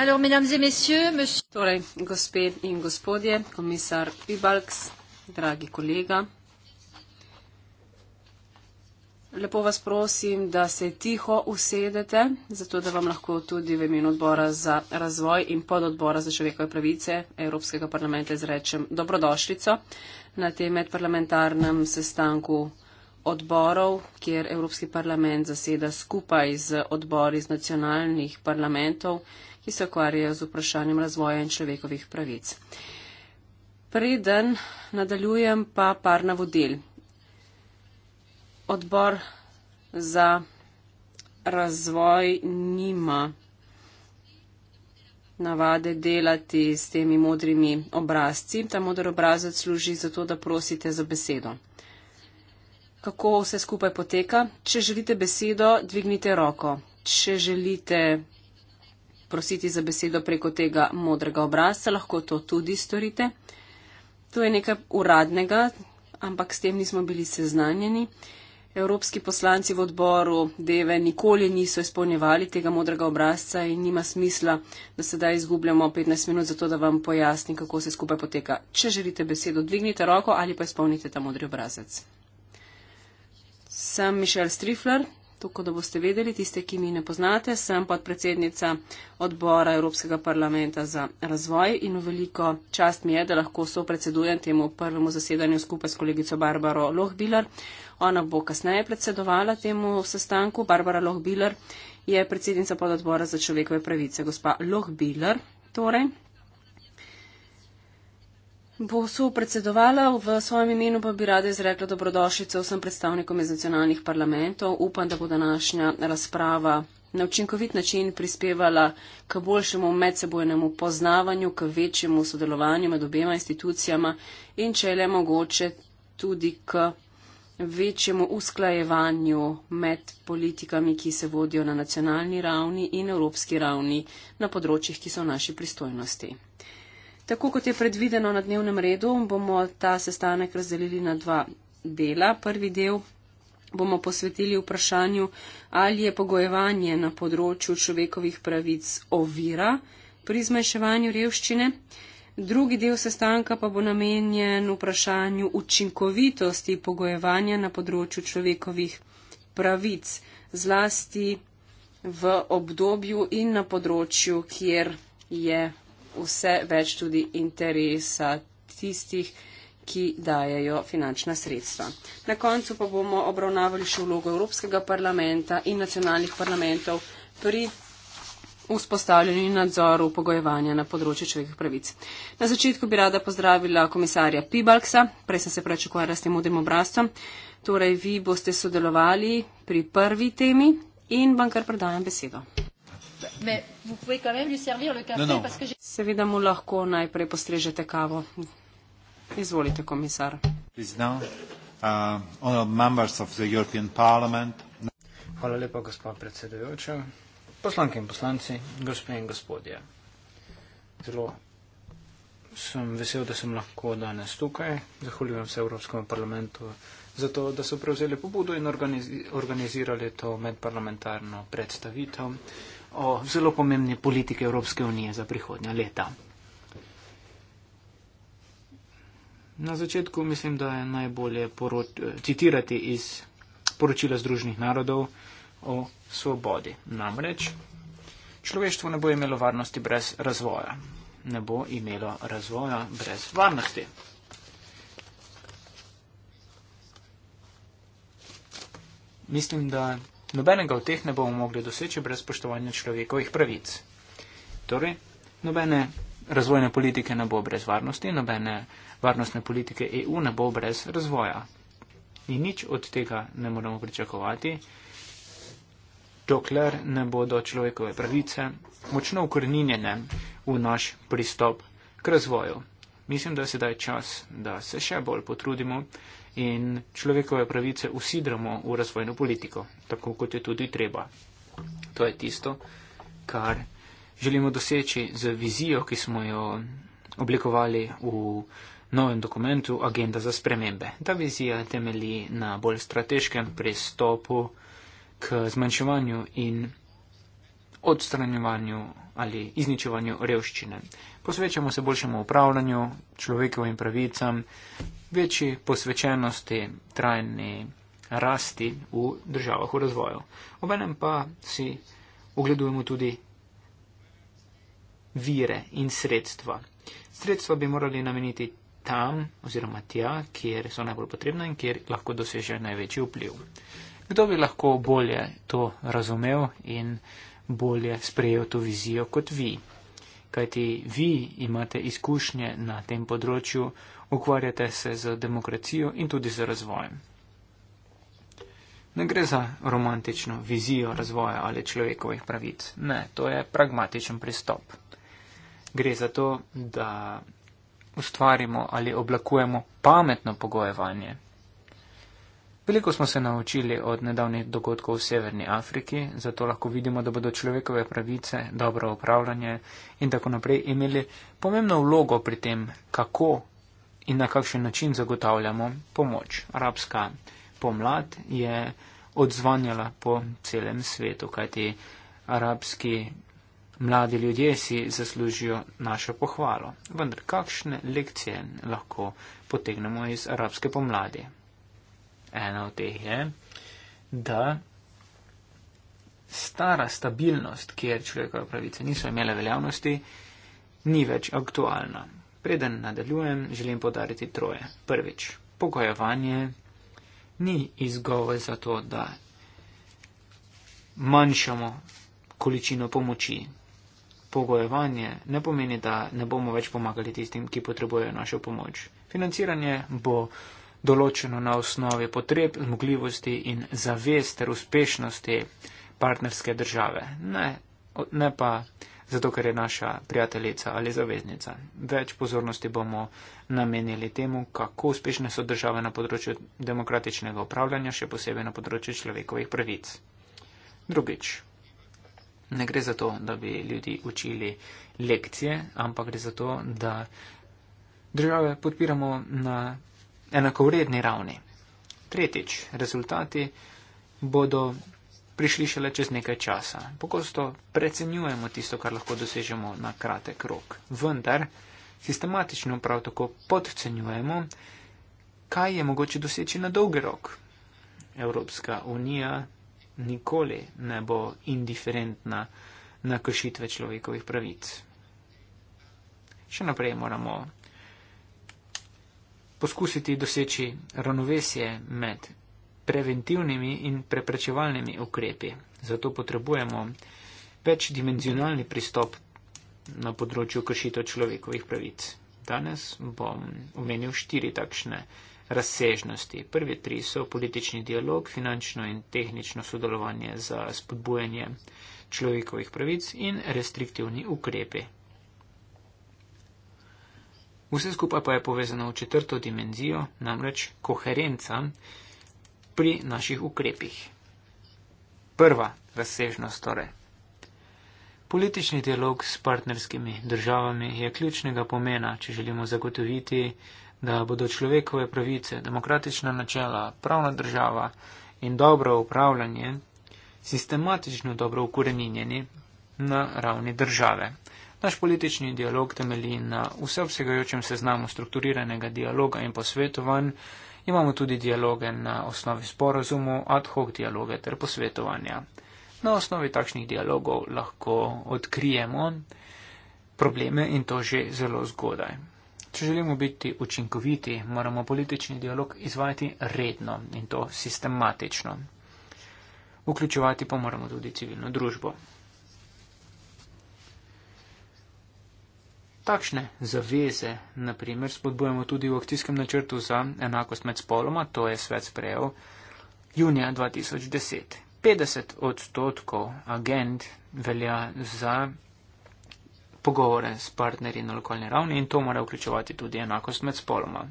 Alors, mesdames et messieurs, monsieur... Torej, gospe in gospodje, komisar Pibalks, dragi kolega, lepo vas prosim, da se tiho usedete, zato da vam lahko tudi v imenu odbora za razvoj in pododbora za človekove pravice Evropskega parlamenta izrečem dobrodošlico na tem medparlamentarnem sestanku odborov, kjer Evropski parlament zaseda skupaj z odbori z nacionalnih parlamentov, ki se ukvarjajo z vprašanjem razvoja in človekovih pravic. Preden nadaljujem pa par navodil. Odbor za razvoj nima navade delati s temi modrimi obrazci. Ta modr obrazec služi za to, da prosite za besedo. Kako vse skupaj poteka? Če želite besedo, dvignite roko. Če želite prositi za besedo preko tega modrega obrazca, lahko to tudi storite. To je nekaj uradnega, ampak s tem nismo bili seznanjeni. Evropski poslanci v odboru Deve nikoli niso izpolnjevali tega modrega obrazca in nima smisla, da sedaj izgubljamo 15 minut za to, da vam pojasnim, kako se skupaj poteka. Če želite besedo, dvignite roko ali pa izpolnite ta modri obrazec. Sem Mišel Strifler, Tako da boste vedeli, tiste, ki mi ne poznate, sem podpredsednica odbora Evropskega parlamenta za razvoj in veliko čast mi je, da lahko so predsedujem temu prvemu zasedanju skupaj s kolegico Barbaro Lohbiler. Ona bo kasneje predsedovala temu sestanku. Barbara Lohbiler je predsednica pododbora za človekove pravice. Gospa Lohbiler, torej. Bosu predsedovala, v svojem imenu pa bi rada izrekla dobrodošlico vsem predstavnikom iz nacionalnih parlamentov. Upam, da bo današnja razprava na učinkovit način prispevala k boljšemu medsebojnemu poznavanju, k večjemu sodelovanju med obema institucijama in če je le mogoče tudi k večjemu usklajevanju med politikami, ki se vodijo na nacionalni ravni in evropski ravni na področjih, ki so v naši pristojnosti. Tako kot je predvideno na dnevnem redu, bomo ta sestanek razdelili na dva dela. Prvi del bomo posvetili vprašanju, ali je pogojevanje na področju človekovih pravic ovira pri zmanjševanju revščine. Drugi del sestanka pa bo namenjen vprašanju učinkovitosti pogojevanja na področju človekovih pravic, zlasti v obdobju in na področju, kjer je vse več tudi interesa tistih, ki dajajo finančna sredstva. Na koncu pa bomo obravnavali še vlogo Evropskega parlamenta in nacionalnih parlamentov pri vzpostavljanju in nadzoru pogojevanja na področju človekovih pravic. Na začetku bi rada pozdravila komisarja Pibalksa, prej sem se prečakovala s tem modrim obrazcem. Torej, vi boste sodelovali pri prvi temi in vam kar predajam besedo. Seveda mu lahko najprej postrežete kavo. Izvolite, komisar. Uh, Hvala lepa, gospod predsedujoča. Poslanke in poslanci, gospe in gospodje. Zelo sem vesel, da sem lahko danes tukaj. Zahvaljujem se Evropskemu parlamentu za to, da so prevzeli pobudo in organizirali to medparlamentarno predstavitev o zelo pomembni politiki Evropske unije za prihodnja leta. Na začetku mislim, da je najbolje citirati iz poročila Združenih narodov o svobodi. Namreč, človeštvo ne bo imelo varnosti brez razvoja. Ne bo imelo razvoja brez varnosti. Mislim, da Nobenega od teh ne bomo mogli doseči brez spoštovanja človekovih pravic. Torej, nobene razvojne politike ne bo brez varnosti, nobene varnostne politike EU ne bo brez razvoja. In nič od tega ne moramo pričakovati, dokler ne bodo človekove pravice močno ukorninjene v naš pristop k razvoju. Mislim, da sedaj je čas, da se še bolj potrudimo in človekove pravice usidramo v razvojno politiko, tako kot je tudi treba. To je tisto, kar želimo doseči z vizijo, ki smo jo oblikovali v novem dokumentu Agenda za spremembe. Ta vizija temeli na bolj strateškem pristopu k zmanjševanju in odstranjevanju ali izničevanju revščine posvečamo se boljšemu upravljanju, človekovim pravicam, večji posvečenosti, trajni rasti v državah v razvoju. Obenem pa si ogledujemo tudi vire in sredstva. Sredstva bi morali nameniti tam oziroma tja, kjer so najbolj potrebna in kjer lahko doseže največji vpliv. Kdo bi lahko bolje to razumel in bolje sprejel to vizijo kot vi? kajti vi imate izkušnje na tem področju, ukvarjate se z demokracijo in tudi z razvojem. Ne gre za romantično vizijo razvoja ali človekovih pravic. Ne, to je pragmatičen pristop. Gre za to, da ustvarimo ali oblakujemo pametno pogojevanje, Veliko smo se naučili od nedavnih dogodkov v Severni Afriki, zato lahko vidimo, da bodo človekove pravice, dobro upravljanje in tako naprej imeli pomembno vlogo pri tem, kako in na kakšen način zagotavljamo pomoč. Arabska pomlad je odzvanjala po celem svetu, kajti arabski mladi ljudje si zaslužijo našo pohvalo. Vendar kakšne lekcije lahko potegnemo iz arabske pomladi? Ena od teh je, da stara stabilnost, kjer človekove pravice niso imele veljavnosti, ni več aktualna. Preden nadaljujem, želim podariti troje. Prvič, pogojevanje ni izgovor za to, da manjšamo količino pomoči. Pogojevanje ne pomeni, da ne bomo več pomagali tistim, ki potrebujejo našo pomoč. Financiranje bo določeno na osnovi potreb, zmogljivosti in zavest ter uspešnosti partnerske države. Ne, ne pa zato, ker je naša prijateljica ali zaveznica. Več pozornosti bomo namenili temu, kako uspešne so države na področju demokratičnega upravljanja, še posebej na področju človekovih pravic. Drugič. Ne gre za to, da bi ljudi učili lekcije, ampak gre za to, da države podpiramo na enakovredni ravni. Tretjič, rezultati bodo prišli šele čez nekaj časa. Pogosto precenjujemo tisto, kar lahko dosežemo na kratek rok. Vendar sistematično prav tako podcenjujemo, kaj je mogoče doseči na dolgi rok. Evropska unija nikoli ne bo indiferentna na kršitve človekovih pravic. Še naprej moramo poskusiti doseči ravnovesje med preventivnimi in preprečevalnimi ukrepi. Zato potrebujemo večdimenzionalni pristop na področju kršitev človekovih pravic. Danes bom omenil štiri takšne razsežnosti. Prvi tri so politični dialog, finančno in tehnično sodelovanje za spodbujanje človekovih pravic in restriktivni ukrepi. Vse skupaj pa je povezano v četrto dimenzijo, namreč koherenca pri naših ukrepih. Prva razsežnost torej. Politični dialog s partnerskimi državami je ključnega pomena, če želimo zagotoviti, da bodo človekove pravice, demokratična načela, pravna država in dobro upravljanje sistematično dobro ukoreninjeni na ravni države Naš politični dialog temelji na vseobsegajočem seznamu strukturiranega dialoga in posvetovanj, imamo tudi dialoge na osnovi sporozumu, ad hoc dialoge ter posvetovanja. Na osnovi takšnih dialogov lahko odkrijemo probleme in to že zelo zgodaj. Če želimo biti učinkoviti, moramo politični dialog izvajati redno in to sistematično. Vključevati pa moramo tudi civilno družbo. Takšne zaveze, naprimer, spodbujamo tudi v akcijskem načrtu za enakost med spoloma, to je svet sprejel junija 2010. 50 odstotkov agent velja za pogovore s partnerji na lokalni ravni in to mora vključevati tudi enakost med spoloma.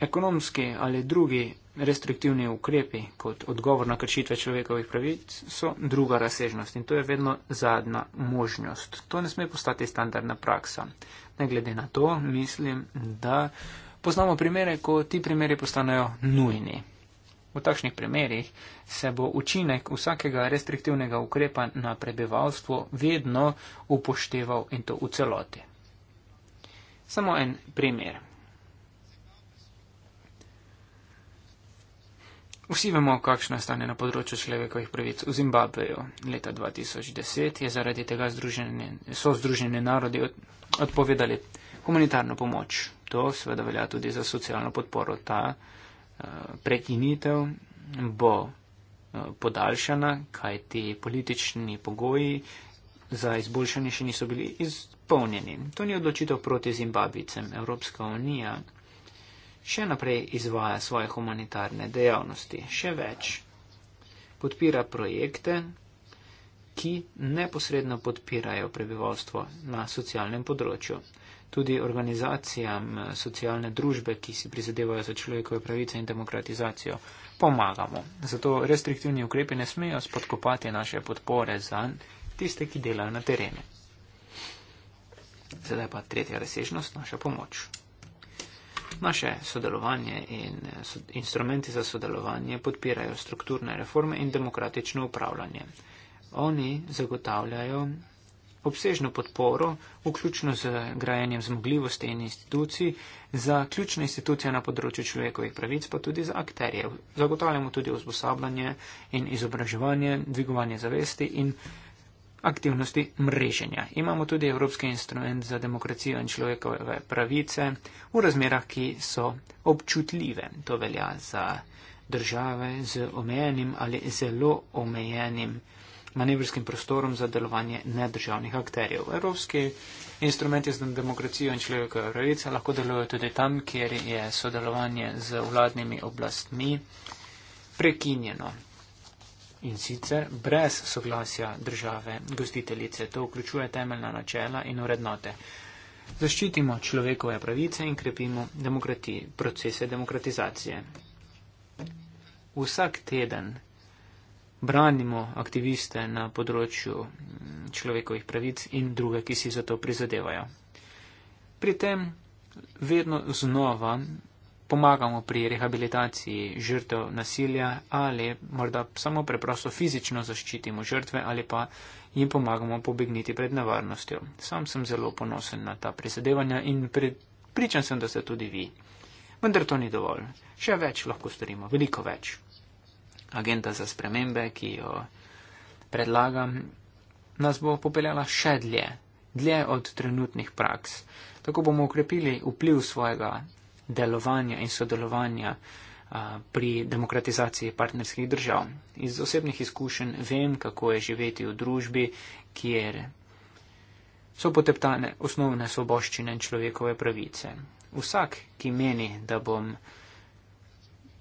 Ekonomski ali drugi restriktivni ukrepi kot odgovor na kršitve človekovih pravic so druga razsežnost in to je vedno zadnja možnost. To ne sme postati standardna praksa. Ne glede na to, mislim, da poznamo primere, ko ti primeri postanejo nujni. V takšnih primerih se bo učinek vsakega restriktivnega ukrepa na prebivalstvo vedno upošteval in to v celoti. Samo en primer. Vsi vemo, kakšno je stanje na področju človekovih pravic v Zimbabveju. Leta 2010 je zaradi tega združenje, so združeni narodi odpovedali humanitarno pomoč. To seveda velja tudi za socialno podporo. Ta eh, prekinitev bo eh, podaljšana, kaj ti politični pogoji za izboljšanje še niso bili izpolnjeni. To ni odločitev proti Zimbabvicem. Evropska unija še naprej izvaja svoje humanitarne dejavnosti. Še več, podpira projekte, ki neposredno podpirajo prebivalstvo na socialnem področju. Tudi organizacijam eh, socialne družbe, ki si prizadevajo za človekove pravice in demokratizacijo, pomagamo. Zato restriktivni ukrepi ne smejo spodkopati naše podpore za tiste, ki delajo na terenu. Zdaj pa tretja razsežnost, naša pomoč. Naše sodelovanje in eh, so, instrumenti za sodelovanje podpirajo strukturne reforme in demokratično upravljanje. Oni zagotavljajo obsežno podporo, vključno z grajenjem zmogljivosti in institucij, za ključne institucije na področju človekovih pravic, pa tudi za akterje. Zagotavljamo tudi usposabljanje in izobraževanje, dvigovanje zavesti in aktivnosti mreženja. Imamo tudi Evropski instrument za demokracijo in človekove pravice v razmerah, ki so občutljive. To velja za države z omejenim ali zelo omejenim manevrskim prostorom za delovanje nedržavnih akterjev. Evropski instrumenti za demokracijo in človekove pravice lahko delujejo tudi tam, kjer je sodelovanje z vladnimi oblastmi prekinjeno in sicer brez soglasja države gostiteljice. To vključuje temeljna načela in urednote. Zaščitimo človekove pravice in krepimo demokrati, procese demokratizacije. Vsak teden branimo aktiviste na področju mm, človekovih pravic in druge, ki si za to prizadevajo. Pri tem vedno znova pomagamo pri rehabilitaciji žrtev nasilja ali morda samo preprosto fizično zaščitimo žrtve ali pa jim pomagamo pobegniti pred nevarnostjo. Sam sem zelo ponosen na ta prizadevanja in pri, pričan sem, da ste tudi vi. Vendar to ni dovolj. Še več lahko storimo, veliko več. Agenda za spremembe, ki jo predlagam, nas bo popeljala še dlje, dlje od trenutnih praks. Tako bomo ukrepili vpliv svojega delovanja in sodelovanja pri demokratizaciji partnerskih držav. Iz osebnih izkušenj vem, kako je živeti v družbi, kjer so poteptane osnovne svoboščine in človekove pravice. Vsak, ki meni, da bom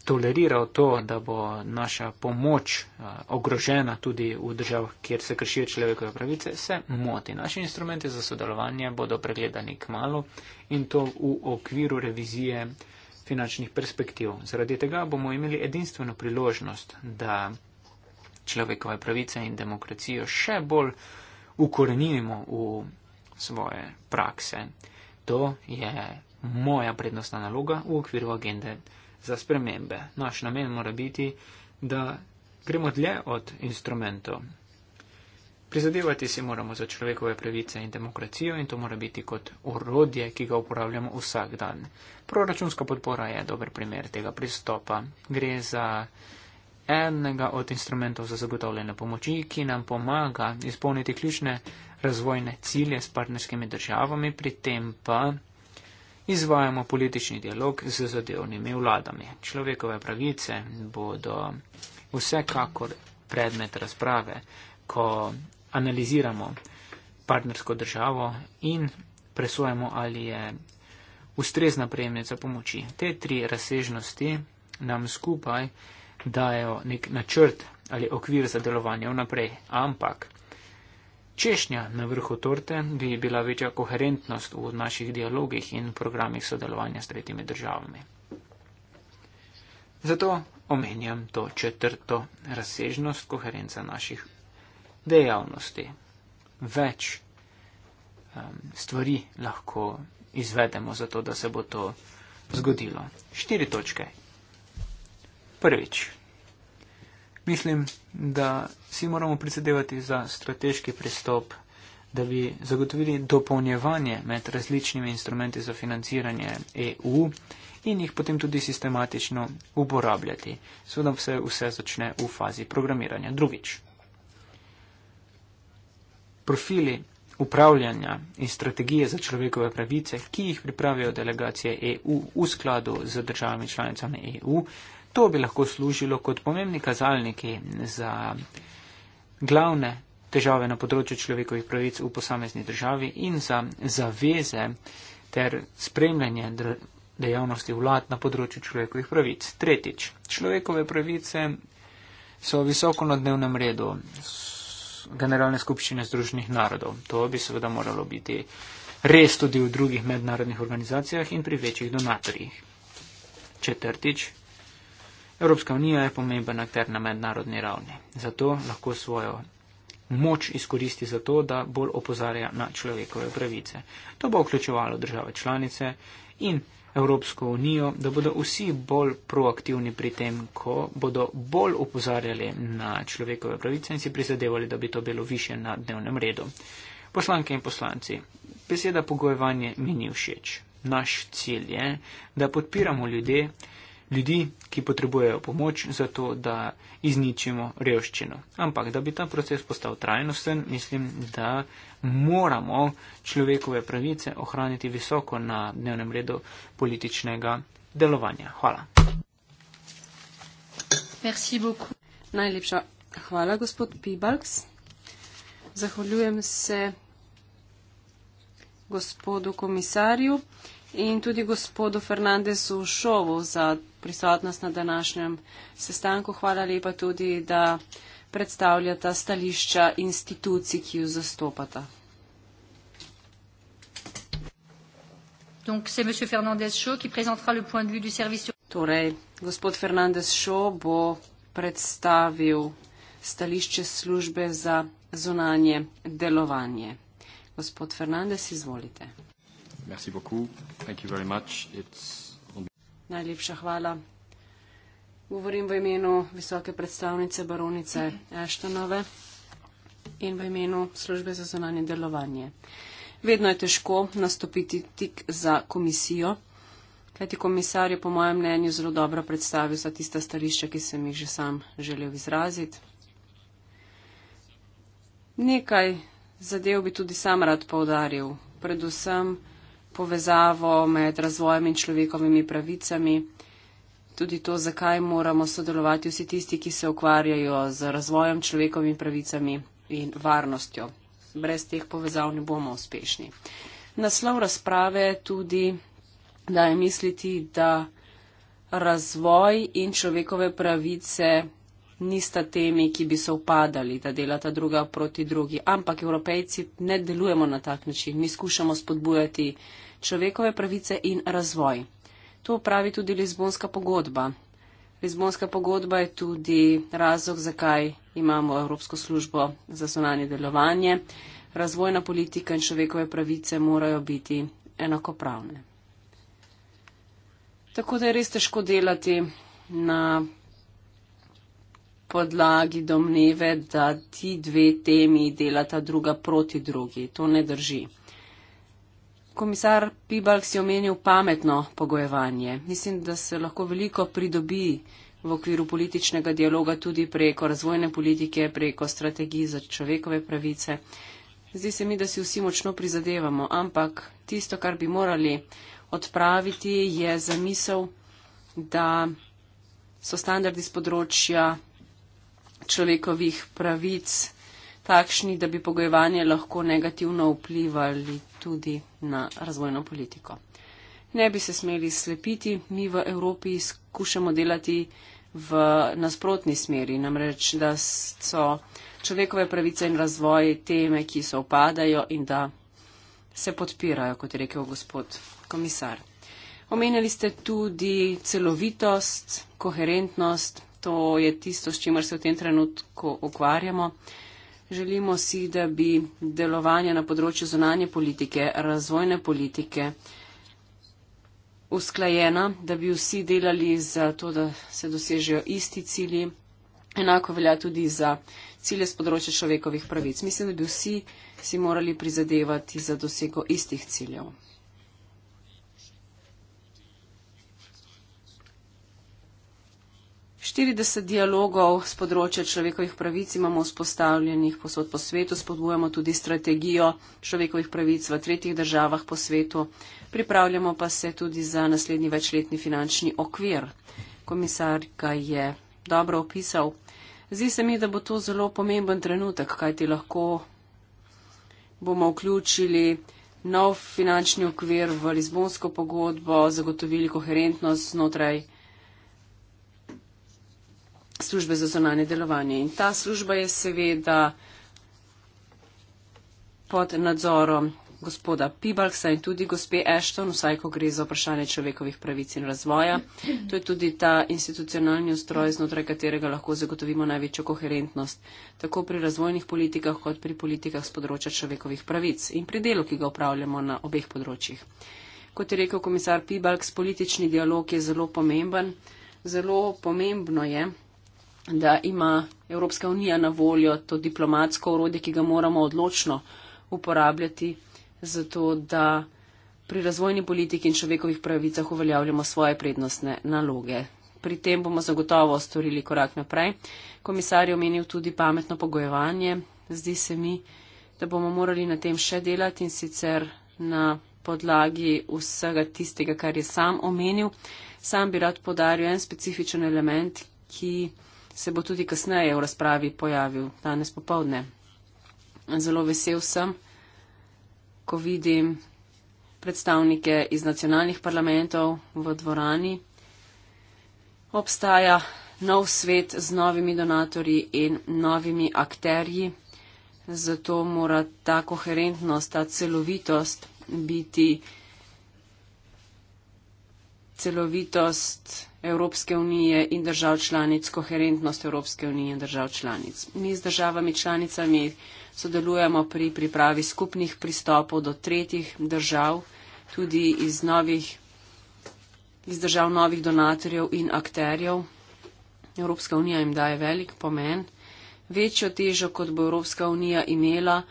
toleriral to, da bo naša pomoč eh, ogrožena tudi v državah, kjer se kršijo človekove pravice, se moti. Naši instrumenti za sodelovanje bodo pregledani k malu in to v okviru revizije finančnih perspektiv. Zaradi tega bomo imeli edinstveno priložnost, da človekove pravice in demokracijo še bolj ukorenimo v svoje prakse. To je moja prednostna naloga v okviru agende za spremembe. Naš namen mora biti, da gremo dlje od instrumentov. Prizadevati si moramo za človekove pravice in demokracijo in to mora biti kot orodje, ki ga uporabljamo vsak dan. Proračunska podpora je dober primer tega pristopa. Gre za enega od instrumentov za zagotavljanje pomoči, ki nam pomaga izpolniti ključne razvojne cilje s partnerskimi državami, pri tem pa izvajamo politični dialog z zadevnimi vladami. Človekove pravice bodo vsekakor predmet razprave, ko analiziramo partnersko državo in presujemo, ali je ustrezna prejemnica pomoči. Te tri razsežnosti nam skupaj dajo nek načrt ali okvir za delovanje vnaprej, ampak Češnja na vrhu torte bi bila večja koherentnost v naših dialogih in programih sodelovanja s tretjimi državami. Zato omenjam to četrto razsežnost koherenca naših dejavnosti. Več um, stvari lahko izvedemo, zato da se bo to zgodilo. Štiri točke. Prvič. Mislim, da si moramo prizadevati za strateški pristop, da bi zagotovili dopolnjevanje med različnimi instrumenti za financiranje EU in jih potem tudi sistematično uporabljati. Seveda vse, vse začne v fazi programiranja. Drugič. Profili upravljanja in strategije za človekove pravice, ki jih pripravijo delegacije EU v skladu z državami članicami EU, To bi lahko služilo kot pomembni kazalniki za glavne težave na področju človekovih pravic v posamezni državi in za zaveze ter spremljanje dejavnosti vlad na področju človekovih pravic. Tretjič, človekove pravice so visoko na dnevnem redu Generalne skupščine Združenih narodov. To bi seveda moralo biti res tudi v drugih mednarodnih organizacijah in pri večjih donatorjih. Četrtič, Evropska unija je pomemben akter na mednarodni ravni, zato lahko svojo moč izkoristi za to, da bolj opozarja na človekove pravice. To bo vključevalo države članice in Evropsko unijo, da bodo vsi bolj proaktivni pri tem, ko bodo bolj opozarjali na človekove pravice in si prizadevali, da bi to bilo više na dnevnem redu. Poslanke in poslanci, beseda pogojevanje mi ni všeč. Naš cilj je, da podpiramo ljudi, ljudi, ki potrebujejo pomoč za to, da izničimo revščino. Ampak, da bi ta proces postal trajnosten, mislim, da moramo človekove pravice ohraniti visoko na dnevnem redu političnega delovanja. Hvala. Najlepša hvala, gospod Pibalks. Zahvaljujem se gospodu komisarju in tudi gospodu Fernandezu Šovu za prisotnost na današnjem sestanku. Hvala lepa tudi, da predstavljata stališča institucij, ki jo zastopata. Torej, gospod Fernandez Šo bo predstavil stališče službe za zunanje delovanje. Gospod Fernandez, izvolite. Merci beaucoup. Thank you very much. It's Najlepša hvala. Govorim v imenu visoke predstavnice baronice Eštonove in v imenu službe za zonanje delovanje. Vedno je težko nastopiti tik za komisijo, kajti komisar je po mojem mnenju zelo dobro predstavil vsa tista stališča, ki sem jih že sam želel izraziti. Nekaj zadev bi tudi sam rad povdaril, predvsem povezavo med razvojem in človekovimi pravicami, tudi to, zakaj moramo sodelovati vsi tisti, ki se ukvarjajo z razvojem človekovimi pravicami in varnostjo. Brez teh povezav ne bomo uspešni. Naslov razprave tudi daje misliti, da razvoj in človekove pravice nista temi, ki bi se upadali, da delata druga proti drugi. Ampak evropejci ne delujemo na tak način. Mi skušamo spodbujati uh, človekove pravice in razvoj. To pravi tudi Lizbonska pogodba. Lizbonska pogodba je tudi razlog, zakaj imamo Evropsko službo za sonanje delovanje. Razvojna politika in človekove pravice morajo biti enakopravne. Tako da je res težko delati na podlagi domneve, da ti dve temi delata druga proti drugi. To ne drži komisar Pibalk si omenil pametno pogojevanje. Mislim, da se lahko veliko pridobi v okviru političnega dialoga tudi preko razvojne politike, preko strategij za človekove pravice. Zdi se mi, da si vsi močno prizadevamo, ampak tisto, kar bi morali odpraviti, je zamisel, da so standardi z področja človekovih pravic takšni, da bi pogojevanje lahko negativno vplivali tudi na razvojno politiko. Ne bi se smeli slepiti, mi v Evropi skušamo delati v nasprotni smeri, namreč, da so človekove pravice in razvoj teme, ki se opadajo in da se podpirajo, kot je rekel gospod komisar. Omenjali ste tudi celovitost, koherentnost, to je tisto, s čimer se v tem trenutku ukvarjamo. Želimo si, da bi delovanje na področju zonanje politike, razvojne politike usklajena, da bi vsi delali za to, da se dosežejo isti cilji. Enako velja tudi za cilje z področja človekovih pravic. Mislim, da bi vsi si morali prizadevati za dosego istih ciljev. 40 dialogov z področja človekovih pravic imamo vzpostavljenih posod po svetu, spodbujamo tudi strategijo človekovih pravic v tretjih državah po svetu, pripravljamo pa se tudi za naslednji večletni finančni okvir. Komisarka je dobro opisal. Zdi se mi, da bo to zelo pomemben trenutek, kaj ti lahko bomo vključili nov finančni okvir v Lizbonsko pogodbo, zagotovili koherentnost znotraj službe za zonanje delovanje. In ta služba je seveda pod nadzorom gospoda Pibalksa in tudi gospe Ashton, vsaj ko gre za vprašanje človekovih pravic in razvoja. To je tudi ta institucionalni ustroj, znotraj katerega lahko zagotovimo največjo koherentnost, tako pri razvojnih politikah, kot pri politikah z področja človekovih pravic in pri delu, ki ga upravljamo na obeh področjih. Kot je rekel komisar Pibalks, politični dialog je zelo pomemben. Zelo pomembno je, da ima Evropska unija na voljo to diplomatsko urodje, ki ga moramo odločno uporabljati, zato da pri razvojni politiki in človekovih pravicah uveljavljamo svoje prednostne naloge. Pri tem bomo zagotovo storili korak naprej. Komisar je omenil tudi pametno pogojevanje. Zdi se mi, da bomo morali na tem še delati in sicer na podlagi vsega tistega, kar je sam omenil. Sam bi rad podaril en specifičen element, ki se bo tudi kasneje v razpravi pojavil danes popovdne. Zelo vesel sem, ko vidim predstavnike iz nacionalnih parlamentov v dvorani. Obstaja nov svet z novimi donatorji in novimi akterji, zato mora ta koherentnost, ta celovitost biti celovitost Evropske unije in držav članic, koherentnost Evropske unije in držav članic. Mi z državami članicami sodelujemo pri pripravi skupnih pristopov do tretjih držav, tudi iz, novih, iz držav novih donatorjev in akterjev. Evropska unija jim daje velik pomen, večjo težo, kot bo Evropska unija imela,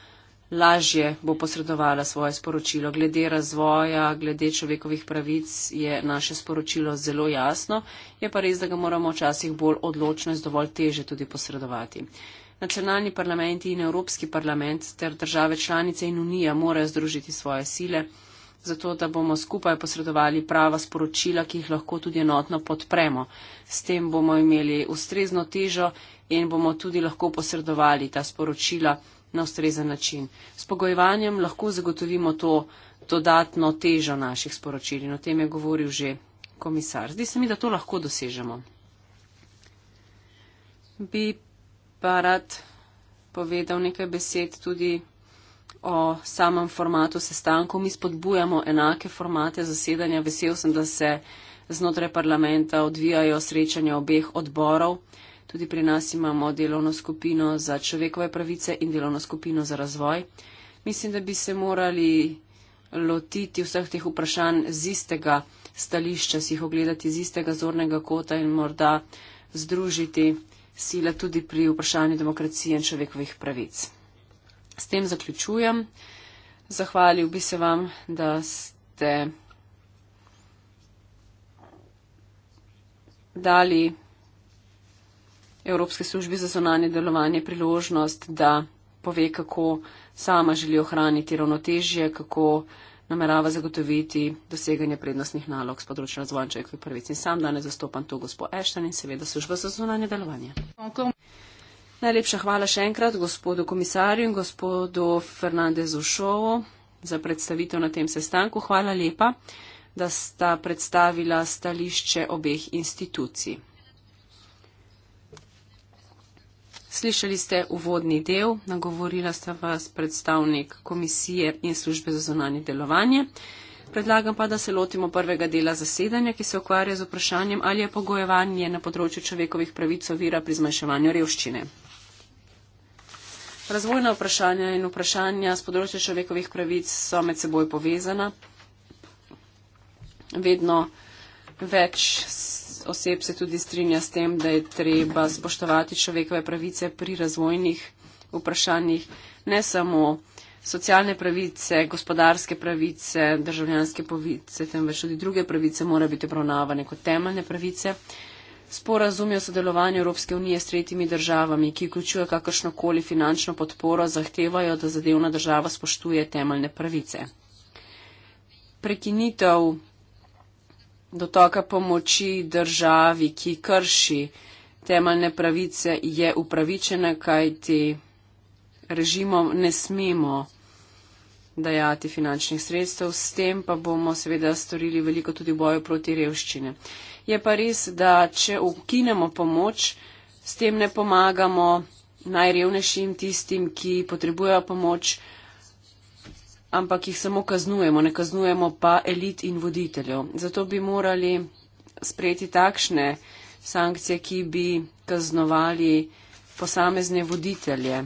lažje bo posredovala svoje sporočilo. Glede razvoja, glede človekovih pravic je naše sporočilo zelo jasno, je pa res, da ga moramo včasih bolj odločno in z dovolj teže tudi posredovati. Nacionalni parlamenti in Evropski parlament ter države članice in Unija morajo združiti svoje sile, zato da bomo skupaj posredovali prava sporočila, ki jih lahko tudi enotno podpremo. S tem bomo imeli ustrezno težo in bomo tudi lahko posredovali ta sporočila na ustrezen način. S pogojevanjem lahko zagotovimo to dodatno težo naših sporočil in o tem je govoril že komisar. Zdi se mi, da to lahko dosežemo. Bi pa rad povedal nekaj besed tudi o samem formatu sestankov. Mi spodbujamo enake formate zasedanja. Vesel sem, da se znotraj parlamenta odvijajo srečanja obeh odborov. Tudi pri nas imamo delovno skupino za človekove pravice in delovno skupino za razvoj. Mislim, da bi se morali lotiti vseh teh vprašanj z istega stališča, si jih ogledati z istega zornega kota in morda združiti sile tudi pri vprašanju demokracije in človekovih pravic. S tem zaključujem. Zahvalil bi se vam, da ste dali. Evropske službi za zonanje delovanje priložnost, da pove, kako sama želi ohraniti ravnotežje, kako namerava zagotoviti doseganje prednostnih nalog s področja razvoja človekovih prvic. In sam danes zastopam tu gospod Ešten in seveda službo za zonanje delovanje. Najlepša hvala še enkrat gospodu komisarju in gospodu Fernandezu Šovu za predstavitev na tem sestanku. Hvala lepa, da sta predstavila stališče obeh institucij. Slišali ste uvodni del, nagovorila sta vas predstavnik komisije in službe za zonanje delovanje. Predlagam pa, da se lotimo prvega dela zasedanja, ki se ukvarja z vprašanjem, ali je pogojevanje na področju človekovih pravic ovira pri zmanjševanju revščine. Razvojna vprašanja in vprašanja z področja človekovih pravic so med seboj povezana. Vedno več oseb se tudi strinja s tem, da je treba spoštovati človekove pravice pri razvojnih vprašanjih, ne samo socialne pravice, gospodarske pravice, državljanske pravice, temveč tudi druge pravice mora biti obravnavane kot temeljne pravice. Sporazum o sodelovanju Evropske unije s tretjimi državami, ki vključuje kakršnokoli finančno podporo, zahtevajo, da zadevna država spoštuje temeljne pravice. Prekinitev dotoka pomoči državi, ki krši temeljne pravice, je upravičena, kajti režimom ne smemo dajati finančnih sredstev, s tem pa bomo seveda storili veliko tudi v boju proti revščine. Je pa res, da če ukinemo pomoč, s tem ne pomagamo najrevnejšim tistim, ki potrebujejo pomoč, ampak jih samo kaznujemo, ne kaznujemo pa elit in voditeljev. Zato bi morali sprejeti takšne sankcije, ki bi kaznovali posamezne voditelje,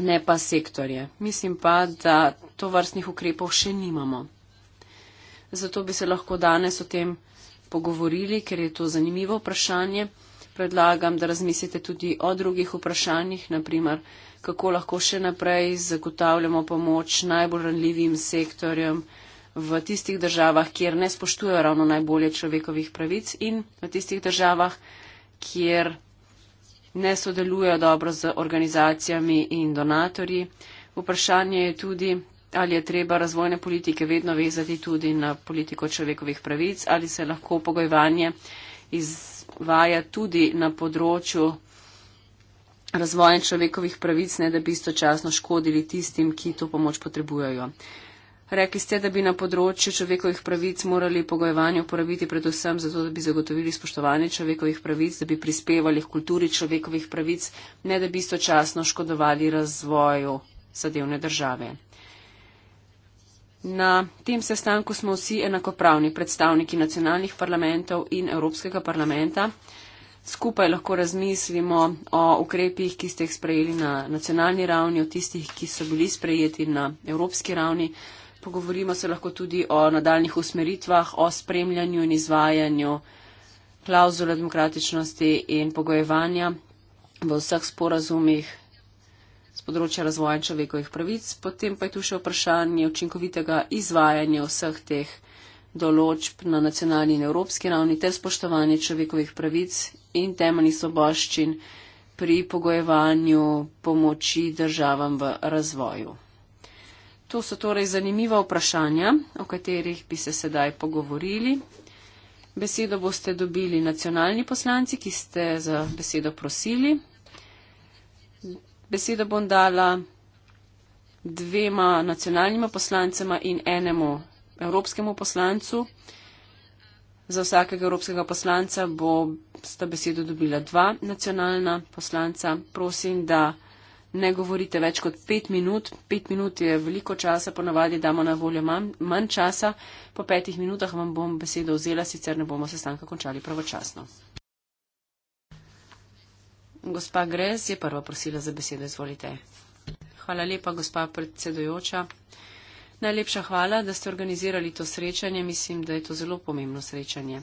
ne pa sektorje. Mislim pa, da to vrstnih ukrepov še nimamo. Zato bi se lahko danes o tem pogovorili, ker je to zanimivo vprašanje. Predlagam, da razmislite tudi o drugih vprašanjih, naprimer kako lahko še naprej zagotavljamo pomoč najbolj ranljivim sektorjem v tistih državah, kjer ne spoštujejo ravno najbolje človekovih pravic in v tistih državah, kjer ne sodelujejo dobro z organizacijami in donatorji. Vprašanje je tudi, ali je treba razvojne politike vedno vezati tudi na politiko človekovih pravic, ali se lahko pogojevanje izvaja tudi na področju razvoja človekovih pravic, ne da bi istočasno škodili tistim, ki to pomoč potrebujejo. Rekli ste, da bi na področju človekovih pravic morali pogojevanje uporabiti predvsem zato, da bi zagotovili spoštovanje človekovih pravic, da bi prispevali k kulturi človekovih pravic, ne da bi istočasno škodovali razvoju sadevne države. Na tem sestanku smo vsi enakopravni predstavniki nacionalnih parlamentov in Evropskega parlamenta skupaj lahko razmislimo o ukrepih, ki ste jih sprejeli na nacionalni ravni, o tistih, ki so bili sprejeti na evropski ravni. Pogovorimo se lahko tudi o nadaljnih usmeritvah, o spremljanju in izvajanju klauzule demokratičnosti in pogojevanja v vseh sporazumih z področja razvoja človekovih pravic. Potem pa je tu še vprašanje učinkovitega izvajanja vseh teh določb na nacionalni in evropski ravni ter spoštovanje človekovih pravic in temeljnih soboščin pri pogojevanju pomoči državam v razvoju. To so torej zanimiva vprašanja, o katerih bi se sedaj pogovorili. Besedo boste dobili nacionalni poslanci, ki ste za besedo prosili. Besedo bom dala dvema nacionalnima poslancema in enemu evropskemu poslancu. Za vsakega evropskega poslanca bo sta besedo dobila dva nacionalna poslanca. Prosim, da ne govorite več kot pet minut. Pet minut je veliko časa, ponavadi damo na voljo manj, manj časa. Po petih minutah vam bom besedo vzela, sicer ne bomo sestanka končali pravočasno. Gospa Grez je prva prosila za besedo, izvolite. Hvala lepa, gospa predsedojoča. Najlepša hvala, da ste organizirali to srečanje. Mislim, da je to zelo pomembno srečanje.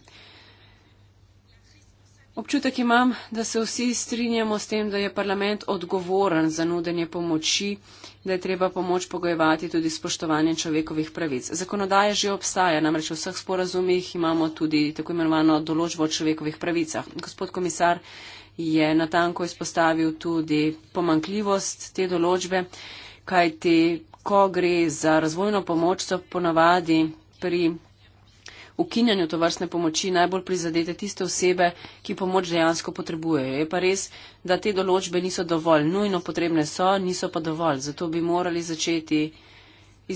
Občutek imam, da se vsi strinjamo s tem, da je parlament odgovoren za nudenje pomoči, da je treba pomoč pogojevati tudi spoštovanje človekovih pravic. Zakonodaja že obstaja, namreč v vseh sporazumih imamo tudi tako imenovano določbo o človekovih pravicah. Gospod komisar je natanko izpostavil tudi pomankljivost te določbe, kajti ko gre za razvojno pomoč, so ponavadi pri ukinjanju tovrstne pomoči najbolj prizadete tiste osebe, ki pomoč dejansko potrebujejo. Je pa res, da te določbe niso dovolj, nujno potrebne so, niso pa dovolj. Zato bi morali začeti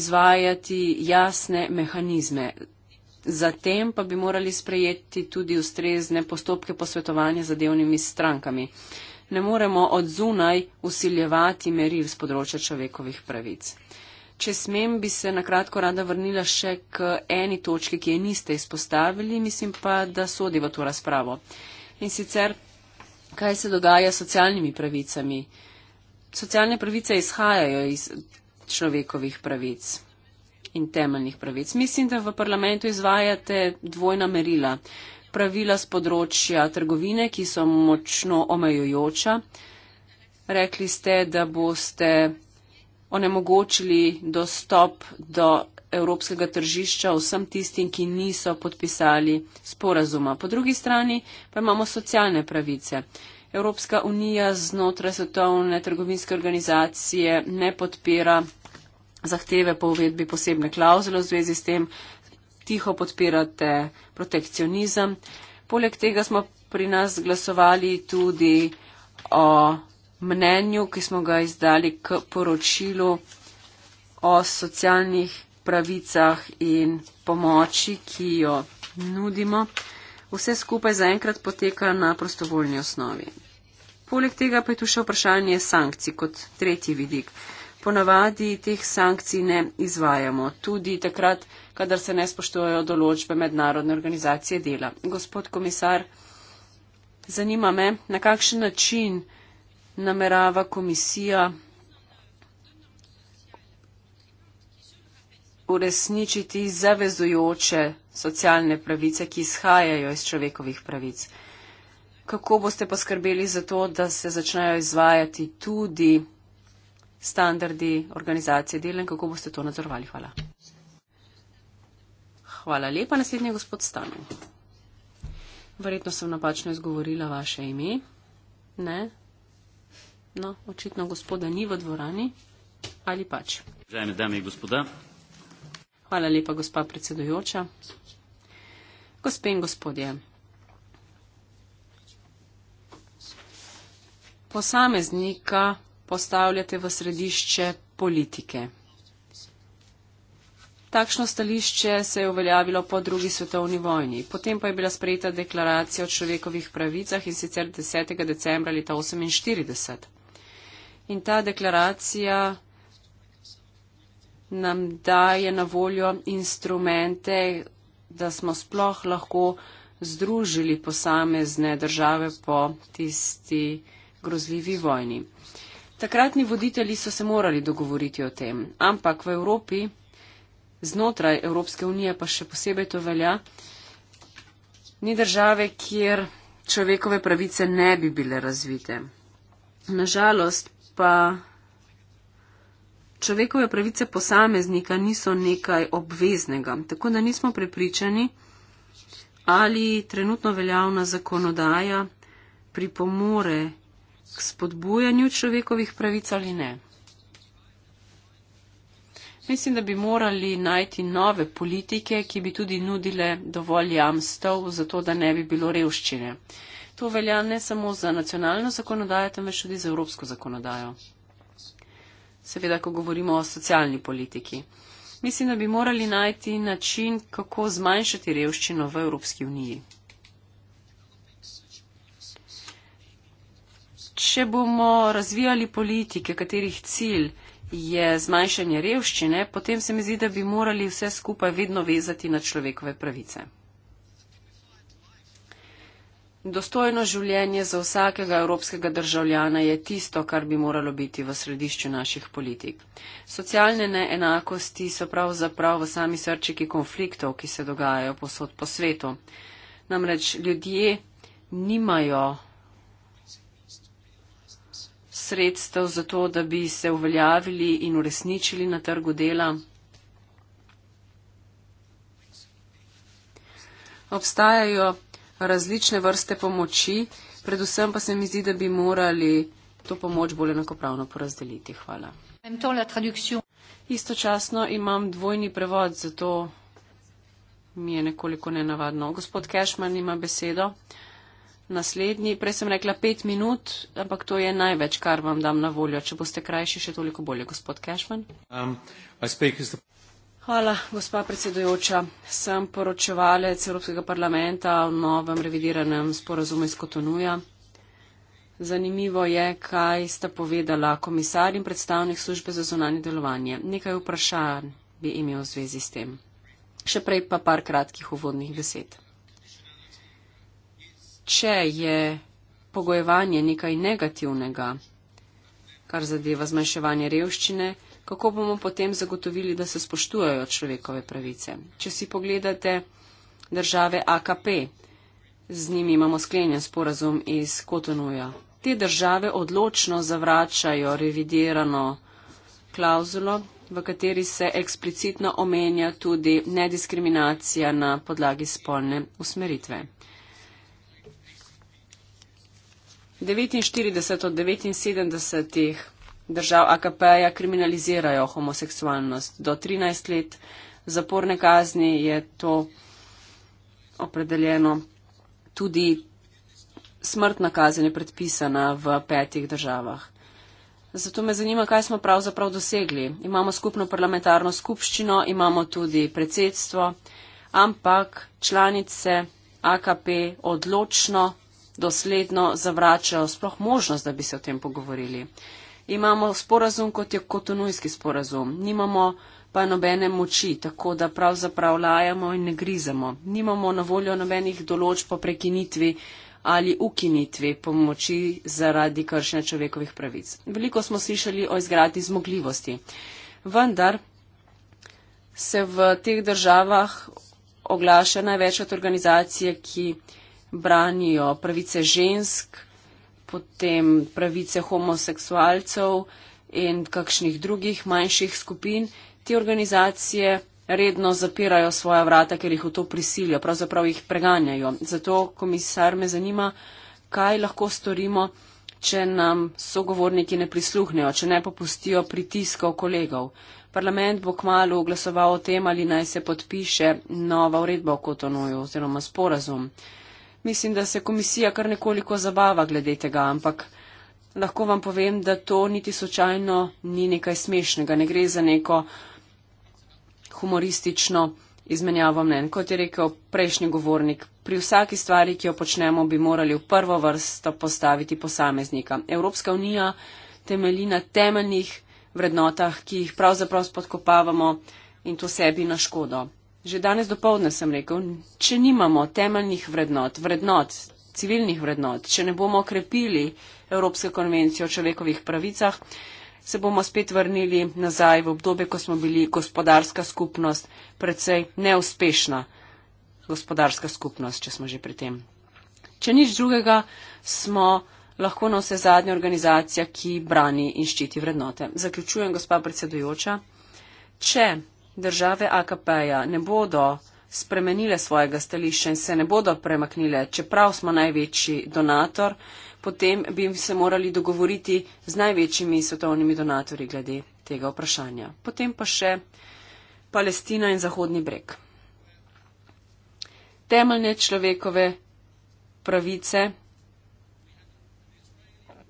izvajati jasne mehanizme. Zatem pa bi morali sprejeti tudi ustrezne postopke posvetovanja zadevnimi strankami. Ne moremo od zunaj usiljevati meril z področja človekovih pravic. Če smem, bi se na kratko rada vrnila še k eni točki, ki je niste izpostavili, mislim pa, da sodi v to razpravo. In sicer, kaj se dogaja s socialnimi pravicami? Socialne pravice izhajajo iz človekovih pravic in temeljnih pravic. Mislim, da v parlamentu izvajate dvojna merila. Pravila z področja trgovine, ki so močno omejujoča. Rekli ste, da boste onemogočili dostop do evropskega tržišča vsem tistim, ki niso podpisali sporazuma. Po drugi strani pa imamo socialne pravice. Evropska unija znotraj svetovne trgovinske organizacije ne podpira zahteve po uvedbi posebne klauzule v zvezi s tem, tiho podpirate protekcionizem. Poleg tega smo pri nas glasovali tudi o mnenju, ki smo ga izdali k poročilu o socialnih pravicah in pomoči, ki jo nudimo. Vse skupaj zaenkrat poteka na prostovoljni osnovi. Poleg tega pa je tu še vprašanje sankcij kot tretji vidik. Ponavadi teh sankcij ne izvajamo, tudi takrat, kadar se ne spoštujejo določbe mednarodne organizacije dela. Gospod komisar, zanima me, na kakšen način namerava komisija uresničiti zavezujoče socialne pravice, ki izhajajo iz človekovih pravic. Kako boste poskrbeli za to, da se začnejo izvajati tudi standardi organizacije dela in kako boste to nadzorovali? Hvala. Hvala lepa. Naslednji je gospod Stanov. Verjetno sem napačno izgovorila vaše ime. Ne? No, očitno gospoda ni v dvorani ali pač. Žajme dame in gospoda. Hvala lepa, gospa predsedujoča. Gospe in gospodje, posameznika postavljate v središče politike. Takšno stališče se je uveljavilo po drugi svetovni vojni. Potem pa je bila sprejeta deklaracija o človekovih pravicah in sicer 10. decembra leta 1948. In ta deklaracija nam daje na voljo instrumente, da smo sploh lahko združili posamezne države po tisti grozljivi vojni. Takratni voditelji so se morali dogovoriti o tem, ampak v Evropi, znotraj Evropske unije pa še posebej to velja, ni države, kjer človekove pravice ne bi bile razvite. Nažalost, pa človekove pravice posameznika niso nekaj obveznega. Tako da nismo prepričani, ali trenutno veljavna zakonodaja pripomore k spodbujanju človekovih pravic ali ne. Mislim, da bi morali najti nove politike, ki bi tudi nudile dovolj jamstev za to, da ne bi bilo revščine. To velja ne samo za nacionalno zakonodajo, temveč tudi za evropsko zakonodajo. Seveda, ko govorimo o socialni politiki. Mislim, da bi morali najti način, kako zmanjšati revščino v Evropski uniji. Če bomo razvijali politike, katerih cilj je zmanjšanje revščine, potem se mi zdi, da bi morali vse skupaj vedno vezati na človekove pravice. Dostojno življenje za vsakega evropskega državljana je tisto, kar bi moralo biti v središču naših politik. Socialne neenakosti so pravzaprav v sami srčiki konfliktov, ki se dogajajo posod po svetu. Namreč ljudje nimajo sredstev za to, da bi se uveljavili in uresničili na trgu dela. Obstajajo različne vrste pomoči, predvsem pa se mi zdi, da bi morali to pomoč bolj enakopravno porazdeliti. Hvala. Istočasno imam dvojni prevod, zato mi je nekoliko nenavadno. Gospod Kešman ima besedo. Naslednji, prej sem rekla pet minut, ampak to je največ, kar vam dam na voljo. Če boste krajši, še toliko bolje, gospod Kešman. Um, Hvala, gospa predsedujoča. Sem poročevalec Evropskega parlamenta o novem revidiranem sporazumu iz Kotonuja. Zanimivo je, kaj sta povedala komisar in predstavnik službe za zunanje delovanje. Nekaj vprašanj bi imel v zvezi s tem. Še prej pa par kratkih uvodnih besed. Če je pogojevanje nekaj negativnega, kar zadeva zmanjševanje revščine, kako bomo potem zagotovili, da se spoštujejo človekove pravice. Če si pogledate države AKP, z njimi imamo sklenjen sporazum iz Kotonuja. Te države odločno zavračajo revidirano klauzulo, v kateri se eksplicitno omenja tudi nediskriminacija na podlagi spolne usmeritve. 49 od 79 držav AKP-ja kriminalizirajo homoseksualnost. Do 13 let zaporne kazni je to opredeljeno. Tudi smrtna kazen je predpisana v petih državah. Zato me zanima, kaj smo pravzaprav dosegli. Imamo skupno parlamentarno skupščino, imamo tudi predsedstvo, ampak članice AKP odločno, dosledno zavračajo sploh možnost, da bi se o tem pogovorili imamo sporazum, kot je kotonujski sporazum. Nimamo pa nobene moči, tako da pravzaprav lajamo in ne grizamo. Nimamo na voljo nobenih določb po prekinitvi ali ukinitvi pomoči zaradi kršne človekovih pravic. Veliko smo slišali o izgradni zmogljivosti. Vendar se v teh državah oglaša največ od organizacije, ki branijo pravice žensk, potem pravice homoseksualcev in kakšnih drugih manjših skupin, te organizacije redno zapirajo svoja vrata, ker jih v to prisilijo, pravzaprav jih preganjajo. Zato, komisar, me zanima, kaj lahko storimo, če nam sogovorniki ne prisluhnejo, če ne popustijo pritiskov kolegov. Parlament bo kmalo glasoval o tem, ali naj se podpiše nova uredba o kotonoju oziroma sporazum mislim, da se komisija kar nekoliko zabava glede tega, ampak lahko vam povem, da to niti slučajno ni nekaj smešnega, ne gre za neko humoristično izmenjavo mnen. Kot je rekel prejšnji govornik, pri vsaki stvari, ki jo počnemo, bi morali v prvo vrsto postaviti posameznika. Evropska unija temelji na temeljnih vrednotah, ki jih pravzaprav spodkopavamo in to sebi na škodo. Že danes dopoledne sem rekel, če nimamo temeljnih vrednot, vrednot, civilnih vrednot, če ne bomo okrepili Evropske konvencije o človekovih pravicah, se bomo spet vrnili nazaj v obdobje, ko smo bili gospodarska skupnost, predvsej neuspešna gospodarska skupnost, če smo že pri tem. Če nič drugega, smo lahko na vse zadnje organizacija, ki brani in ščiti vrednote. Zaključujem, gospa predsedujoča. Če države AKP-ja ne bodo spremenile svojega stališča in se ne bodo premaknile, čeprav smo največji donator, potem bi se morali dogovoriti z največjimi svetovnimi donatorji glede tega vprašanja. Potem pa še Palestina in Zahodni breg. Temeljne človekove pravice,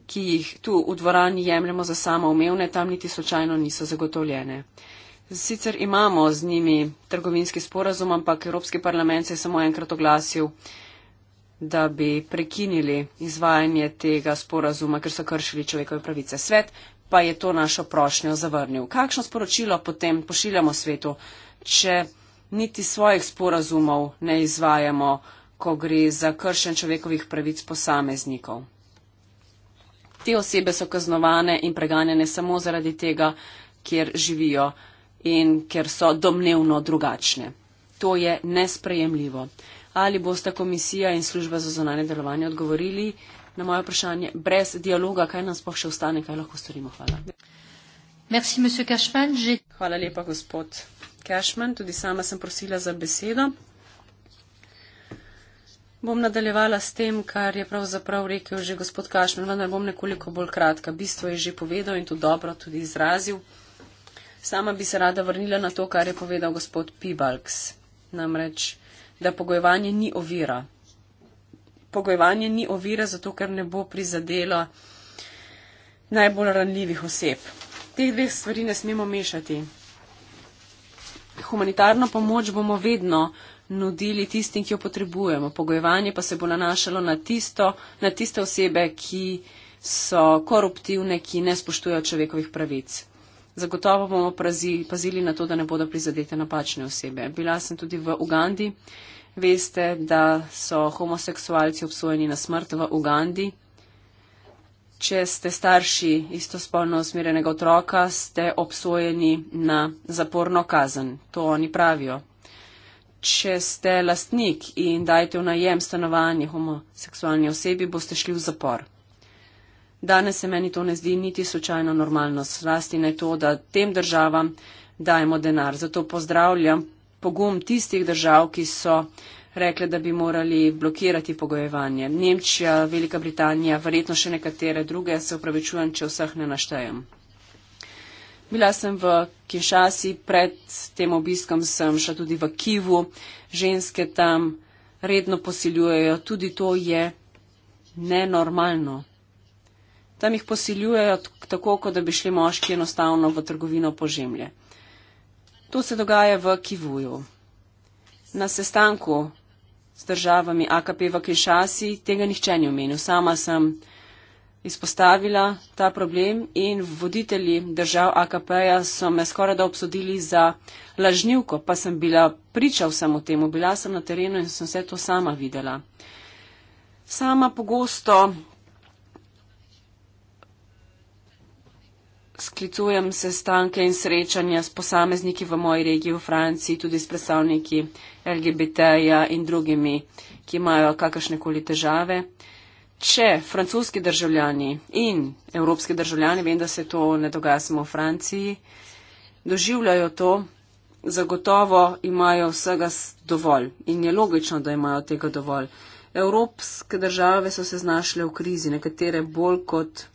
ki jih tu v dvorani jemljemo za samoumevne, tam niti slučajno niso zagotovljene. Sicer imamo z njimi trgovinski sporazum, ampak Evropski parlament se je samo enkrat oglasil, da bi prekinili izvajanje tega sporazuma, ker so kršili človekove pravice. Svet pa je to našo prošnjo zavrnil. Kakšno sporočilo potem pošiljamo svetu, če niti svojih sporazumov ne izvajamo, ko gre za kršen človekovih pravic posameznikov? Te osebe so kaznovane in preganjene samo zaradi tega, kjer živijo in ker so domnevno drugačne. To je nesprejemljivo. Ali boste komisija in služba za zonanje delovanje odgovorili na moje vprašanje brez dialoga, kaj nas pa še ostane, kaj lahko storimo? Hvala. Merci, Hvala lepa, gospod Cashman. Tudi sama sem prosila za besedo. Bom nadaljevala s tem, kar je pravzaprav rekel že gospod Cashman, vendar bom nekoliko bolj kratka. Bistvo je že povedal in to dobro tudi izrazil. Sama bi se rada vrnila na to, kar je povedal gospod Pibalks, namreč, da pogojevanje ni ovira. Pogojevanje ni ovira, zato ker ne bo prizadela najbolj ranljivih oseb. Teh dveh stvari ne smemo mešati. Humanitarno pomoč bomo vedno nudili tistim, ki jo potrebujemo. Pogojevanje pa se bo nanašalo na, tisto, na tiste osebe, ki so koruptivne, ki ne spoštujejo človekovih pravic. Zagotovo bomo prazi, pazili na to, da ne bodo prizadete napačne osebe. Bila sem tudi v Ugandi. Veste, da so homoseksualci obsojeni na smrt v Ugandi. Če ste starši istospolno usmerjenega otroka, ste obsojeni na zaporno kazen. To oni pravijo. Če ste lastnik in dajete v najem stanovanje homoseksualni osebi, boste šli v zapor. Danes se meni to ne zdi niti slučajno normalno, zlasti ne to, da tem državam dajemo denar. Zato pozdravljam pogum tistih držav, ki so rekle, da bi morali blokirati pogojevanje. Nemčija, Velika Britanija, verjetno še nekatere druge, se upravičujem, če vseh ne naštejem. Bila sem v Kinshasi, pred tem obiskom sem šla tudi v Kivu, ženske tam redno posiljujejo, tudi to je nenormalno tam jih posiljujejo tako, kot da bi šli moški enostavno v trgovino po žemlje. To se dogaja v Kivuju. Na sestanku s državami AKP v Kinshasi tega nihče ni omenil. Sama sem izpostavila ta problem in voditelji držav AKP-ja so me skoraj da obsodili za lažnjivko, pa sem bila priča vsemu temu. Bila sem na terenu in sem vse to sama videla. Sama pogosto sklicujem sestanke in srečanja s posamezniki v moji regiji v Franciji, tudi s predstavniki LGBT-ja in drugimi, ki imajo kakršnekoli težave. Če francoski državljani in evropski državljani, vem, da se to ne dogaja samo v Franciji, doživljajo to, zagotovo imajo vsega dovolj in je logično, da imajo tega dovolj. Evropske države so se znašle v krizi, nekatere bolj kot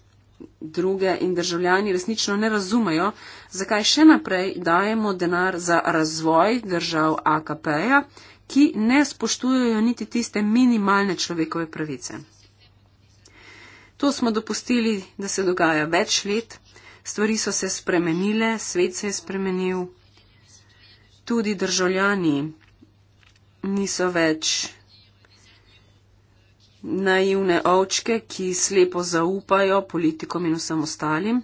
druge in državljani resnično ne razumejo, zakaj še naprej dajemo denar za razvoj držav AKP-ja, ki ne spoštujejo niti tiste minimalne človekove pravice. To smo dopustili, da se dogaja več let, stvari so se spremenile, svet se je spremenil, tudi državljani niso več naivne ovčke, ki slepo zaupajo politikom in vsem ostalim.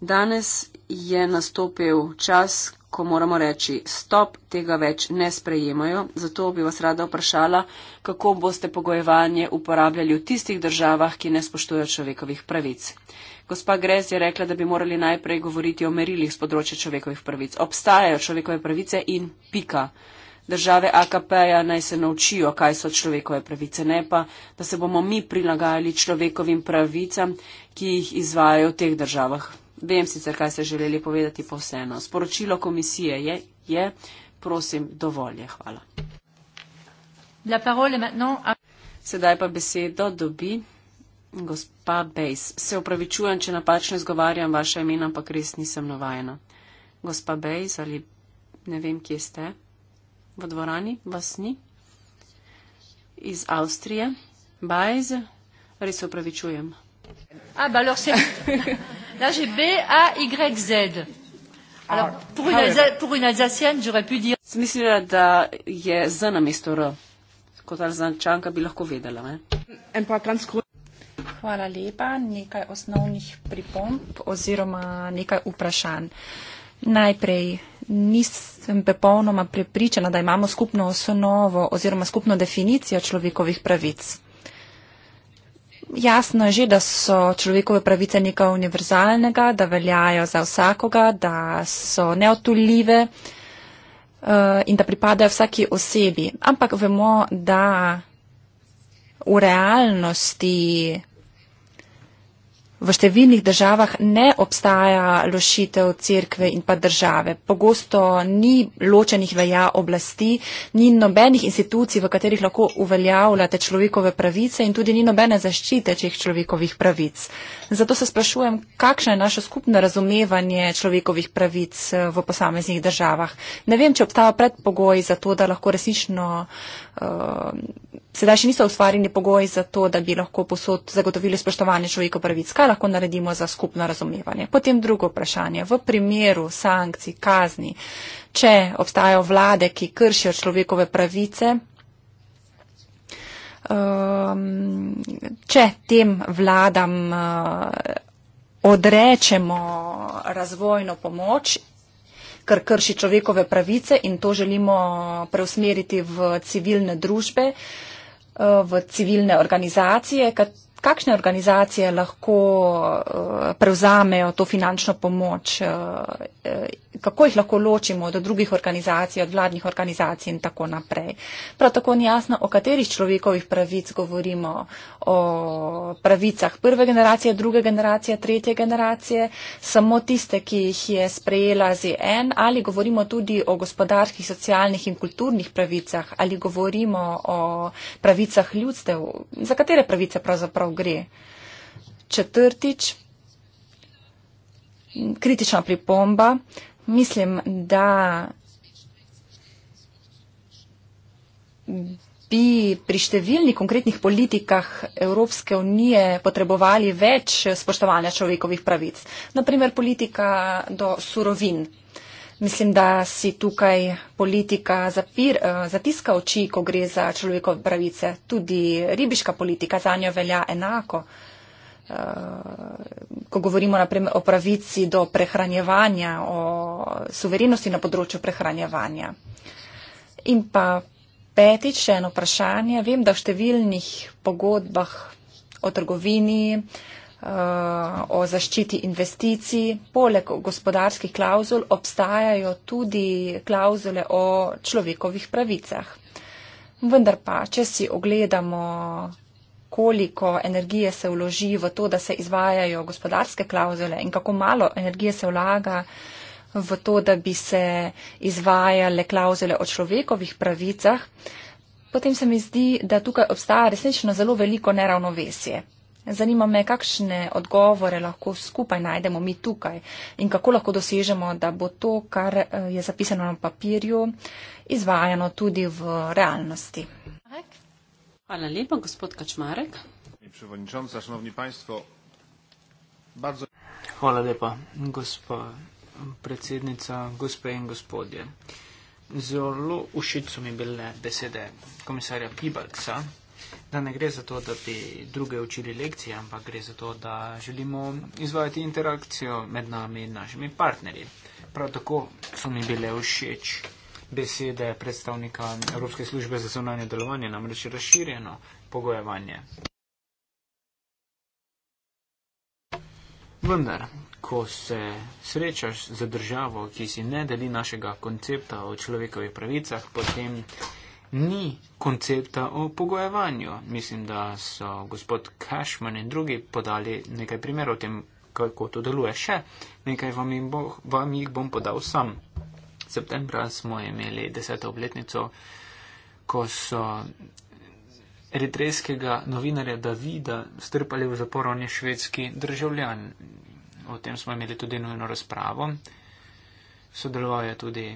Danes je nastopil čas, ko moramo reči stop, tega več ne sprejemajo. Zato bi vas rada vprašala, kako boste pogojevanje uporabljali v tistih državah, ki ne spoštujejo človekovih pravic. Gospa Grez je rekla, da bi morali najprej govoriti o merilih z področja človekovih pravic. Obstajajo človekove pravice in pika. Države AKP-ja naj se naučijo, kaj so človekove pravice, ne pa, da se bomo mi prilagajali človekovim pravicam, ki jih izvajajo v teh državah. Vem sicer, kaj ste želeli povedati, pa vseeno. Sporočilo komisije je, je prosim, dovolj je. Hvala. Sedaj pa besedo dobi gospa Bejs. Se upravičujem, če napačno izgovarjam vaše imena, ampak res nisem navajena. Gospa Bejs ali ne vem, kje ste v dvorani, vas ni, iz Avstrije, Bajz, res upravičujem. Ah, bah alors c'est. Là j'ai B A Y Z. Alors ah, pour une, ah Alza... pour une Alsacienne, j'aurais pu dire. Mislila, da je Z na mesto R. Kot Alzančanka bi lahko vedela, ne? En pa ganz gut. Hvala lepa, nekaj osnovnih pripomb oziroma nekaj vprašanj. Najprej nisem popolnoma prepričana, da imamo skupno osnovo oziroma skupno definicijo človekovih pravic. Jasno je že, da so človekove pravice nekaj univerzalnega, da veljajo za vsakoga, da so neotuljive eh, in da pripadajo vsaki osebi. Ampak vemo, da v realnosti V številnih državah ne obstaja ločitev cerkve in pa države. Pogosto ni ločenih veja oblasti, ni nobenih institucij, v katerih lahko uveljavljate človekove pravice in tudi ni nobene zaščite teh človekovih pravic. Zato se sprašujem, kakšno je naše skupno razumevanje človekovih pravic eh, v posameznih državah. Ne vem, če obstaja predpogoj za to, da lahko resnično. Uh, sedaj še niso ustvarjeni pogoji za to, da bi lahko posod zagotovili spoštovanje človekovih pravic. Kaj kaj lahko naredimo za skupno razumevanje. Potem drugo vprašanje. V primeru sankcij, kazni, če obstajajo vlade, ki kršijo človekove pravice, um, če tem vladam uh, odrečemo razvojno pomoč, kar krši človekove pravice in to želimo preusmeriti v civilne družbe, uh, v civilne organizacije, kakšne organizacije lahko eh, prevzamejo to finančno pomoč, eh, eh, kako jih lahko ločimo od drugih organizacij, od vladnih organizacij in tako naprej. Prav tako ni jasno, o katerih človekovih pravic govorimo, o pravicah prve generacije, druge generacije, tretje generacije, samo tiste, ki jih je sprejela ZN, ali govorimo tudi o gospodarskih, socialnih in kulturnih pravicah, ali govorimo o pravicah ljudstev, za katere pravice pravzaprav pravzaprav gre. Četrtič, kritična pripomba. Mislim, da bi pri številnih konkretnih politikah Evropske unije potrebovali več spoštovanja človekovih pravic. Naprimer, politika do surovin. Mislim, da si tukaj politika zapir, eh, zatiska oči, ko gre za človekove pravice. Tudi ribiška politika za njo velja enako. Eh, ko govorimo naprimer o pravici do prehranjevanja, o suverenosti na področju prehranjevanja. In pa petič, še eno vprašanje. Vem, da v številnih pogodbah o trgovini, o zaščiti investicij. Poleg gospodarskih klauzul obstajajo tudi klauzule o človekovih pravicah. Vendar pa, če si ogledamo, koliko energije se vloži v to, da se izvajajo gospodarske klauzule in kako malo energije se vlaga v to, da bi se izvajale klauzule o človekovih pravicah, potem se mi zdi, da tukaj obstaja resnično zelo veliko neravnovesje. Zanima me, kakšne odgovore lahko skupaj najdemo mi tukaj in kako lahko dosežemo, da bo to, kar eh, je zapisano na papirju, izvajano tudi v realnosti. Hvala lepa, gospod Kačmarek. Hvala lepa, gospa predsednica, gospe in gospodje. Zelo všeč so mi bile besede komisarja Pibalca, da ne gre za to, da bi druge učili lekcije, ampak gre za to, da želimo izvajati interakcijo med nami in našimi partnerji. Prav tako so mi bile všeč besede predstavnika Evropske službe za zunanje delovanje, namreč razširjeno pogojevanje. Vendar, ko se srečaš z državo, ki si ne deli našega koncepta o človekovih pravicah, potem ni koncepta o pogojevanju. Mislim, da so gospod Cashman in drugi podali nekaj primerov o tem, kako to deluje. Še nekaj vam jih, bo, vam jih bom podal sam. Septembra smo imeli deseto obletnico, ko so eritrejskega novinarja Davida strpali v zapor, on je švedski državljan. O tem smo imeli tudi nujno razpravo. Sodeloval je tudi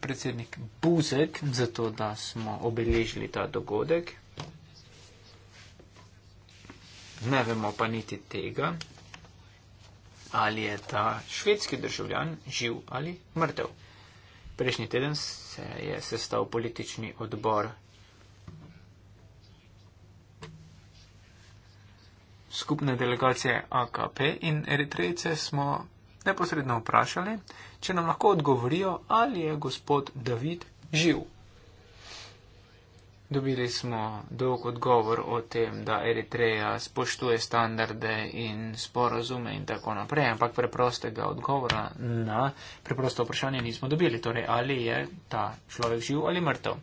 predsednik Buzek, zato da smo obeležili ta dogodek. Ne vemo pa niti tega, ali je ta švedski državljan živ ali mrtev. Prejšnji teden se je sestal politični odbor skupne delegacije AKP in Eritrejce smo neposredno vprašali, če nam lahko odgovorijo, ali je gospod David živ. Dobili smo dolg odgovor o tem, da Eritreja spoštuje standarde in sporozume in tako naprej, ampak preprostega odgovora na preprosto vprašanje nismo dobili, torej ali je ta človek živ ali mrtev.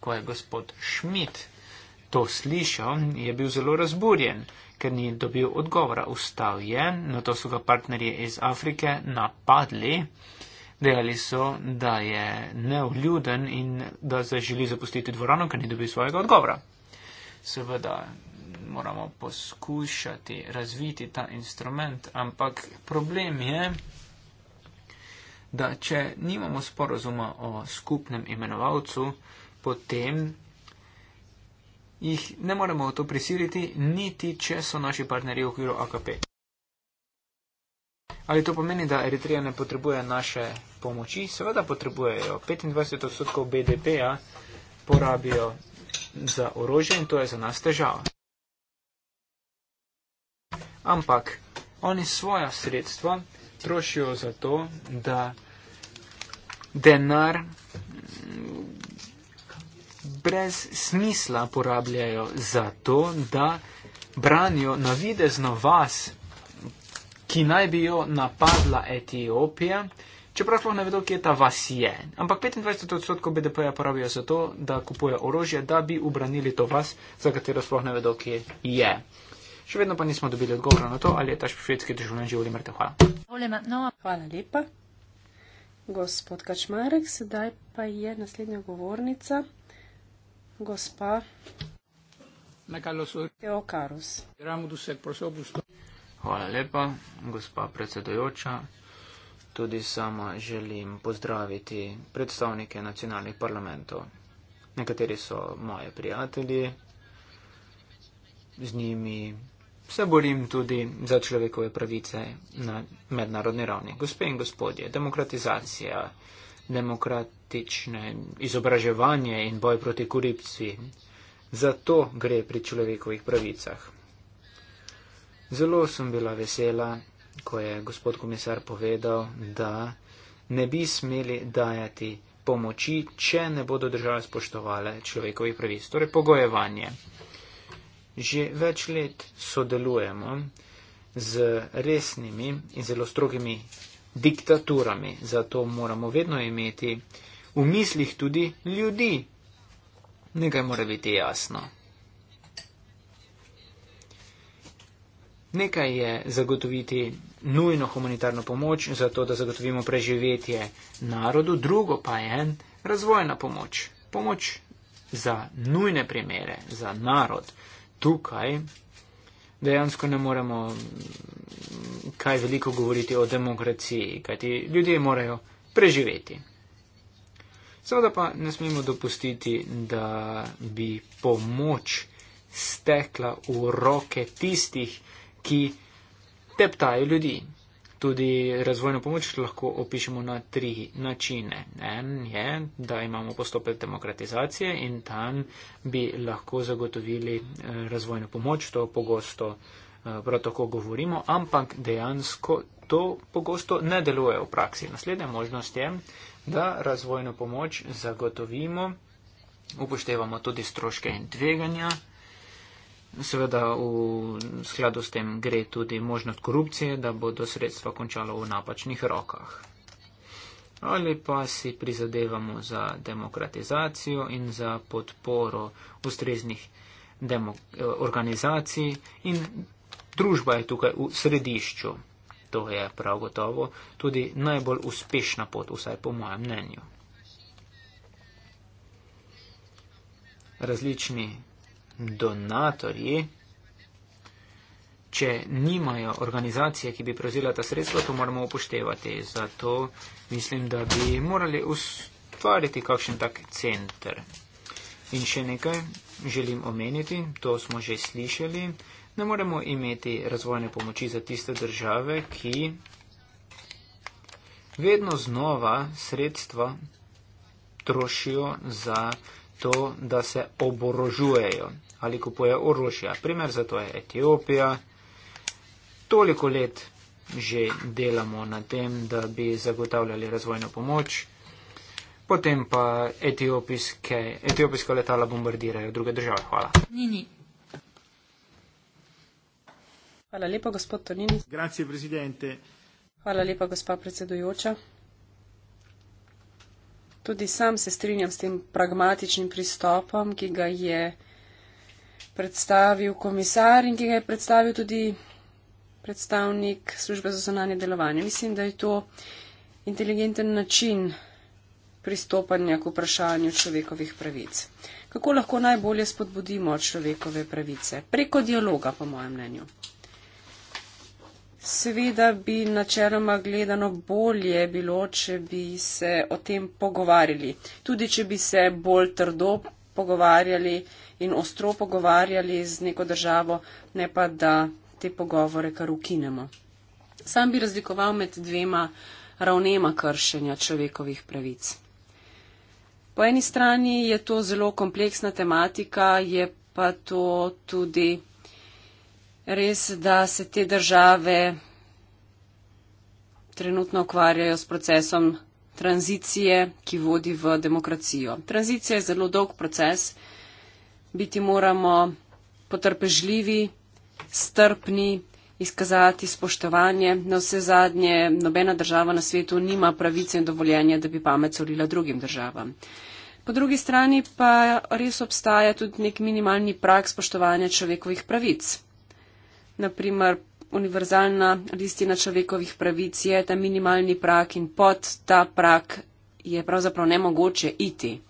Ko je gospod Schmidt to slišal, je bil zelo razburjen ker ni dobil odgovora. Ustal je, na to so ga partnerje iz Afrike napadli. Dejali so, da je neuljuden in da se želi zapustiti dvorano, ker ni dobil svojega odgovora. Seveda moramo poskušati razviti ta instrument, ampak problem je, da če nimamo sporozuma o skupnem imenovalcu, potem jih ne moremo v to prisiliti, niti če so naši partnerji v okviru AKP. Ali to pomeni, da Eritreja ne potrebuje naše pomoči? Seveda potrebujejo. 25 odstotkov BDP-ja porabijo za orožje in to je za nas težava. Ampak oni svoja sredstva trošijo za to, da denar brez smisla porabljajo za to, da branijo navidezno vas, ki naj bi jo napadla Etiopija, čeprav sploh ne vedo, kje ta vas je. Ampak 25 odstotkov BDP-ja porabijo za to, da kupujejo orožje, da bi obranili to vas, za katero sploh ne vedo, kje je. Še vedno pa nismo dobili odgovora na to, ali je ta švedski državljan že uli mrtev. Hvala. Hvala lepa. Gospod Kačmarek, sedaj pa je naslednja govornica gospa Teo Karus. Hvala lepa, gospa predsedojoča. Tudi sama želim pozdraviti predstavnike nacionalnih parlamentov. Nekateri so moje prijatelji, z njimi se borim tudi za človekove pravice na mednarodni ravni. Gospe in gospodje, demokratizacija demokratične izobraževanje in boj proti korupciji. Zato gre pri človekovih pravicah. Zelo sem bila vesela, ko je gospod komisar povedal, da ne bi smeli dajati pomoči, če ne bodo države spoštovale človekovih pravic. Torej pogojevanje. Že več let sodelujemo z resnimi in zelo strogimi diktaturami. Zato moramo vedno imeti v mislih tudi ljudi. Nekaj mora biti jasno. Nekaj je zagotoviti nujno humanitarno pomoč, zato da zagotovimo preživetje narodu, drugo pa je razvojna pomoč. Pomoč za nujne primere, za narod. Tukaj dejansko ne moremo mm, kaj veliko govoriti o demokraciji, kajti ljudje morajo preživeti. Seveda pa ne smemo dopustiti, da bi pomoč stekla v roke tistih, ki teptajo ljudi tudi razvojno pomoč lahko opišemo na tri načine. En je, da imamo postopek demokratizacije in tam bi lahko zagotovili eh, razvojno pomoč, to pogosto eh, prav tako govorimo, ampak dejansko to pogosto ne deluje v praksi. Naslednja možnost je, da razvojno pomoč zagotovimo, upoštevamo tudi stroške in tveganja seveda v skladu s tem gre tudi možnost korupcije, da bodo sredstva končala v napačnih rokah. Ali pa si prizadevamo za demokratizacijo in za podporo ustreznih organizacij in družba je tukaj v središču. To je prav gotovo tudi najbolj uspešna pot, vsaj po mojem mnenju. Različni donatorji, če nimajo organizacije, ki bi prevzela ta sredstva, to moramo upoštevati. Zato mislim, da bi morali ustvariti kakšen tak center. In še nekaj želim omeniti, to smo že slišali, ne moremo imeti razvojne pomoči za tiste države, ki vedno znova sredstva trošijo za to, da se oborožujejo ali kupuje orožja. Primer za to je Etiopija. Toliko let že delamo na tem, da bi zagotavljali razvojno pomoč, potem pa etiopijske, etiopijska letala bombardirajo druge države. Hvala. Ni, ni. Hvala lepa, gospod Tonin. Grazie, presidente. Hvala lepa, gospa predsedujoča. Tudi sam se strinjam s tem pragmatičnim pristopom, ki ga je predstavil komisar in ki ga je predstavil tudi predstavnik službe za zonanje delovanje. Mislim, da je to inteligenten način pristopanja k vprašanju človekovih pravic. Kako lahko najbolje spodbudimo človekove pravice? Preko dialoga, po mojem mnenju. Seveda bi načeloma gledano bolje bilo, če bi se o tem pogovarjali. Tudi, če bi se bolj trdo pogovarjali, in ostro pogovarjali z neko državo, ne pa da te pogovore kar ukinemo. Sam bi razlikoval med dvema ravnema kršenja človekovih pravic. Po eni strani je to zelo kompleksna tematika, je pa to tudi res, da se te države trenutno ukvarjajo s procesom tranzicije, ki vodi v demokracijo. Tranzicija je zelo dolg proces biti moramo potrpežljivi, strpni, izkazati spoštovanje. Na vse zadnje, nobena država na svetu nima pravice in dovoljenja, da bi pamet solila drugim državam. Po drugi strani pa res obstaja tudi nek minimalni prak spoštovanja človekovih pravic. Naprimer, univerzalna listina človekovih pravic je ta minimalni prak in pod ta prak je pravzaprav nemogoče iti.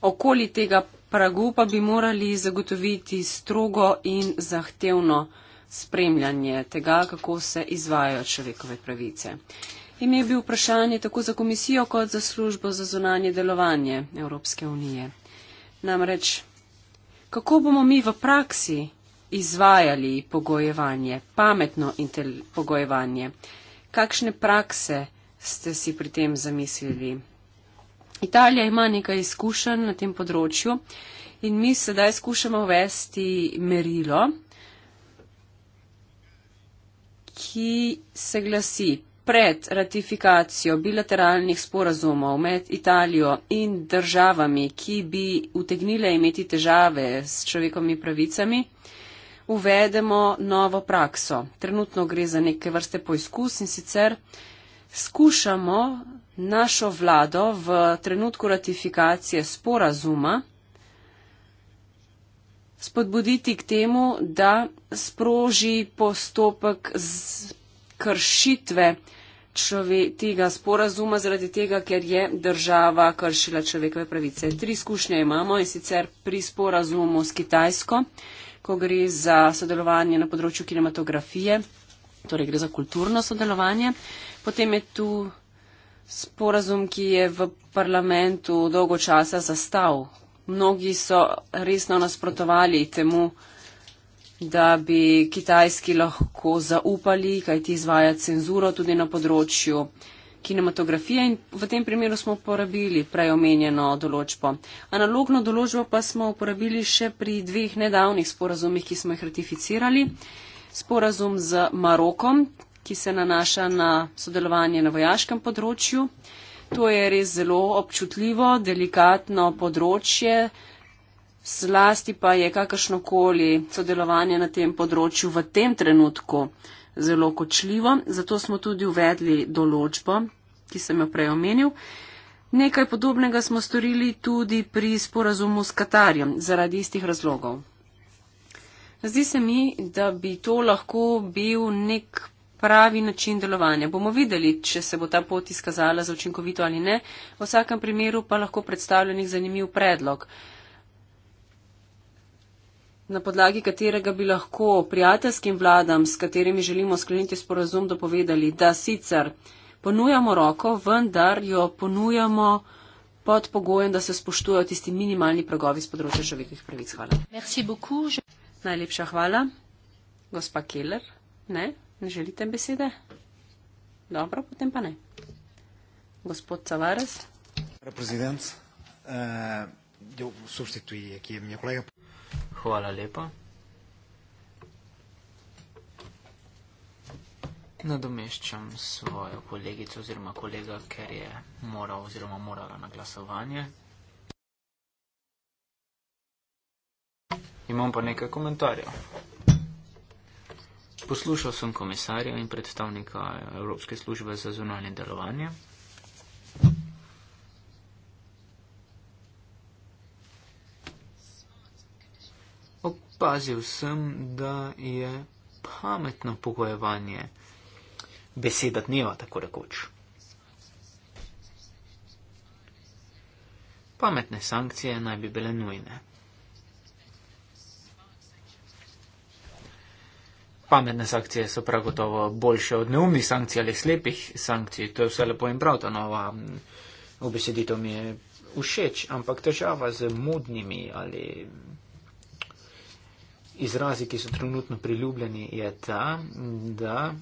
Okoli tega pragu pa bi morali zagotoviti strogo in zahtevno spremljanje tega, kako se izvajajo človekove pravice. In je bil vprašanje tako za komisijo kot za službo za zonanje delovanje Evropske unije. Namreč, kako bomo mi v praksi izvajali pogojevanje, pametno pogojevanje, kakšne prakse ste si pri tem zamislili? Italija ima nekaj izkušenj na tem področju in mi sedaj skušamo uvesti merilo, ki se glasi pred ratifikacijo bilateralnih sporazumov med Italijo in državami, ki bi utegnile imeti težave s človekovimi pravicami. Uvedemo novo prakso. Trenutno gre za neke vrste poizkus in sicer skušamo našo vlado v trenutku ratifikacije sporazuma spodbuditi k temu, da sproži postopek kršitve čove, tega sporazuma zaradi tega, ker je država kršila človekove pravice. Tri izkušnje imamo in sicer pri sporazumu s Kitajsko, ko gre za sodelovanje na področju kinematografije torej gre za kulturno sodelovanje. Potem je tu sporazum, ki je v parlamentu dolgo časa zastav. Mnogi so resno nasprotovali temu, da bi kitajski lahko zaupali, kaj ti izvaja cenzuro tudi na področju kinematografije in v tem primeru smo uporabili prejomenjeno določbo. Analogno določbo pa smo uporabili še pri dveh nedavnih sporazumih, ki smo jih ratificirali. Uh, sporazum z Marokom, ki se nanaša na sodelovanje na vojaškem področju. To je res zelo občutljivo, delikatno področje, zlasti pa je kakršnokoli sodelovanje na tem področju v tem trenutku zelo kočljivo. Zato smo tudi uvedli določbo, ki sem jo prej omenil. Nekaj podobnega smo storili tudi pri sporazumu s Katarjem zaradi istih razlogov. Zdi se mi, da bi to lahko bil nek pravi način delovanja. Bomo videli, če se bo ta pot izkazala za učinkovito ali ne. V vsakem primeru pa lahko predstavlja nek zanimiv predlog, na podlagi katerega bi lahko prijateljskim vladam, s katerimi želimo skleniti sporazum, dopovedali, da sicer ponujamo roko, vendar jo ponujamo pod pogojem, da se spoštujejo tisti minimalni pragovi z področja človekovih pravic. Hvala. Najlepša hvala. Gospa Keller, ne, ne želite besede? Dobro, potem pa ne. Gospod Cavares. Prezident, äh, substituji, ki je mnjo kolega. Hvala lepa. Nadomeščam svojo kolegico oziroma kolega, ker je moral oziroma morala na glasovanje. Imam pa nekaj komentarjev. Poslušal sem komisarja in predstavnika Evropske službe za zunanje delovanje. Opazil sem, da je pametno pogojevanje beseda dneva, tako rekoč. Pametne sankcije naj bi bile nujne. pametne sankcije so prav gotovo boljše od neumnih sankcij ali slepih sankcij. To je vse lepo in prav, ta nova obeseditev mi je všeč, ampak težava z modnimi ali izrazi, ki so trenutno priljubljeni, je ta, da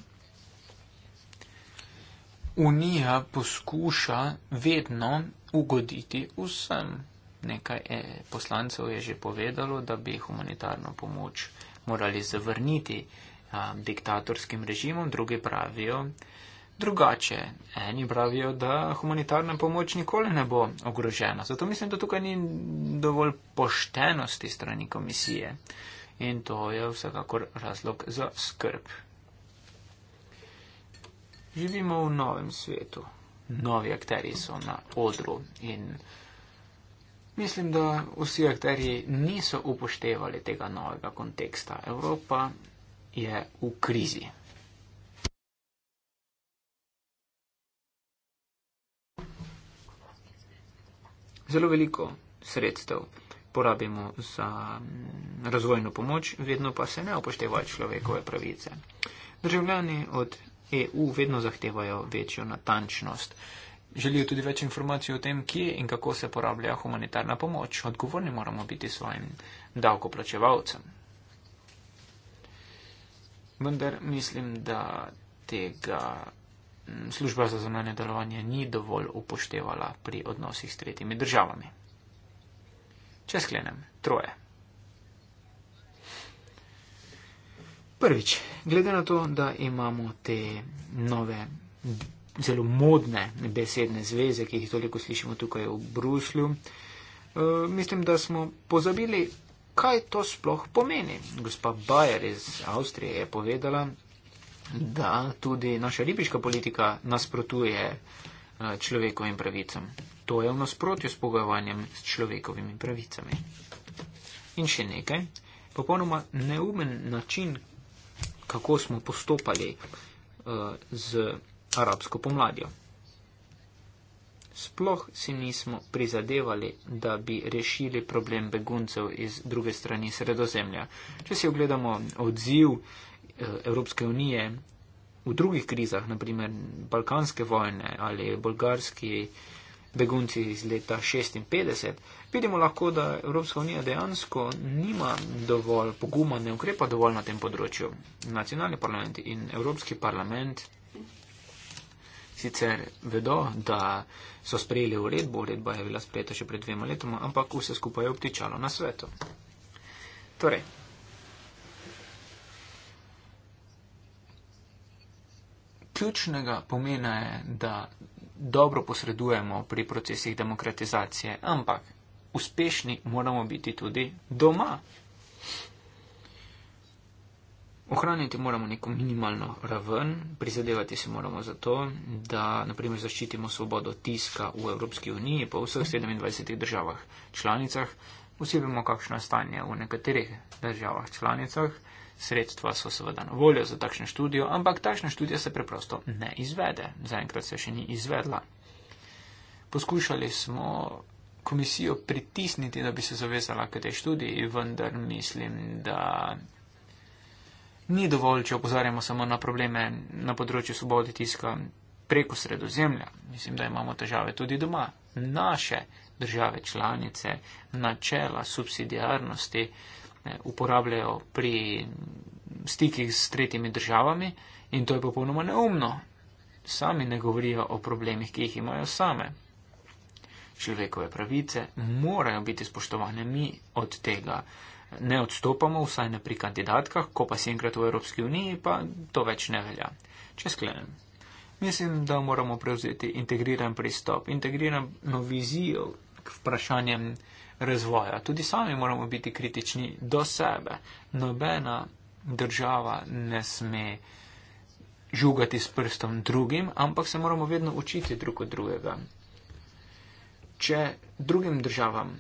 Unija poskuša vedno ugoditi vsem. Nekaj e, poslancev je že povedalo, da bi humanitarno pomoč morali zavrniti um, diktatorskim režimom, drugi pravijo drugače. Eni pravijo, da humanitarna pomoč nikoli ne bo ogrožena. Zato mislim, da tukaj ni dovolj poštenosti strani komisije. In to je vsekakor razlog za skrb. Živimo v novem svetu. Novi akteri so na odru in mislim, da vsi akteri niso upoštevali tega novega konteksta. Evropa je v krizi. Zelo veliko sredstev porabimo za mm, razvojno pomoč, vedno pa se ne upoštevajo človekove pravice. Državljani od EU vedno zahtevajo večjo natančnost. Želijo tudi več informacij o tem, kje in kako se porablja humanitarna pomoč. Odgovorni moramo biti svojim davkoplačevalcem vendar mislim, da tega mm, služba za zunanje delovanje ni dovolj upoštevala pri odnosih s tretjimi državami. Če sklenem, troje. Prvič, glede na to, da imamo te nove, zelo modne besedne zveze, ki jih toliko slišimo tukaj v Bruslju, eh, mislim, da smo pozabili kaj to sploh pomeni. Gospa Bayer iz Avstrije je povedala, da tudi naša ribiška politika nasprotuje eh, človekovim pravicam. To je v nasprotju s pogajanjem s človekovimi pravicami. In še nekaj, popolnoma neumen način, kako smo postopali uh, z arabsko pomladjo. Sploh si nismo prizadevali, da bi rešili problem beguncev iz druge strani sredozemlja. Če si ogledamo odziv eh, Evropske unije v drugih krizah, naprimer Balkanske vojne ali bolgarski begunci iz leta 56, vidimo lahko, da Evropska unija dejansko nima dovolj poguma, ne ukrepa dovolj na tem področju. Nacionalni parlament in Evropski parlament sicer vedo, da so sprejeli uredbo, uredba je bila sprejeta še pred dvema letoma, ampak vse skupaj je obtičalo na svetu. Torej, ključnega pomena je, da dobro posredujemo pri procesih demokratizacije, ampak uspešni moramo biti tudi doma. Ohranjati moramo neko minimalno raven, prizadevati se moramo za to, da naprimer zaščitimo svobodo tiska v Evropski uniji, pa v vseh 27 državah članicah. Vsi vemo, kakšno je stanje v nekaterih državah članicah. Sredstva so seveda na voljo za takšno študijo, ampak takšna študija se preprosto ne izvede. Zaenkrat se še ni izvedla. Poskušali smo komisijo pritisniti, da bi se zavezala k tej študiji, vendar mislim, da ni dovolj, če opozarjamo samo na probleme na področju svobode tiska preko sredozemlja. Mislim, da imamo težave tudi doma. Naše države članice načela subsidiarnosti eh, uporabljajo pri stikih s tretjimi državami in to je popolnoma neumno. Sami ne govorijo o problemih, ki jih imajo same. Človekove pravice morajo biti spoštovane, mi od tega ne odstopamo, vsaj ne pri kandidatkah, ko pa si enkrat v Evropski uniji, pa to več ne velja. Če sklenem. Mislim, da moramo prevzeti integriran pristop, integrirano vizijo k vprašanjem razvoja. Tudi sami moramo biti kritični do sebe. Nobena država ne sme žugati s prstom drugim, ampak se moramo vedno učiti drug od drugega. Če drugim državam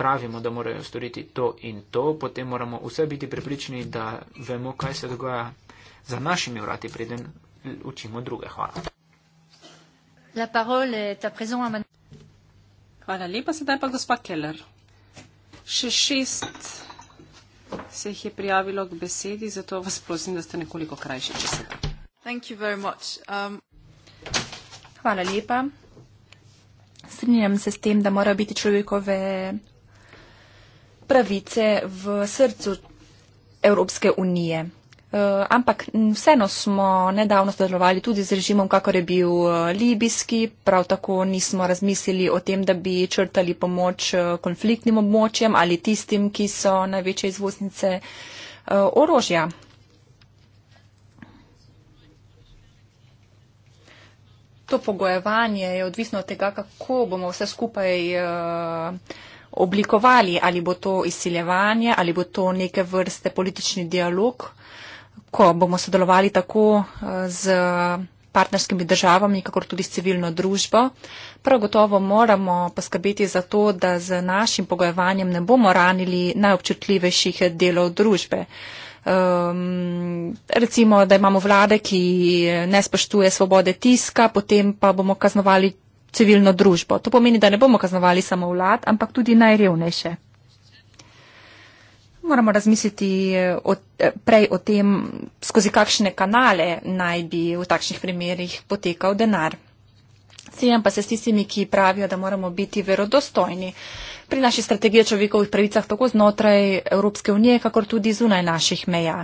pravimo, da morajo storiti to in to, potem moramo vse biti prepričani, da vemo, kaj se dogaja za našimi vrati, preden učimo druge. Hvala. Hvala lepa, sedaj pa gospa Keller. Še šest se jih je prijavilo k besedi, zato vas prosim, da ste nekoliko krajši, če se da. Um... Hvala lepa. Strinjam se s tem, da morajo biti človekove pravice v srcu Evropske unije. Eh, ampak vseeno smo nedavno sodelovali tudi z režimom, kakor je bil eh, libijski, prav tako nismo razmislili o tem, da bi črtali pomoč eh, konfliktnim območjem ali tistim, ki so največje izvoznice orožja. To pogojevanje je odvisno od tega, kako bomo vse skupaj. Uh, oblikovali, ali bo to izsiljevanje, ali bo to neke vrste politični dialog, ko bomo sodelovali tako eh, z partnerskimi državami, kakor tudi s civilno družbo. Prav gotovo moramo poskrbeti za to, da z našim pogojevanjem ne bomo ranili najobčutljivejših delov družbe. Um, recimo, da imamo vlade, ki ne spoštuje svobode tiska, potem pa bomo kaznovali civilno družbo. To pomeni, da ne bomo kaznovali samo vlad, ampak tudi najrevnejše. Moramo razmisliti eh, o, eh, prej o tem, skozi kakšne kanale naj bi v takšnih primerjih potekal denar. Sejem pa se s tistimi, ki pravijo, da moramo biti verodostojni pri naši strategiji človekovih pravicah tako znotraj Evropske unije, kakor tudi zunaj naših meja.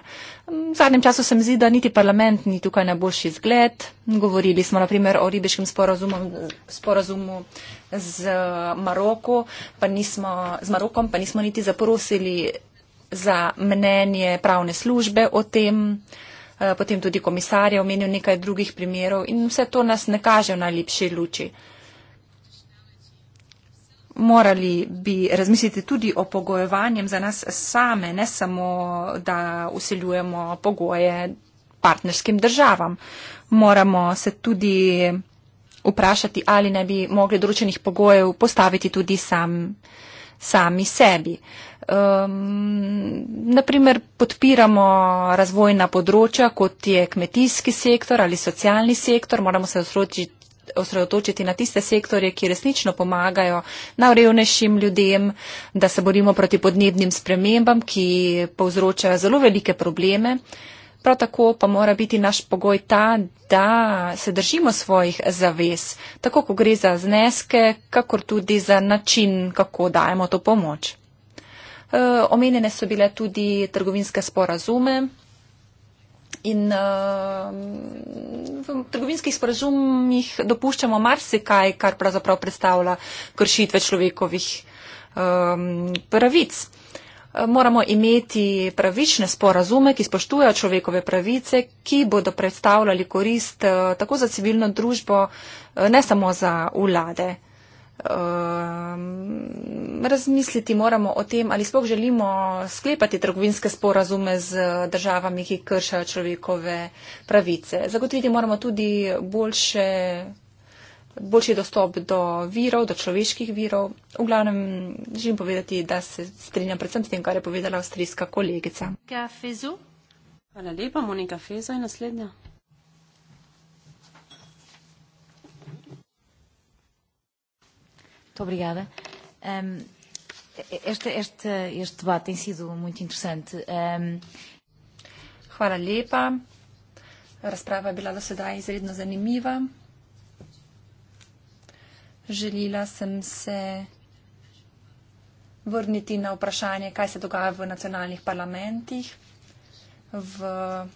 V zadnjem času se mi zdi, da niti parlament ni tukaj najboljši zgled. Govorili smo naprimer o ribiškem sporazumu, sporazumu z, Maroko, pa nismo, z Marokom, pa nismo niti zaprosili za mnenje pravne službe o tem, eh, potem tudi komisarja omenil nekaj drugih primerov in vse to nas ne kaže v najlepši luči. Morali bi razmisliti tudi o pogojevanjem za nas same, ne samo, da useljujemo pogoje partnerskim državam. Moramo se tudi vprašati, ali ne bi mogli določenih pogojev postaviti tudi sam, sami sebi. Um, ehm, naprimer, podpiramo razvojna področja, kot je kmetijski sektor ali socialni sektor, moramo se osrotiti osredotočiti na tiste sektorje, ki resnično pomagajo na revnejšim ljudem, da se borimo proti podnebnim spremembam, ki povzročajo zelo velike probleme. Prav tako pa mora biti naš pogoj ta, da se držimo svojih zavez, tako ko gre za zneske, kakor tudi za način, kako dajemo to pomoč. E, omenjene so bile tudi trgovinske sporazume, In uh, v trgovinskih sporazumih dopuščamo marsikaj, kar pravzaprav predstavlja kršitve človekovih um, pravic. Moramo imeti pravične sporazume, ki spoštujejo človekove pravice, ki bodo predstavljali korist uh, tako za civilno družbo, uh, ne samo za vlade. Ehm, razmisliti moramo o tem, ali spoh želimo sklepati trgovinske sporazume z eh, državami, ki kršajo človekove pravice. Zagotoviti moramo tudi boljše, boljši dostop do virov, do človeških virov. V glavnem želim povedati, da se strinjam predvsem s tem, kar je povedala avstrijska kolegica. Hvala lepa, Monika Fezo je naslednja. Muito obrigada. Um, este, este, este debate tem sido muito interessante. Um... Hvala lepa. Razprava je bila do sedaj izredno zanimiva. Želila sem se vrniti na vprašanje, kaj se dogaja v nacionalnih parlamentih. V,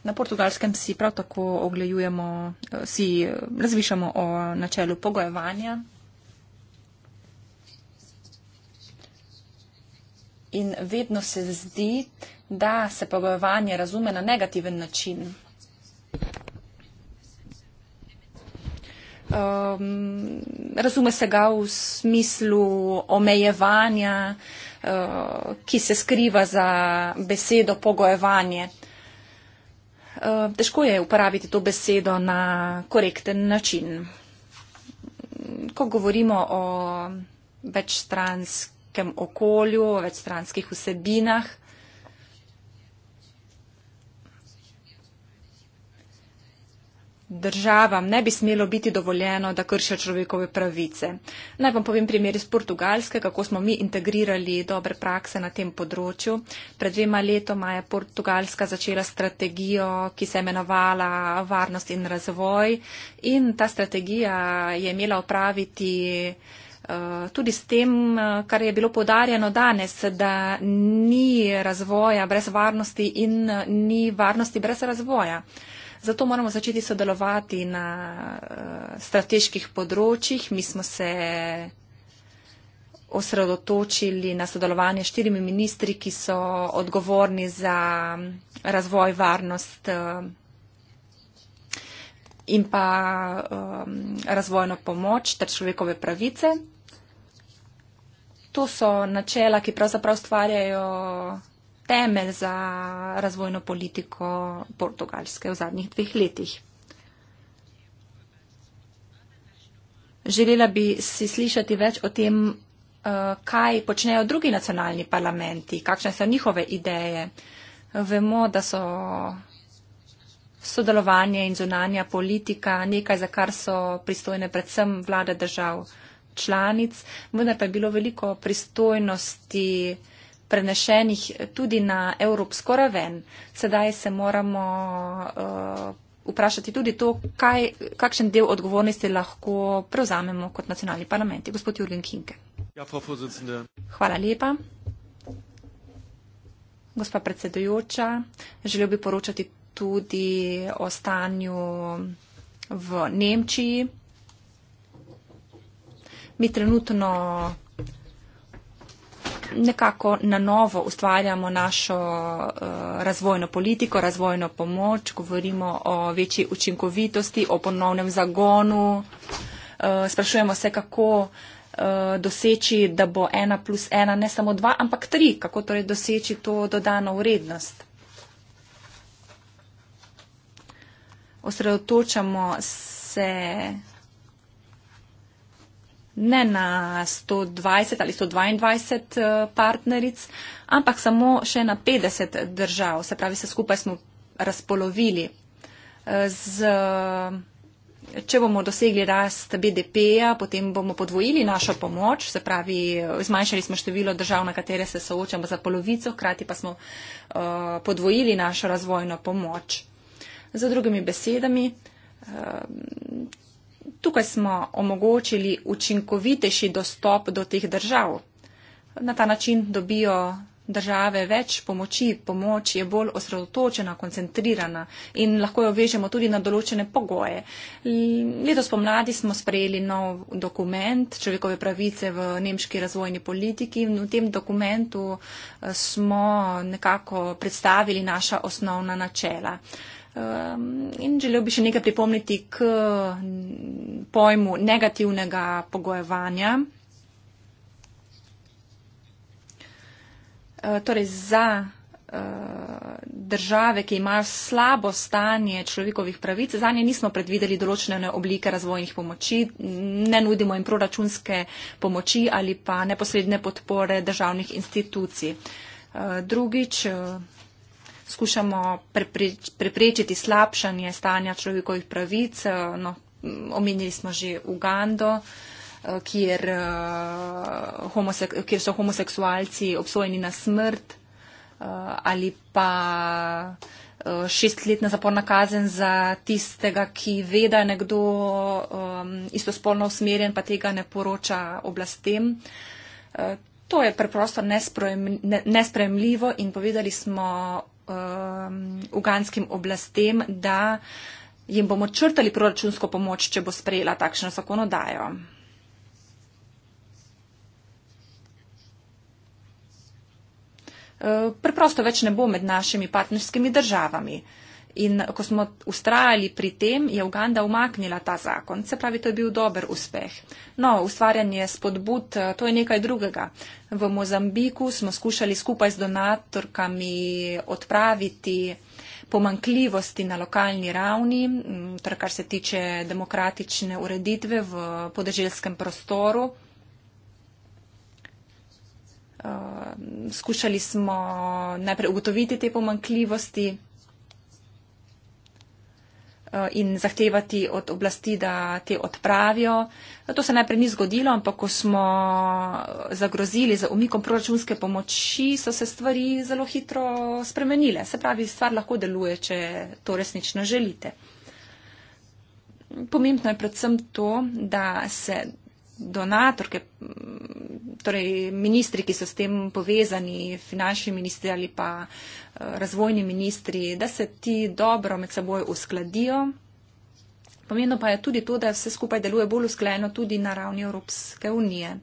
na portugalskem si prav tako oglejujemo, eh, si eh, razmišljamo o načelu pogojevanja in vedno se zdi, da se pogojevanje razume na negativen način. Um, razume se ga v smislu omejevanja, uh, ki se skriva za besedo pogojevanje. Uh, težko je uporabiti to besedo na korekten način. Ko govorimo o večstranski stranskem okolju, o več stranskih vsebinah. Državam ne bi smelo biti dovoljeno, da kršijo človekove pravice. Naj vam povem primer iz Portugalske, kako smo mi integrirali dobre prakse na tem področju. Pred dvema letoma je Portugalska začela strategijo, ki se je imenovala Varnost in razvoj. In ta strategija je imela upraviti. Eh, tudi s tem, eh, kar je bilo podarjeno danes, da ni razvoja brez varnosti in eh, ni varnosti brez razvoja. Zato moramo začeti sodelovati na strateških področjih. Mi smo se osredotočili na sodelovanje štirimi ministri, ki so odgovorni za mm, razvoj, varnost in pa mm, razvojno pomoč ter človekove pravice to so načela, ki pravzaprav stvarjajo temelj za razvojno politiko Portugalske v zadnjih dveh letih. Želela bi si slišati več o tem, eh, kaj počnejo drugi nacionalni parlamenti, kakšne so njihove ideje. Vemo, da so sodelovanje in zunanja politika nekaj, za kar so pristojne predvsem vlade držav članic, vendar pa je bilo veliko pristojnosti prenešenih tudi na evropsko raven. Sedaj se moramo uh, vprašati tudi to, kaj, kakšen del odgovornosti lahko prevzamemo kot nacionalni parlament. Gospod Jurgen Kinke. Ja, Hvala lepa. Gospa predsedujoča, želel bi poročati tudi o stanju v Nemčiji mi trenutno nekako na novo ustvarjamo našo uh, razvojno politiko, razvojno pomoč, govorimo o večji učinkovitosti, o ponovnem zagonu. Uh, sprašujemo se, kako uh, doseči, da bo ena plus ena ne samo dva, ampak tri, kako torej doseči to dodano vrednost. Osredotočamo se ne na 120 ali 122 eh, partneric, ampak samo še na 50 držav. Se pravi, se skupaj smo razpolovili. Eh, z, če bomo dosegli rast BDP-ja, potem bomo podvojili našo pomoč, se pravi, zmanjšali smo število držav, na katere se soočamo za polovico, hkrati pa smo eh, podvojili našo razvojno pomoč. Za drugimi besedami, tukaj smo omogočili učinkovitejši dostop do teh držav. Na ta način dobijo države več pomoči, pomoč je bolj osredotočena, koncentrirana in lahko jo vežemo tudi na določene pogoje. Letos pomladi smo sprejeli nov dokument človekove pravice v nemški razvojni politiki in v tem dokumentu eh, smo nekako predstavili naša osnovna načela. Um, in želel bi še nekaj pripomniti k pojmu negativnega pogojevanja. Uh, torej za uh, države, ki imajo slabo stanje človekovih pravic, za nje nismo predvideli določene oblike razvojnih pomoči, ne nudimo jim proračunske pomoči ali pa neposredne podpore državnih institucij. Uh, drugič, skušamo preprečiti slabšanje stanja človekovih pravic. Eh, no, omenili smo že Ugando, eh, kjer, eh, kjer so homoseksualci obsojeni na smrt ali pa šestletna zaporna kazen za tistega, ki ve, da je nekdo um, istospolno usmerjen, pa tega ne poroča oblastem. Uh, to je preprosto nespremljivo in povedali smo um, uganskim oblastem, da jim bomo črtali proračunsko pomoč, če bo sprejela takšno zakonodajo. Uh, preprosto več ne bo med našimi partnerskimi državami. In ko smo ustrajali pri tem, je Uganda umaknila ta zakon. Se pravi, to je bil dober uspeh. No, ustvarjanje spodbud, eh, to je nekaj drugega. V Mozambiku smo skušali skupaj z donatorkami odpraviti pomankljivosti na lokalni ravni, mm, torej kar se tiče demokratične ureditve v podeželskem prostoru. Uh, skušali smo najprej ugotoviti te pomankljivosti. Eh, in zahtevati od oblasti, da te odpravijo. To se najprej ni zgodilo, ampak ko smo zagrozili z umikom proračunske pomoči, so se stvari zelo hitro spremenile. Se pravi, stvar lahko deluje, če to resnično želite. Pomembno je predvsem to, da se donatorke, torej ministri, ki so s tem povezani, finančni ministri ali pa eh, razvojni ministri, da se ti dobro med seboj uskladijo. Pomembno pa je tudi to, da vse skupaj deluje bolj uskleno tudi na ravni Evropske unije.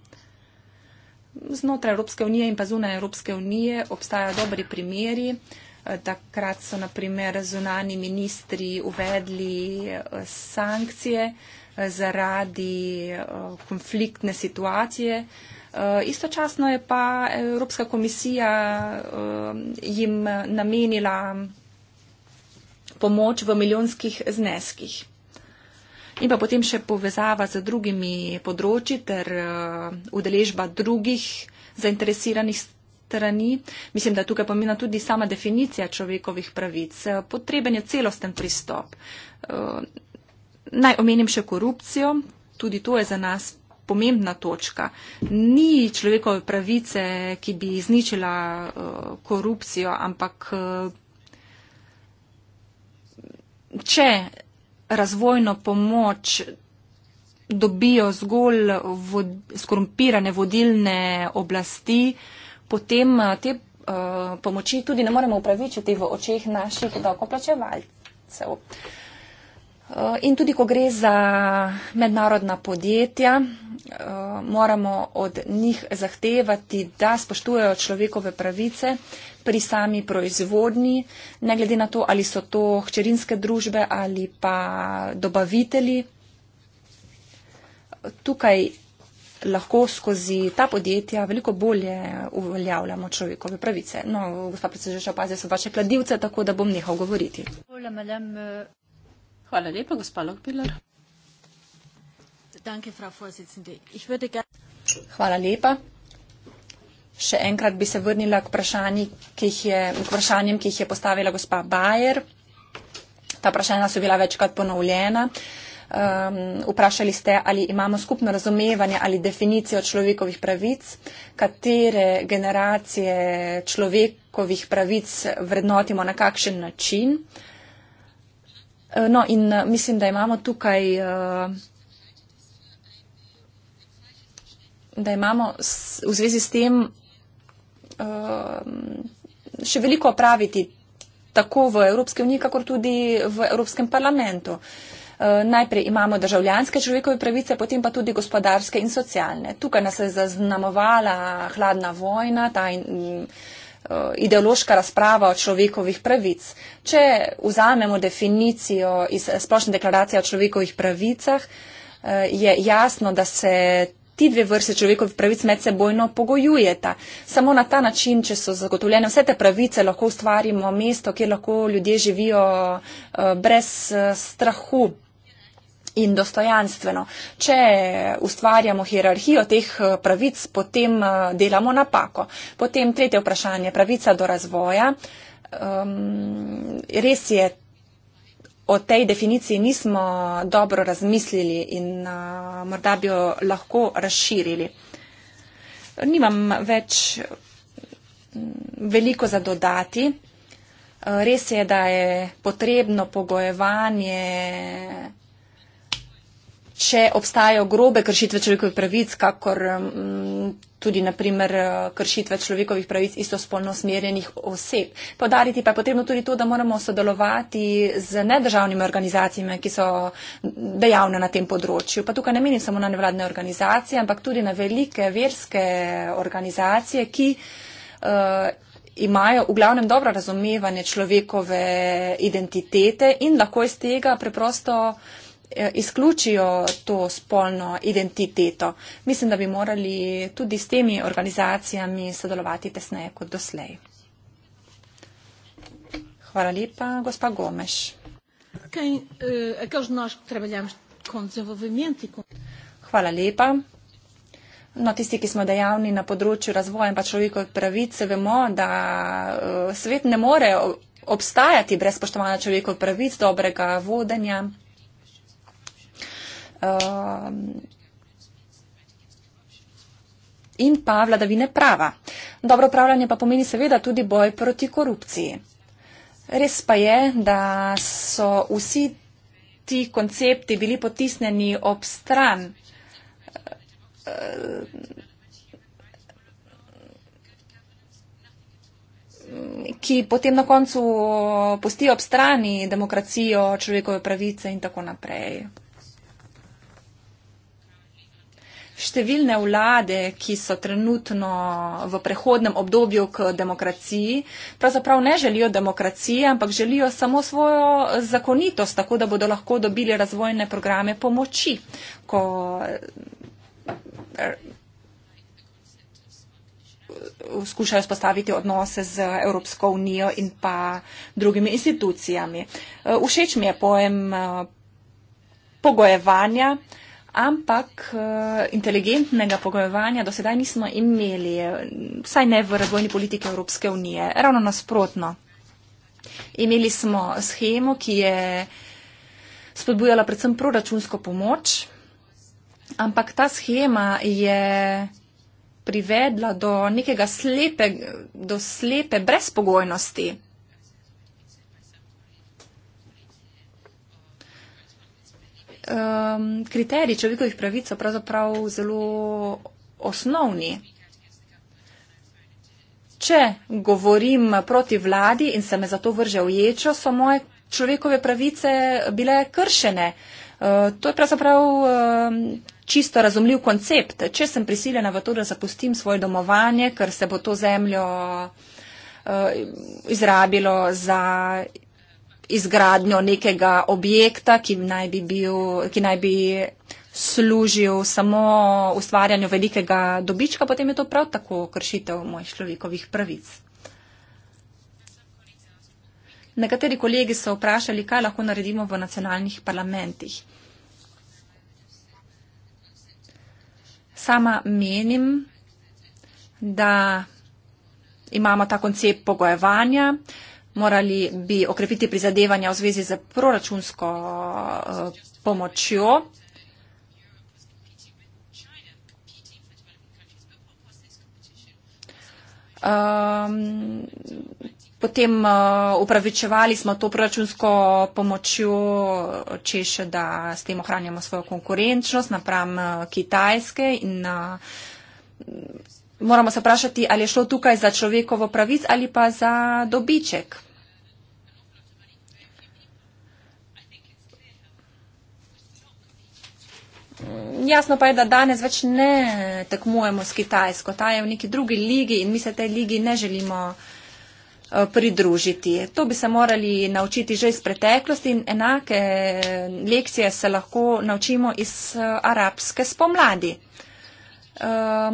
Znotraj Evropske unije in pa zunaj Evropske unije obstajajo dobri primeri. Eh, takrat so naprimer zunani ministri uvedli eh, sankcije zaradi eh, konfliktne situacije. Eh, istočasno je pa Evropska komisija eh, jim namenila pomoč v milijonskih zneskih. In pa potem še povezava z drugimi področji ter udeležba drugih zainteresiranih strani. Mislim, da tukaj pomena tudi sama definicija človekovih pravic. Potreben je celosten pristop naj omenim še korupcijo, tudi to je za nas pomembna točka. Ni človekove pravice, ki bi izničila uh, korupcijo, ampak uh, če razvojno pomoč dobijo zgolj vod, skorumpirane vodilne oblasti, potem uh, te uh, pomoči tudi ne moremo upravičiti v očeh naših davkoplačevalcev. Uh, Eh, in tudi, ko gre za mednarodna podjetja, eh, moramo od njih zahtevati, da spoštujejo človekove pravice pri sami proizvodnji, ne glede na to, ali so to hčerinske družbe ali pa dobavitelji. Tukaj lahko skozi ta podjetja veliko bolje uveljavljamo človekove pravice. No, gospod predsedujoča, opazil sem vaše kladivce, tako da bom nehal govoriti. Hvala, madame. Hvala lepa, gospa Lokbiler. Danke, Frau Vorsitzende. Ich würde gerne. Hvala lepa. Še enkrat bi se vrnila k, ki jih je, k vprašanjem, ki jih je postavila gospa Bajer. Ta vprašanja so bila večkrat ponovljena. Um, vprašali ste, ali imamo skupno razumevanje ali definicijo človekovih pravic, katere generacije človekovih pravic vrednotimo na kakšen način. Uh, Eh, no, in eh, mislim, da imamo tukaj, eh, da imamo v zvezi s tem še veliko opraviti tako v Evropske unije, kakor tudi v Evropskem parlamentu. Najprej imamo državljanske človekove pravice, potem pa tudi gospodarske in socialne. Tukaj nas je zaznamovala hladna vojna, ta in, Eh, ideološka razprava o človekovih pravic. Če vzamemo definicijo iz splošne deklaracije o človekovih pravicah, eh, je jasno, da se ti dve vrste človekovih pravic med sebojno pogojujeta. Samo na ta način, če so zagotovljene vse te pravice, lahko ustvarimo mesto, kjer lahko ljudje živijo eh, brez strahu in dostojanstveno. Če ustvarjamo hierarhijo teh eh, pravic, potem eh, delamo napako. Potem tretje vprašanje, pravica do razvoja. Um, res je, o tej definiciji nismo dobro razmislili in uh, morda bi jo lahko razširili. Nimam več mm, veliko za dodati. Res je, da je potrebno pogojevanje če obstajajo grobe kršitve človekovih pravic, kakor um, tudi naprimer eh, kršitve človekovih pravic istospolno smerjenih oseb. Podariti pa je potrebno tudi to, da moramo sodelovati z nedržavnimi organizacijami, ki so dejavne na tem področju. Pa tukaj ne menim samo na nevladne organizacije, ampak tudi na velike verske organizacije, ki. Uh, imajo v glavnem dobro razumevanje človekove identitete in lahko iz tega preprosto uh, Eh, izključijo to spolno identiteto. Mislim, da bi morali tudi s temi organizacijami sodelovati tesneje kot doslej. Hvala lepa, gospa Gomeš. Eh, e Hvala lepa. No, tisti, ki smo dejavni na področju razvoja in pa človekovih pravic, vemo, da eh, svet ne more obstajati brez spoštovanja človekovih pravic, dobrega vodenja um, in pa vladavine prava. Dobro upravljanje pa pomeni seveda tudi boj proti korupciji. Res pa je, da so vsi ti koncepti bili potisneni ob stran. ki potem na koncu pustijo ob strani demokracijo, človekove pravice in tako naprej. številne vlade, ki so trenutno v prehodnem obdobju k demokraciji, pravzaprav ne želijo demokracije, ampak želijo samo svojo zakonitost, tako da bodo lahko dobili razvojne programe pomoči. Ko eh, skušajo spostaviti odnose z Evropsko unijo in pa drugimi institucijami. Eh, všeč mi je pojem eh, pogojevanja, ampak eh, inteligentnega pogojevanja do sedaj nismo imeli, eh, vsaj ne v razvojni politiki Evropske unije. Ravno nasprotno. Imeli smo schemo, ki je spodbujala predvsem proračunsko pomoč, ampak ta schema je privedla do nekega slepe, do slepe brezpogojnosti. um, kriteriji človekovih pravic so pravzaprav zelo osnovni. Če govorim proti vladi in se me zato vrže v ječo, so moje človekove pravice bile kršene. Uh, to je pravzaprav um, čisto razumljiv koncept. Če sem prisiljena v to, da zapustim svoje domovanje, ker se bo to zemljo uh, izrabilo za izgradnjo nekega objekta, ki naj bi, bil, ki naj bi služil samo ustvarjanju velikega dobička, potem je to prav tako kršitev mojih človekovih pravic. Nekateri kolegi so vprašali, kaj lahko naredimo v nacionalnih parlamentih. Sama menim, da imamo ta koncept pogojevanja, uh, morali bi okrepiti prizadevanja v zvezi z proračunsko eh, pomočjo. Ehm, potem eh, upravičevali smo to proračunsko pomočjo, češ, da s tem ohranjamo svojo konkurenčnost napram eh, Kitajske in moramo se vprašati, ali je šlo tukaj za človekovo pravic ali pa za dobiček. Jasno pa je, da danes več ne tekmujemo s Kitajsko. Ta je v neki drugi ligi in mi se tej ligi ne želimo eh, pridružiti. To bi se morali naučiti že iz preteklosti in enake eh, lekcije se lahko naučimo iz eh, arabske spomladi.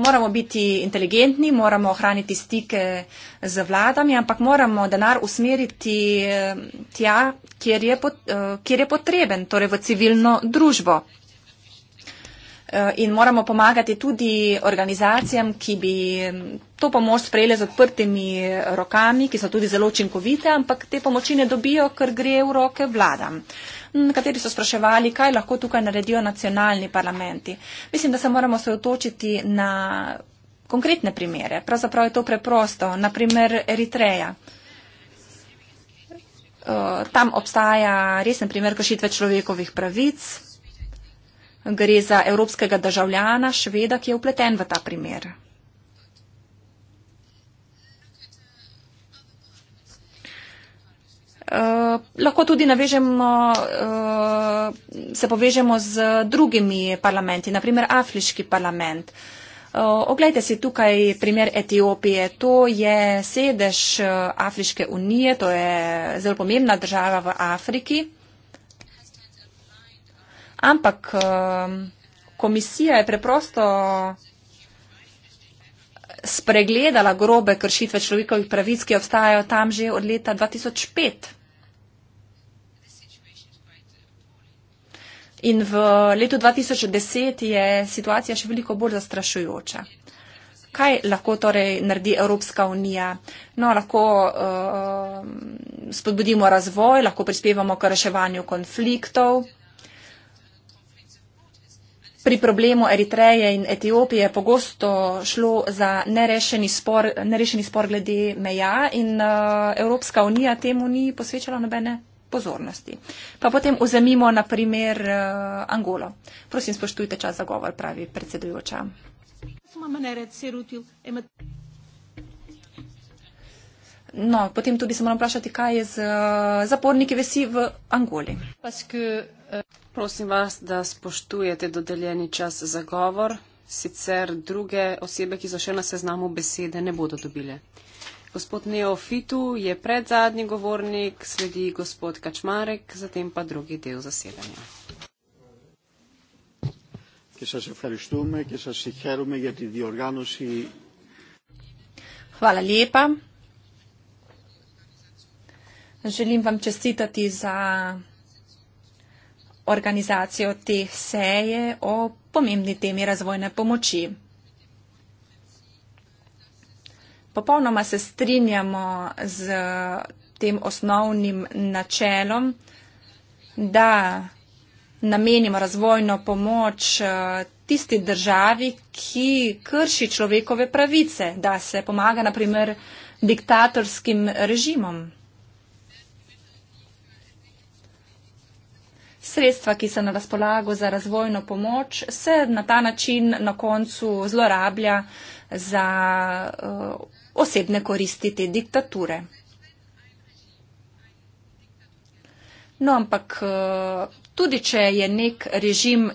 Moramo biti inteligentni, moramo ohraniti stike z vladami, ampak moramo denar usmeriti tja, kjer je potreben, torej v civilno družbo. Eh, in moramo pomagati tudi organizacijam, ki bi mm, to pomoč sprejele z odprtimi eh, rokami, ki so tudi zelo učinkovite, ampak te pomoči ne dobijo, ker gre v roke vladam. Mm, nekateri so spraševali, kaj lahko tukaj naredijo nacionalni parlamenti. Mislim, da se moramo se otočiti na konkretne primere. Pravzaprav je to preprosto. Naprimer Eritreja. Eh, tam obstaja resen primer kršitve človekovih pravic. Gre za evropskega državljana Šveda, ki je upleten v ta primer. Uh, lahko tudi navežemo, uh, se povežemo z drugimi parlamenti, naprimer Afriški parlament. Uh, oglejte si tukaj primer Etiopije. To je sedež Afriške unije, to je zelo pomembna država v Afriki. Ampak ehm, komisija je preprosto spregledala grobe kršitve človekovih pravic, ki obstajajo tam že od leta 2005. In v letu 2010 je situacija še veliko bolj zastrašujoča. Kaj lahko torej naredi Evropska unija? No, lahko uh, spodbudimo razvoj, lahko prispevamo k reševanju konfliktov. Pri problemu Eritreje in Etiopije je pogosto šlo za nerešeni spor, nerešeni spor glede meja in uh, Evropska unija temu ni posvečala nobene pozornosti. Pa potem vzemimo na primer uh, Angolo. Prosim, spoštujte čas za govor, pravi predsedujoča. No, potem tudi se moram vprašati, kaj je z uh, zaporniki vesi v Angoli. Paske, uh... Prosim vas, da spoštujete dodeljeni čas za govor, sicer druge osebe, ki so še na seznamu besede, ne bodo dobile. Gospod Neofitu je predzadnji govornik, sledi gospod Kačmarek, zatem pa drugi del zasedanja. Hvala lepa. Želim vam čestitati za organizacijo te seje o pomembni temi razvojne pomoči. Popolnoma se strinjamo z tem osnovnim načelom, da namenimo razvojno pomoč eh, tisti državi, ki krši človekove pravice, da se pomaga naprimer diktatorskim režimom. sredstva, ki so na razpolago za razvojno pomoč, se na ta način na koncu zlorablja za uh, osebne koristi te diktature. No, ampak eh, tudi, če je nek režim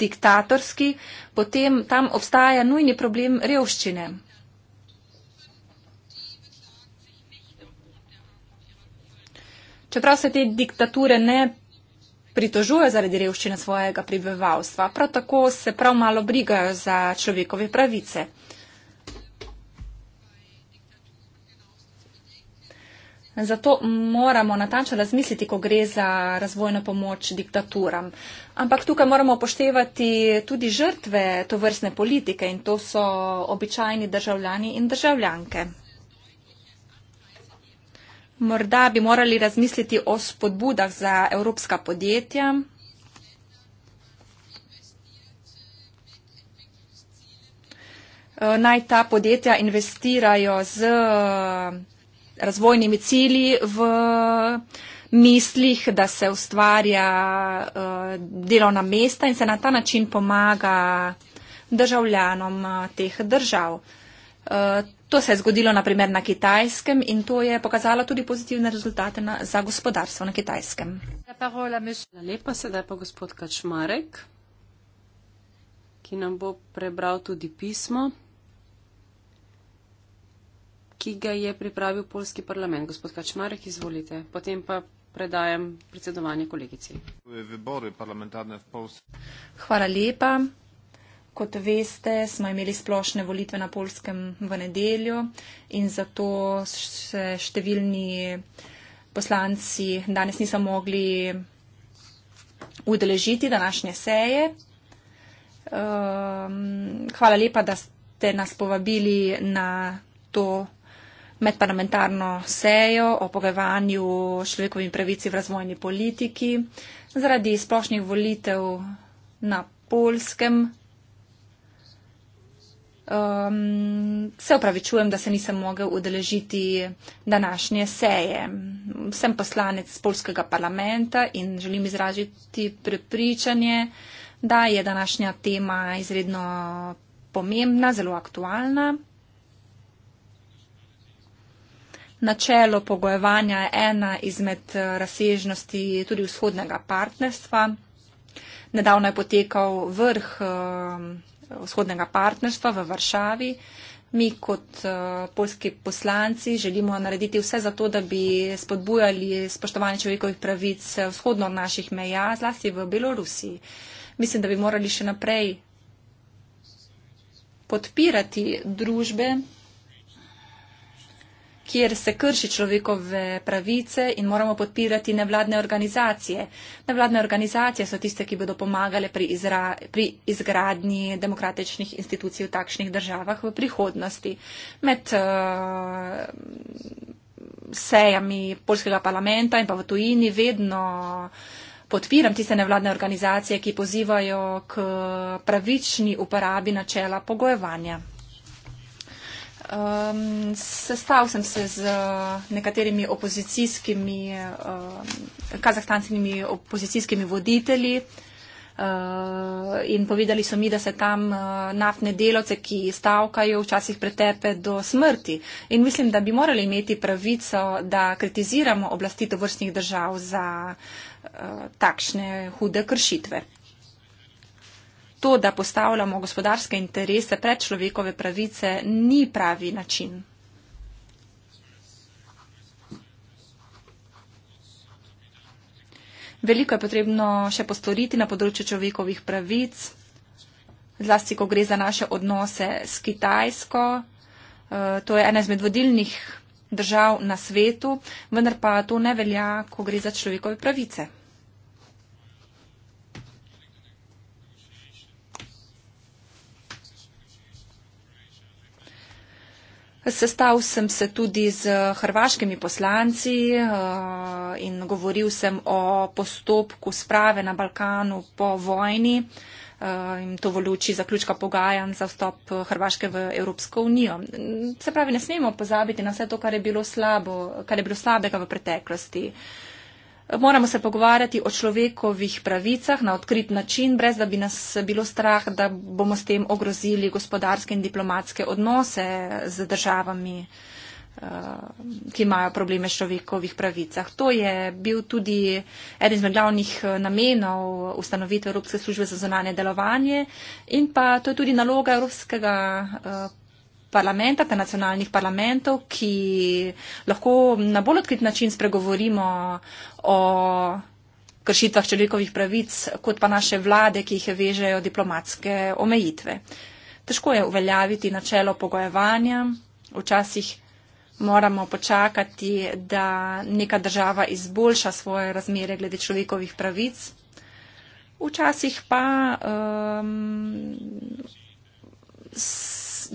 diktatorski, potem tam obstaja nujni problem revščine. Čeprav se te diktature ne pritožujejo zaradi revščine svojega prebivalstva, prav tako se prav malo brigajo za človekove pravice. Zato moramo natančno razmisliti, ko gre za razvojno pomoč diktaturam. Ampak tukaj moramo poštevati tudi žrtve to vrstne politike in to so običajni državljani in državljanke. Morda bi morali razmisliti o spodbudah za evropska podjetja. Eh, naj ta podjetja investirajo z eh, razvojnimi cilji v eh, mislih, da se ustvarja delovna mesta in se na ta način pomaga državljanom teh držav. To se je zgodilo naprimer na kitajskem in to je pokazalo tudi pozitivne rezultate na, za gospodarstvo na kitajskem. Lepa sedaj pa gospod Kačmarek, ki nam bo prebral tudi pismo, ki ga je pripravil polski parlament. Gospod Kačmarek, izvolite. Potem pa predajam predsedovanje kolegici. Hvala lepa. Kot veste, smo imeli splošne volitve na polskem v nedeljo in zato se številni poslanci danes niso mogli udeležiti današnje seje. Ehm, hvala lepa, da ste nas povabili na to medparlamentarno sejo o pogajanju človekovim pravici v razvojni politiki. Zaradi splošnih volitev na polskem um, se upravičujem, da se nisem mogel udeležiti današnje seje. Sem poslanec polskega parlamenta in želim izražiti prepričanje, da je današnja tema izredno pomembna, zelo aktualna. Načelo pogojevanja je ena izmed eh, razsežnosti tudi vzhodnega partnerstva. Nedavno je potekal vrh vzhodnega partnerstva v Varšavi. Mi kot eh, polski poslanci želimo narediti vse za to, da bi spodbujali spoštovanje človekovih pravic eh, vzhodno od naših meja, zlasti v Belorusiji. Mislim, da bi morali še naprej podpirati družbe kjer se krši človekove pravice in moramo podpirati nevladne organizacije. Nevladne organizacije so tiste, ki bodo pomagale pri, izra, pri izgradnji demokratičnih institucij v takšnih državah v prihodnosti. Med uh, sejami polskega parlamenta in pa v tujini vedno podpiram tiste nevladne organizacije, ki pozivajo k pravični uporabi načela pogojevanja. Um, sestal sem se z eh, nekaterimi opozicijskimi, um, kazahstanskimi opozicijskimi voditelji uh, in povedali so mi, da se tam uh, naftne delovce, ki stavkajo, včasih pretepe do smrti. In mislim, da bi morali imeti pravico, da kritiziramo oblasti tovrstnih držav za uh, takšne hude kršitve to, da postavljamo gospodarske interese pred človekove pravice, ni pravi način. Veliko je potrebno še postoriti na področju človekovih pravic, zlasti ko gre za naše odnose s Kitajsko. E, to je ena izmed vodilnih držav na svetu, vendar pa to ne velja, ko gre za človekove pravice. Sestal sem se tudi z hrvaškimi poslanci eh, in govoril sem o postopku sprave na Balkanu po vojni eh, in to v luči zaključka pogajanj za vstop eh, Hrvaške v Evropsko unijo. Se pravi, ne smemo pozabiti na vse to, kar je bilo, slabo, kar je bilo slabega v preteklosti. Moramo se pogovarjati o človekovih pravicah na odkrit način, brez da bi nas bilo strah, da bomo s tem ogrozili gospodarske in diplomatske odnose z državami, eh, ki imajo probleme s človekovih pravicah. To je bil tudi eden izmed glavnih eh, namenov ustanovitve Evropske službe za zonanje delovanje in pa to je tudi naloga Evropskega eh, parlamenta, te nacionalnih parlamentov, ki lahko na bolj odkrit način spregovorimo o kršitvah človekovih pravic, kot pa naše vlade, ki jih vežejo diplomatske omejitve. Težko je uveljaviti načelo pogojevanja, včasih moramo počakati, da neka država izboljša svoje razmere glede človekovih pravic, včasih pa um,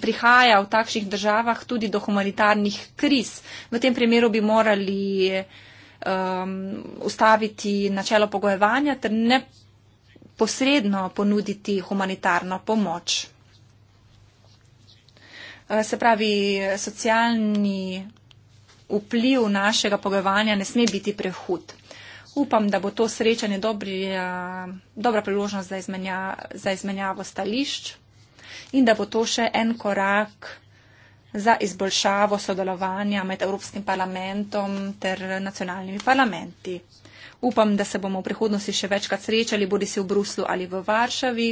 prihaja v takšnih državah tudi do humanitarnih kriz. V tem primeru bi morali um, ustaviti načelo pogojevanja ter ne posredno ponuditi humanitarno pomoč. Uh, se pravi, socialni vpliv našega pogojevanja ne sme biti prehud. Upam, da bo to srečanje dobri, dobra priložnost za izmenjavo stališč in da bo to še en korak za izboljšavo sodelovanja med Evropskim parlamentom ter nacionalnimi parlamenti. Upam, da se bomo v prihodnosti še večkrat srečali, bodi si v Bruslu ali v Varšavi.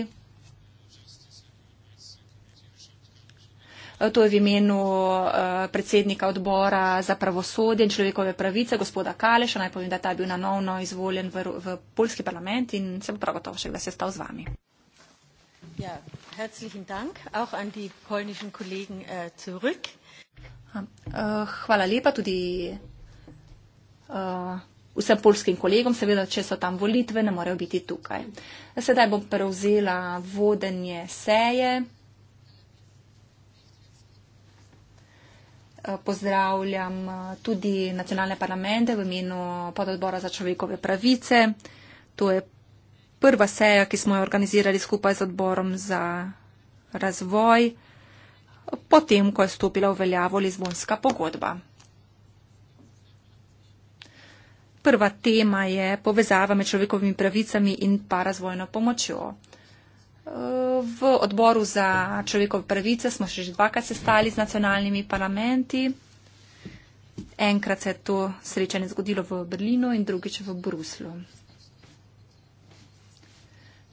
To je v imenu eh, predsednika odbora za pravosodje in človekove pravice, gospoda Kaleša. Naj povem, da ta je bil nanovno izvoljen v, v polski parlament in se bo prav gotovo še, da se je stal z vami. Yeah. Ja. Herzlichen Dank auch an die polnischen Kollegen äh, zurück. Ah, äh, hvala lepa tudi uh, vsem polskim kolegom. Seveda, če so tam volitve, ne morejo biti tukaj. Sedaj bom prevzela vodenje seje. Äh, pozdravljam tudi nacionalne parlamente v imenu pododbora za človekove pravice. To je prva seja, ki smo jo organizirali skupaj z odborom za razvoj, potem, ko je stopila v veljavo Lizbonska pogodba. Prva tema je povezava med človekovimi pravicami in pa razvojno pomočjo. V odboru za človekove pravice smo se že dvakrat sestali z nacionalnimi parlamenti. Enkrat se je to srečanje zgodilo v Berlinu in drugič v Bruslu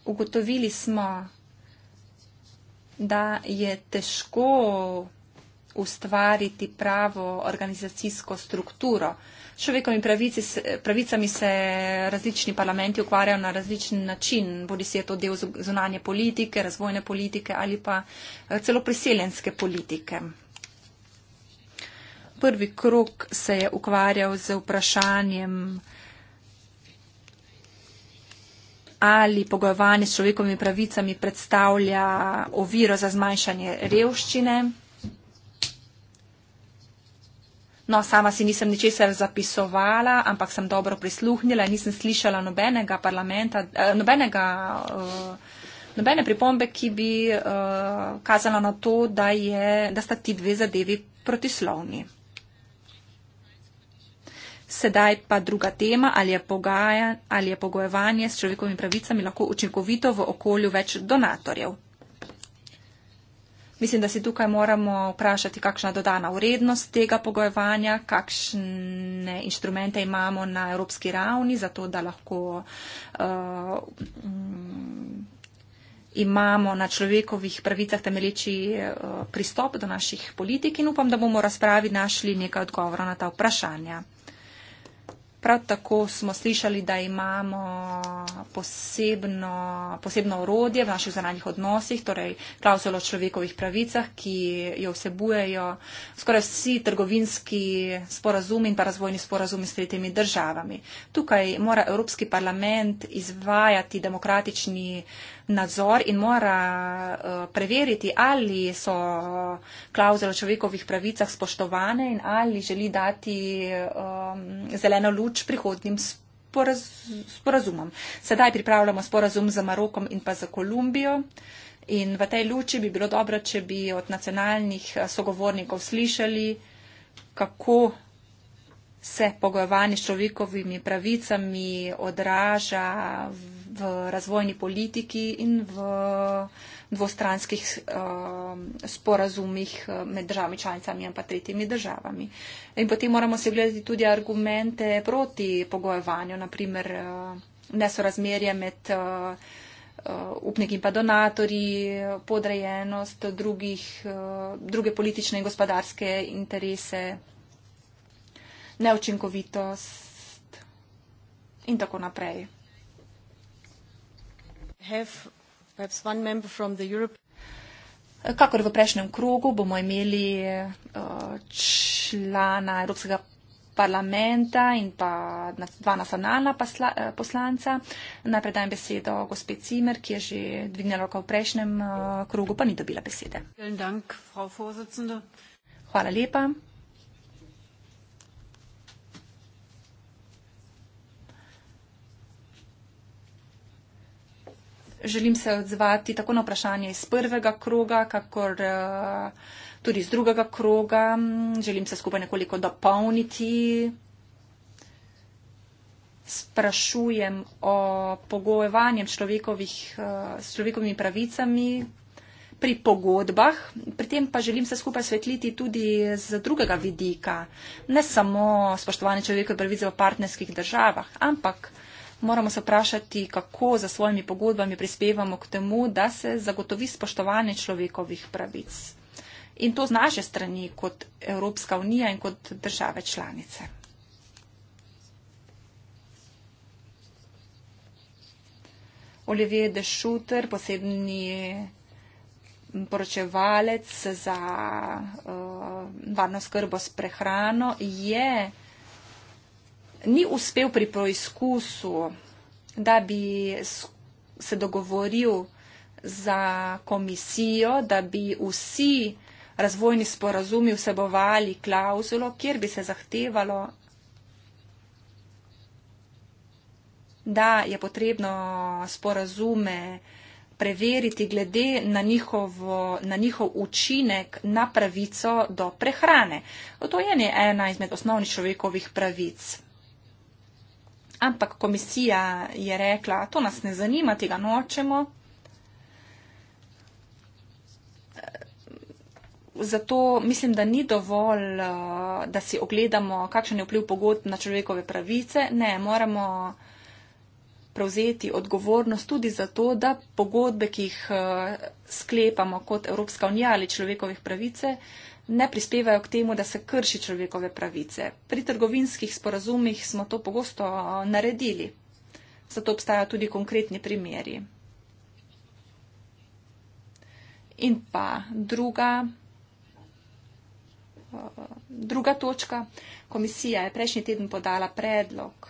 ugotovili smo, da je težko ustvariti pravo organizacijsko strukturo. Človekovimi pravicami se različni parlamenti ukvarjajo na različen način, bodi si je to del zunanje politike, razvojne politike ali pa eh, celo priseljenske politike. Prvi krok se je ukvarjal z vprašanjem, ali pogojevanje s človekovimi pravicami predstavlja oviro za zmanjšanje revščine. No, sama si nisem ničesar zapisovala, ampak sem dobro prisluhnila, nisem slišala nobenega parlamenta, eh, nobenega, eh, nobene pripombe, ki bi eh, kazala na to, da, je, da sta ti dve zadevi protislovni. Sedaj pa druga tema, ali je, pogaja, ali je pogojevanje s človekovimi pravicami lahko učinkovito v okolju več donatorjev. Mislim, da si tukaj moramo vprašati, kakšna dodana vrednost tega pogojevanja, kakšne inštrumente imamo na evropski ravni, zato da lahko uh, imamo na človekovih pravicah temeleči uh, eh, pristop do naših politik in upam, da bomo razpravi našli nekaj odgovora na ta vprašanja. Prav tako smo slišali, da imamo posebno, posebno orodje v naših zaranjih odnosih, torej klauzulo o človekovih pravicah, ki jo vsebujejo skoraj vsi trgovinski sporazumi in pa razvojni sporazumi s tretjimi državami. Tukaj mora Evropski parlament izvajati demokratični nadzor in mora uh, preveriti, ali so klauzule o človekovih pravicah spoštovane in ali želi dati um, zeleno luč prihodnim sporaz sporazumom. Sedaj pripravljamo sporazum za Marokom in pa za Kolumbijo. In v tej luči bi bilo dobro, če bi od nacionalnih eh, sogovornikov slišali, kako se pogojevanje s človekovimi pravicami odraža v v razvojni politiki in v dvostranskih um, uh, sporazumih med državami članicami in pa tretjimi državami. In potem moramo se gledati tudi argumente proti pogojevanju, naprimer uh, nesorazmerje med uh, uh, upniki in pa donatorji, podrejenost drugih, uh, druge politične in gospodarske interese, neučinkovitost in tako naprej. Kakor v prejšnjem krogu bomo imeli eh, člana Evropskega parlamenta in pa dva nacionalna eh, poslanca. Najprej dajem besedo gospod Cimer, ki je že dvignila roko v prejšnjem eh, krogu, pa ni dobila besede. Hvala lepa. želim se odzvati tako na vprašanje iz prvega kroga, kakor eh, tudi iz drugega kroga. Želim se skupaj nekoliko dopolniti. Sprašujem o pogojevanju eh, s človekovimi pravicami pri pogodbah, pri tem pa želim se skupaj svetliti tudi z drugega vidika, ne samo spoštovanje človekovih pravic v partnerskih državah, ampak moramo se vprašati, kako za svojimi pogodbami prispevamo k temu, da se zagotovi spoštovanje človekovih pravic. In to z naše strani, kot Evropska unija in kot države članice. Olivier de Schutter, posebni mm, poročevalec za uh, varno skrbo s prehrano, je. Yeah ni uspel pri preizkusu, da bi se dogovoril za komisijo, da bi vsi razvojni sporazumi vsebovali klauzulo, kjer bi se zahtevalo, da je potrebno sporazume preveriti glede na, njihovo, na njihov učinek na pravico do prehrane. To je ena izmed osnovnih človekovih pravic. Ampak komisija je rekla, to nas ne zanima, tega nočemo. Zato mislim, da ni dovolj, eh, da si ogledamo, kakšen je vpliv pogodb na človekove pravice. Ne, moramo prevzeti odgovornost tudi za to, da pogodbe, ki jih eh, sklepamo kot Evropska unija ali človekove pravice, ne prispevajo k temu, da se krši človekove pravice. Pri trgovinskih sporazumih smo to pogosto naredili. Zato obstajajo tudi konkretni primeri. In pa druga, druga točka. Komisija je prejšnji teden podala predlog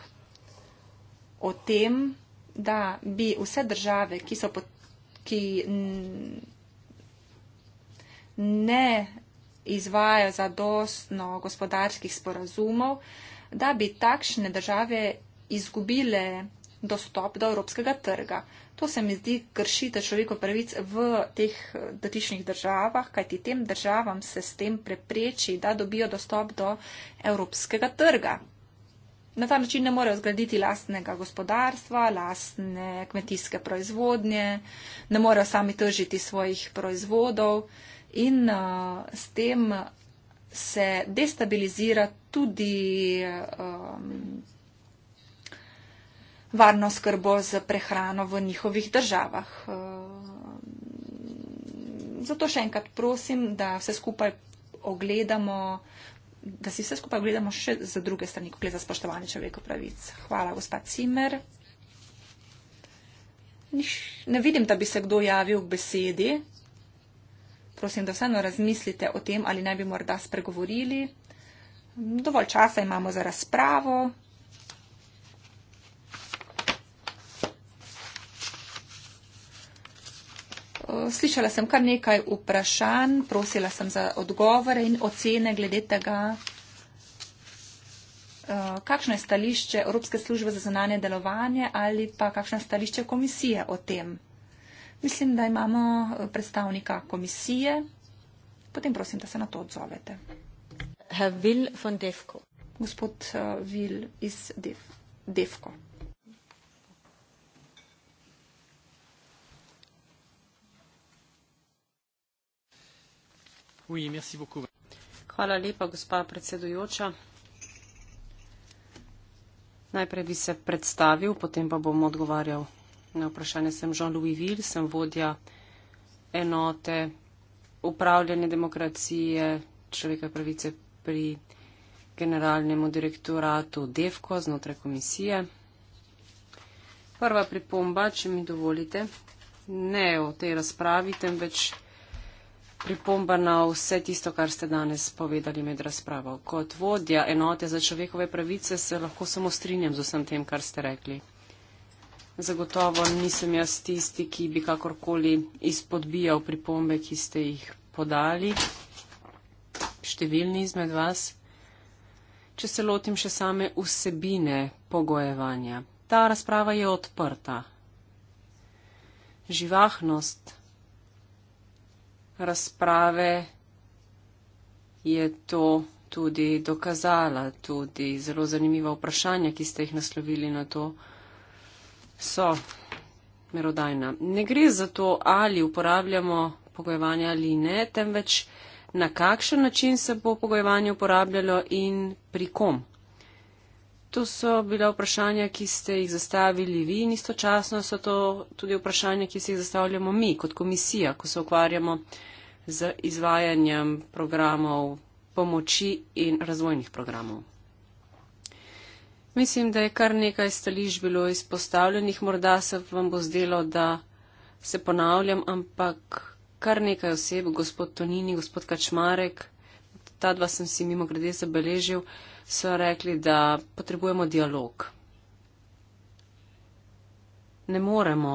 o tem, da bi vse države, ki, so, ki ne izvajajo zadostno gospodarskih sporazumov, da bi takšne države izgubile dostop do evropskega trga. To se mi zdi kršite človeko pravic v teh dotičnih državah, kajti tem državam se s tem prepreči, da dobijo dostop do evropskega trga. Na ta način ne morejo zgraditi lastnega gospodarstva, lastne kmetijske proizvodnje, ne morejo sami tržiti svojih proizvodov in uh, s tem se destabilizira tudi um, varno skrbo z prehrano v njihovih državah. Um, zato še enkrat prosim, da vse skupaj ogledamo, da si vse skupaj ogledamo še za druge strani, kot je za spoštovanje človekov pravic. Hvala, gospod Cimer. Niš, ne vidim, da bi se kdo javil k besedi prosim, da vseeno razmislite o tem, ali naj bi morda spregovorili. Dovolj časa imamo za razpravo. Slišala sem kar nekaj vprašanj, prosila sem za odgovore in ocene glede tega, kakšno je stališče Evropske službe za zunanje delovanje ali pa kakšno je stališče komisije o tem. Mislim, da imamo eh, predstavnika komisije. Potem prosim, da se na to odzovete. Herr Will von Defko. Gospod eh, Will iz Def Defko. Oui, merci beaucoup. Hvala lepa, gospa predsedujoča. Najprej bi se predstavil, potem pa bom odgovarjal Na vprašanje sem Jean-Louis Ville, sem vodja enote upravljanja demokracije človeka pravice pri generalnemu direktoratu DEFKO znotraj komisije. Prva pripomba, če mi dovolite, ne o tej razpravi, temveč pripomba na vse tisto, kar ste danes povedali med razpravo. Kot vodja enote za človekove pravice se lahko samo strinjam z vsem tem, kar ste rekli zagotovo nisem jaz tisti, ki bi kakorkoli izpodbijal pripombe, ki ste jih podali, številni izmed vas. Če se lotim še same vsebine pogojevanja, ta razprava je odprta. Živahnost razprave je to tudi dokazala, tudi zelo zanimiva vprašanja, ki ste jih naslovili na to so merodajna. Ne gre za to, ali uporabljamo pogojevanje ali ne, temveč na kakšen način se bo pogojevanje uporabljalo in pri kom. To so bila vprašanja, ki ste jih zastavili vi in istočasno so to tudi vprašanja, ki se jih zastavljamo mi kot komisija, ko se ukvarjamo z izvajanjem programov pomoči in razvojnih programov. Mislim, da je kar nekaj stališ bilo izpostavljenih, morda se vam bo zdelo, da se ponavljam, ampak kar nekaj oseb, gospod Tonini, gospod Kačmarek, ta dva sem si mimo grede zabeležil, so rekli, da potrebujemo dialog. Ne moremo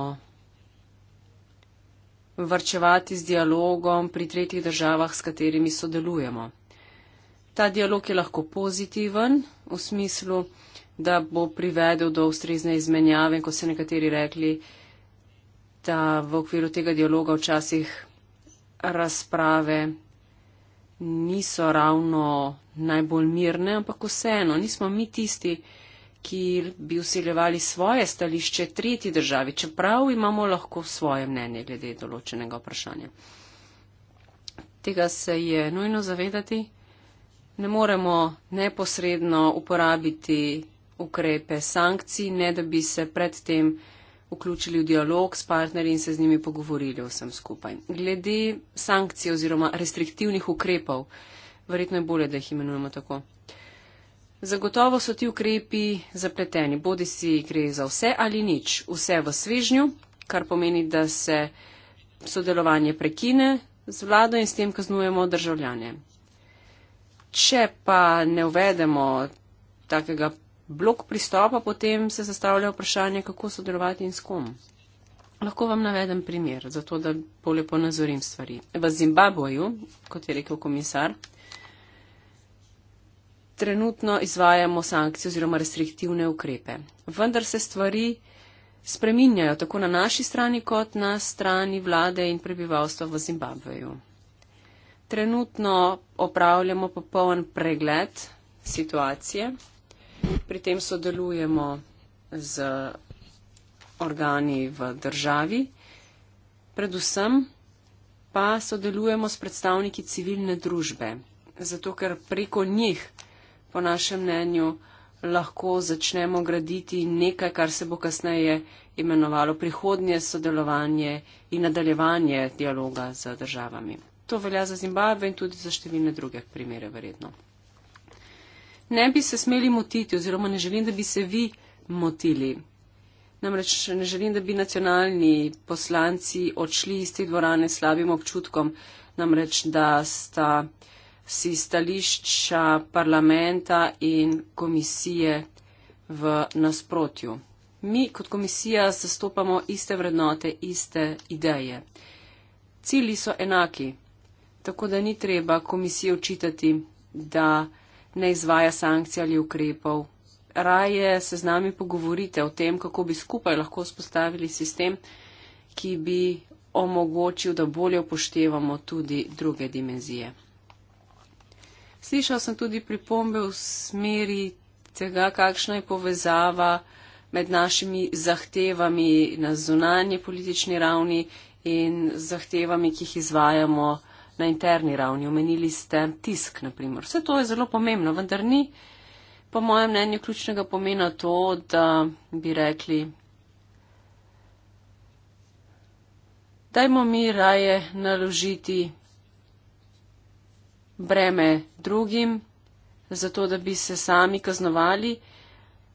vrčevati z dialogom pri tretjih državah, s katerimi sodelujemo. Ta dialog je lahko pozitiven v smislu, da bo privedel do ustrezne izmenjave, ko se nekateri rekli, da v okviru tega dialoga včasih razprave niso ravno najbolj mirne, ampak vseeno nismo mi tisti, ki bi usiljevali svoje stališče tretji državi, čeprav imamo lahko svoje mnenje glede določenega vprašanja. Tega se je nujno zavedati. Ne moremo neposredno uporabiti ukrepe sankcij, ne da bi se predtem vključili v dialog s partnerji in se z njimi pogovorili o vsem skupaj. Glede sankcij oziroma restriktivnih ukrepov, verjetno je bolje, da jih imenujemo tako. Zagotovo so ti ukrepi zapleteni, bodi si gre za vse ali nič, vse v svežnju, kar pomeni, da se sodelovanje prekine z vlado in s tem kaznujemo državljane. Če pa ne uvedemo takega blok pristopa, potem se zastavlja vprašanje, kako sodelovati in s kom. Lahko vam navedem primer, zato da bolje ponazorim stvari. V Zimbabveju, kot je rekel komisar, trenutno izvajamo sankcije oziroma restriktivne ukrepe. Vendar se stvari spreminjajo tako na naši strani, kot na strani vlade in prebivalstva v Zimbabveju. Trenutno opravljamo popoln pregled situacije Pri tem sodelujemo z organi v državi, predvsem pa sodelujemo s predstavniki civilne družbe, zato ker preko njih, po našem mnenju, lahko začnemo graditi nekaj, kar se bo kasneje imenovalo prihodnje sodelovanje in nadaljevanje dialoga z državami. To velja za Zimbabve in tudi za številne druge primere, verjetno ne bi se smeli motiti oziroma ne želim, da bi se vi motili. Namreč ne želim, da bi nacionalni poslanci odšli iz te dvorane s slabim občutkom, namreč da sta si stališča parlamenta in komisije v nasprotju. Mi kot komisija zastopamo iste vrednote, iste ideje. Cili so enaki, tako da ni treba komisije očitati, da ne izvaja sankcij ali ukrepov. Raje se z nami pogovorite o tem, kako bi skupaj lahko spostavili sistem, ki bi omogočil, da bolje upoštevamo tudi druge dimenzije. Slišal sem tudi pripombe v smeri tega, kakšna je povezava med našimi zahtevami na zunanje politični ravni in zahtevami, ki jih izvajamo na interni ravni. Omenili ste tisk, naprimer. Vse to je zelo pomembno, vendar ni, po mojem mnenju, ključnega pomena to, da bi rekli, dajmo mi raje naložiti breme drugim, zato da bi se sami kaznovali.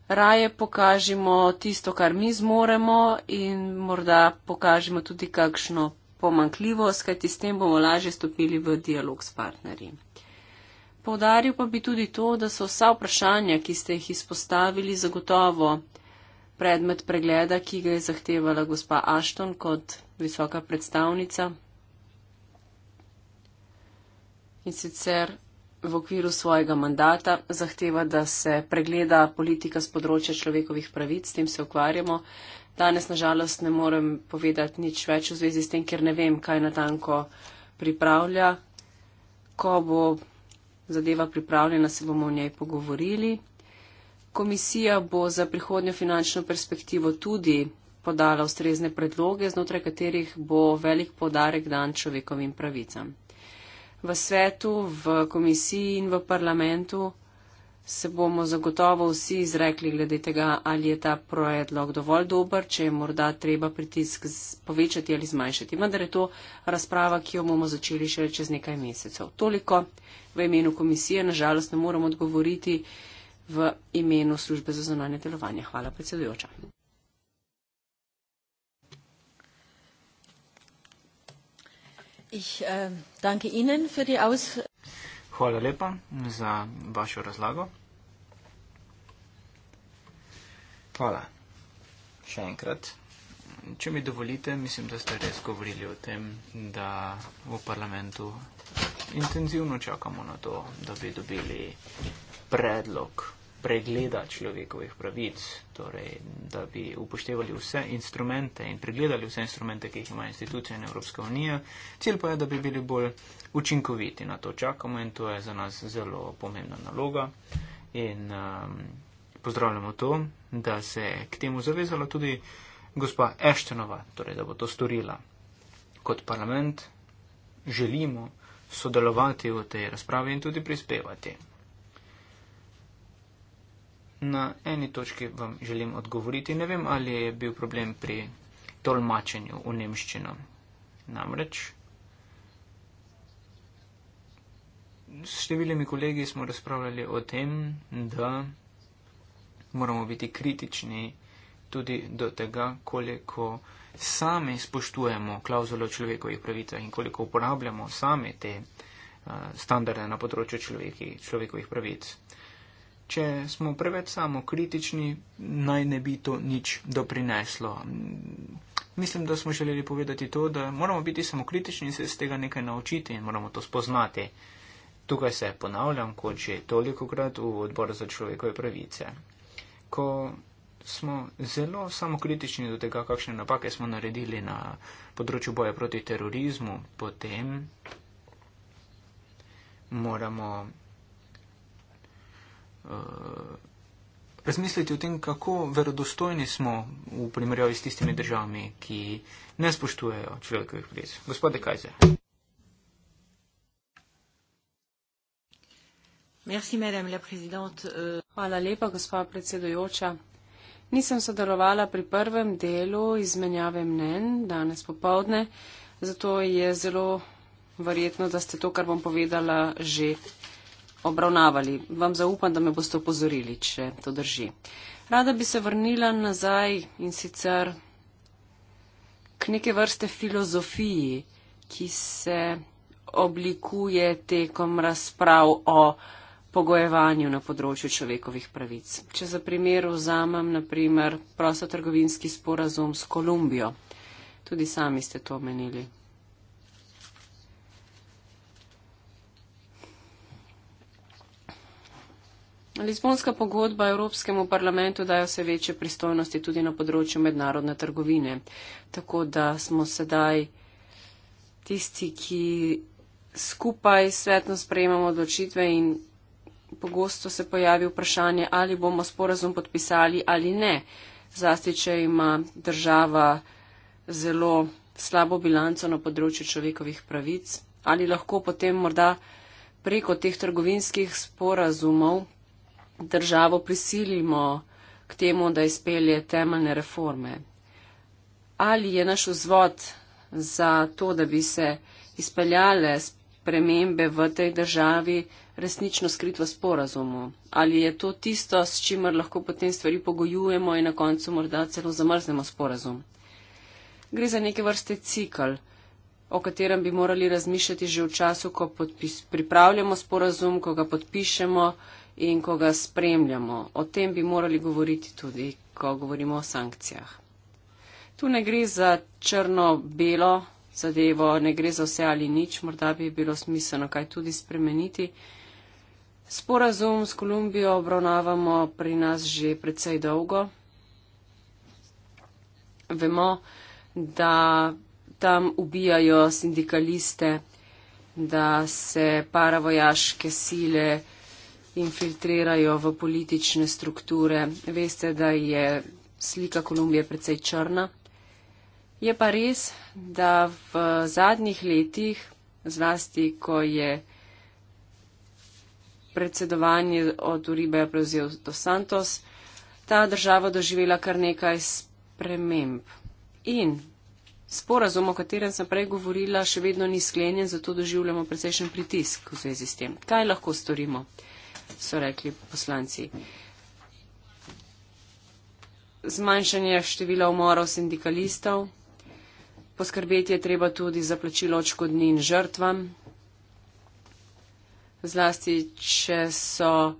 Raje pokažimo tisto, kar mi zmoremo in morda pokažimo tudi kakšno pomankljivost, kajti s tem bomo lažje stopili v dialog s partnerji. Povdaril pa bi tudi to, da so vsa vprašanja, ki ste jih izpostavili, zagotovo predmet pregleda, ki ga je zahtevala gospa Ashton kot visoka predstavnica. In sicer v okviru svojega mandata zahteva, da se pregleda politika z področja človekovih pravic, s tem se ukvarjamo, Danes nažalost ne morem povedati nič več v zvezi s tem, ker ne vem, kaj natanko pripravlja. Ko bo zadeva pripravljena, se bomo o njej pogovorili. Komisija bo za prihodnjo finančno perspektivo tudi podala ustrezne predloge, znotraj katerih bo velik podarek dan človekovim pravicam. V svetu, v komisiji in v parlamentu se bomo zagotovo vsi izrekli glede tega, ali je ta projedlog dovolj dober, če je morda treba pritisk povečati ali zmanjšati. Vendar je to razprava, ki jo bomo začeli še čez nekaj mesecev. Toliko v imenu komisije, nažalost, ne moram odgovoriti v imenu službe za zunanje delovanje. Hvala, predsedujoča. Ich, uh, danke Ihnen für die aus Hvala lepa za vašo razlago. Hvala. Še enkrat. Če mi dovolite, mislim, da ste res govorili o tem, da v parlamentu intenzivno čakamo na to, da bi dobili predlog pregleda človekovih pravic, torej, da bi upoštevali vse instrumente in pregledali vse instrumente, ki jih ima institucija in Evropska unija. Cilj pa je, da bi bili bolj učinkoviti. Na to čakamo in to je za nas zelo pomembna naloga. In um, pozdravljamo to, da se je k temu zavezala tudi gospa Eštenova, torej, da bo to storila. Kot parlament želimo sodelovati v tej razpravi in tudi prispevati. Na eni točki vam želim odgovoriti. Ne vem, ali je bil problem pri tolmačenju v nemščino. Namreč, s številimi kolegi smo razpravljali o tem, da moramo biti kritični tudi do tega, koliko sami spoštujemo klauzulo človekovih pravic in koliko uporabljamo sami te uh, standarde na področju človekovih pravic. Uh, če smo preveč samo kritični, naj ne bi to nič doprineslo. Mislim, da smo želeli povedati to, da moramo biti samo kritični in se iz tega nekaj naučiti in moramo to spoznati. Tukaj se ponavljam, kot že toliko krat v odboru za človekove pravice. Ko smo zelo samokritični do tega, kakšne napake smo naredili na področju boja proti terorizmu, potem moramo Eh, razmisliti o tem, kako verodostojni smo v primerjavi s tistimi državami, ki ne spoštujejo človekovih pravic. Gospode Kajze. Merci, euh, Hvala lepa, gospa predsedujoča. Nisem sodelovala pri prvem delu izmenjave mnen danes popovdne, zato je zelo verjetno, da ste to, kar bom povedala, že obravnavali. Vam zaupam, da me boste upozorili, če to drži. Rada bi se vrnila nazaj in sicer k neke vrste filozofiji, ki se oblikuje tekom razprav o pogojevanju na področju človekovih pravic. Če za primer vzamem naprimer prostotrgovinski sporazum s Kolumbijo. Tudi sami ste to omenili Lizbonska pogodba Evropskemu parlamentu daje vse večje pristojnosti tudi na področju mednarodne trgovine. Tako da smo sedaj tisti, ki skupaj svetno sprejemamo odločitve in pogosto se pojavi vprašanje, ali bomo sporazum podpisali ali ne. Zlasti, če ima država zelo slabo bilanco na področju človekovih pravic, ali lahko potem morda preko teh trgovinskih sporazumov državo prisilimo k temu, da izpelje temeljne reforme? Ali je naš vzvod za to, da bi se izpeljale spremembe v tej državi resnično skrit v sporazumu? Ali je to tisto, s čimer lahko potem stvari pogojujemo in na koncu morda celo zamrznemo sporazum? Gre za neke vrste cikl, o katerem bi morali razmišljati že v času, ko podpis, pripravljamo sporazum, ko ga podpišemo, in ko ga spremljamo. O tem bi morali govoriti tudi, ko govorimo o sankcijah. Tu ne gre za črno-belo zadevo, ne gre za vse ali nič, morda bi bilo smiselno kaj tudi spremeniti. Sporazum s Kolumbijo obravnavamo pri nas že predvsej dolgo. Vemo, da tam ubijajo sindikaliste, da se paravojaške sile infiltrirajo v politične strukture. Veste, da je slika Kolumbije precej črna. Je pa res, da v zadnjih letih, zlasti ko je predsedovanje od Uribeja prevzel do Santos, ta država doživela kar nekaj sprememb. In sporazum, o katerem sem prej govorila, še vedno ni sklenjen, zato doživljamo precejšen pritisk v zvezi s tem. Kaj lahko storimo? so rekli poslanci. Zmanjšanje števila umorov sindikalistov, poskrbeti je treba tudi za plačilo očkodnin žrtvam, zlasti če so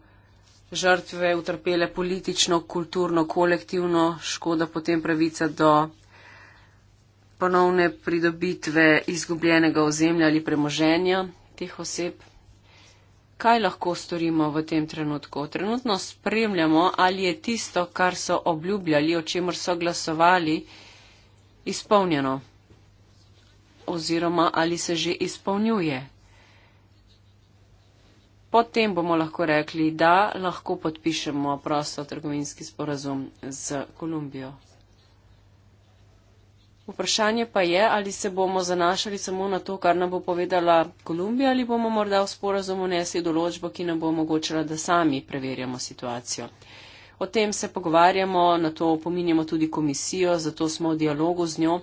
žrtve utrpele politično, kulturno, kolektivno škodo, potem pravica do ponovne pridobitve izgubljenega ozemlja ali premoženja teh oseb. Kaj lahko storimo v tem trenutku? Trenutno spremljamo, ali je tisto, kar so obljubljali, o čemer so glasovali, izpolnjeno oziroma ali se že izpolnjuje. Potem bomo lahko rekli, da lahko podpišemo prosto trgovinski sporazum z Kolumbijo. Vprašanje pa je, ali se bomo zanašali samo na to, kar nam bo povedala Kolumbija, ali bomo morda v sporazum unesli določbo, ki nam bo omogočila, da sami preverjamo situacijo. O tem se pogovarjamo, na to pominjamo tudi komisijo, zato smo v dialogu z njo.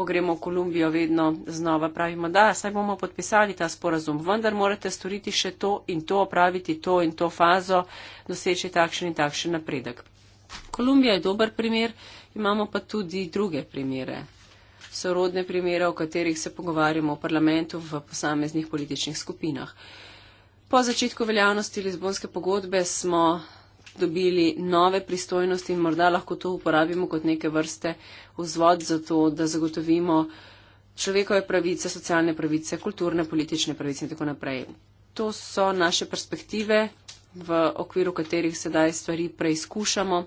Ko gremo v Kolumbijo, vedno znova pravimo, da saj bomo podpisali ta sporazum, vendar morate storiti še to in to, opraviti to in to fazo, doseči takšen in takšen napredek. Kolumbija je dober primer, imamo pa tudi druge primere sorodne primere, o katerih se pogovarjamo v parlamentu v posameznih političnih skupinah. Po začetku veljavnosti Lizbonske pogodbe smo dobili nove pristojnosti in morda lahko to uporabimo kot neke vrste vzvod za to, da zagotovimo človekove pravice, socialne pravice, kulturne, politične pravice in tako naprej. To so naše perspektive, v okviru katerih sedaj stvari preizkušamo.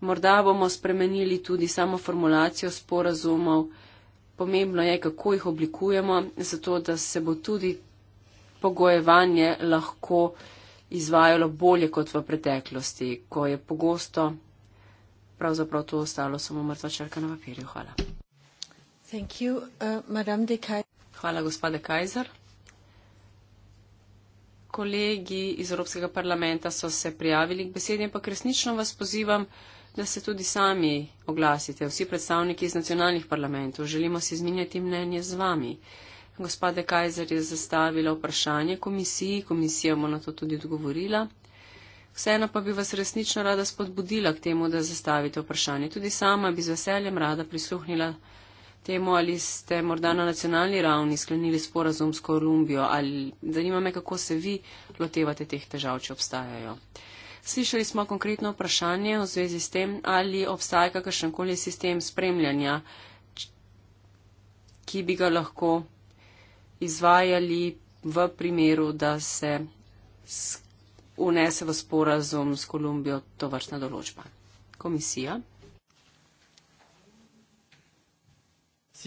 Morda bomo spremenili tudi samo formulacijo sporazumov. Pomembno je, kako jih oblikujemo, zato da se bo tudi pogojevanje lahko izvajalo bolje kot v preteklosti, ko je pogosto pravzaprav to ostalo samo mrtva črka na papirju. Hvala. You, uh, Hvala, gospode Kajzer. Kolegi iz Evropskega parlamenta so se prijavili k besedi, ampak resnično vas pozivam, da se tudi sami oglasite, vsi predstavniki iz nacionalnih parlamentov. Želimo si izminjati mnenje z vami. Gospode Kajzer je zastavila vprašanje komisiji, komisija mu na to tudi odgovorila. Vseeno pa bi vas resnično rada spodbudila k temu, da zastavite vprašanje. Tudi sama bi z veseljem rada prisluhnila temu, ali ste morda na nacionalni ravni sklenili sporazum s Kolumbijo ali zanima me, kako se vi lotevate teh težav, če obstajajo. Slišali smo konkretno vprašanje v zvezi s tem, ali obstaja kakršen koli sistem spremljanja, ki bi ga lahko izvajali v primeru, da se unese v sporazum s Kolumbijo to vrstna določba. Komisija.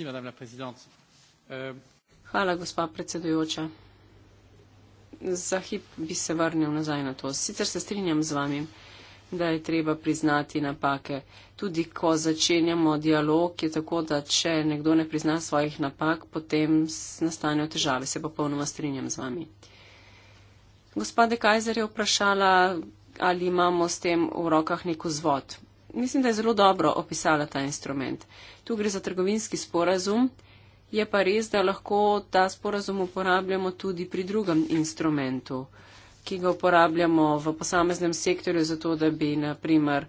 Euh, Hvala, gospa predsedujoča za hip bi se vrnil nazaj na to. Sicer se strinjam z vami, da je treba priznati napake. Tudi ko začenjamo dialog, je tako, da če nekdo ne prizna svojih napak, potem nastanejo težave. Se popolnoma strinjam z vami. Gospode Kajzer je vprašala, ali imamo s tem v rokah nek vzvod. Mislim, da je zelo dobro opisala ta instrument. Tu gre za trgovinski sporazum. Je pa res, da lahko ta sporazum uporabljamo tudi pri drugem instrumentu, ki ga uporabljamo v posameznem sektorju zato, da bi naprimer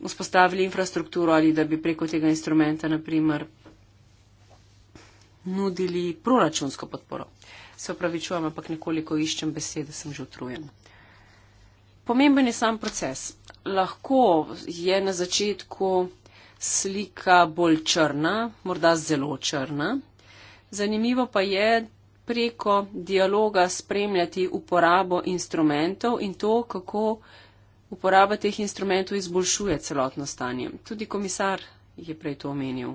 vzpostavili infrastrukturo ali da bi preko tega instrumenta naprimer nudili proračunsko podporo. Se opravičujem, ampak nekoliko iščem besede, sem že utrujen. Pomemben je sam proces. Lahko je na začetku slika bolj črna, morda zelo črna. Zanimivo pa je preko dialoga spremljati uporabo instrumentov in to, kako uporaba teh instrumentov izboljšuje celotno stanje. Tudi komisar je prej to omenil.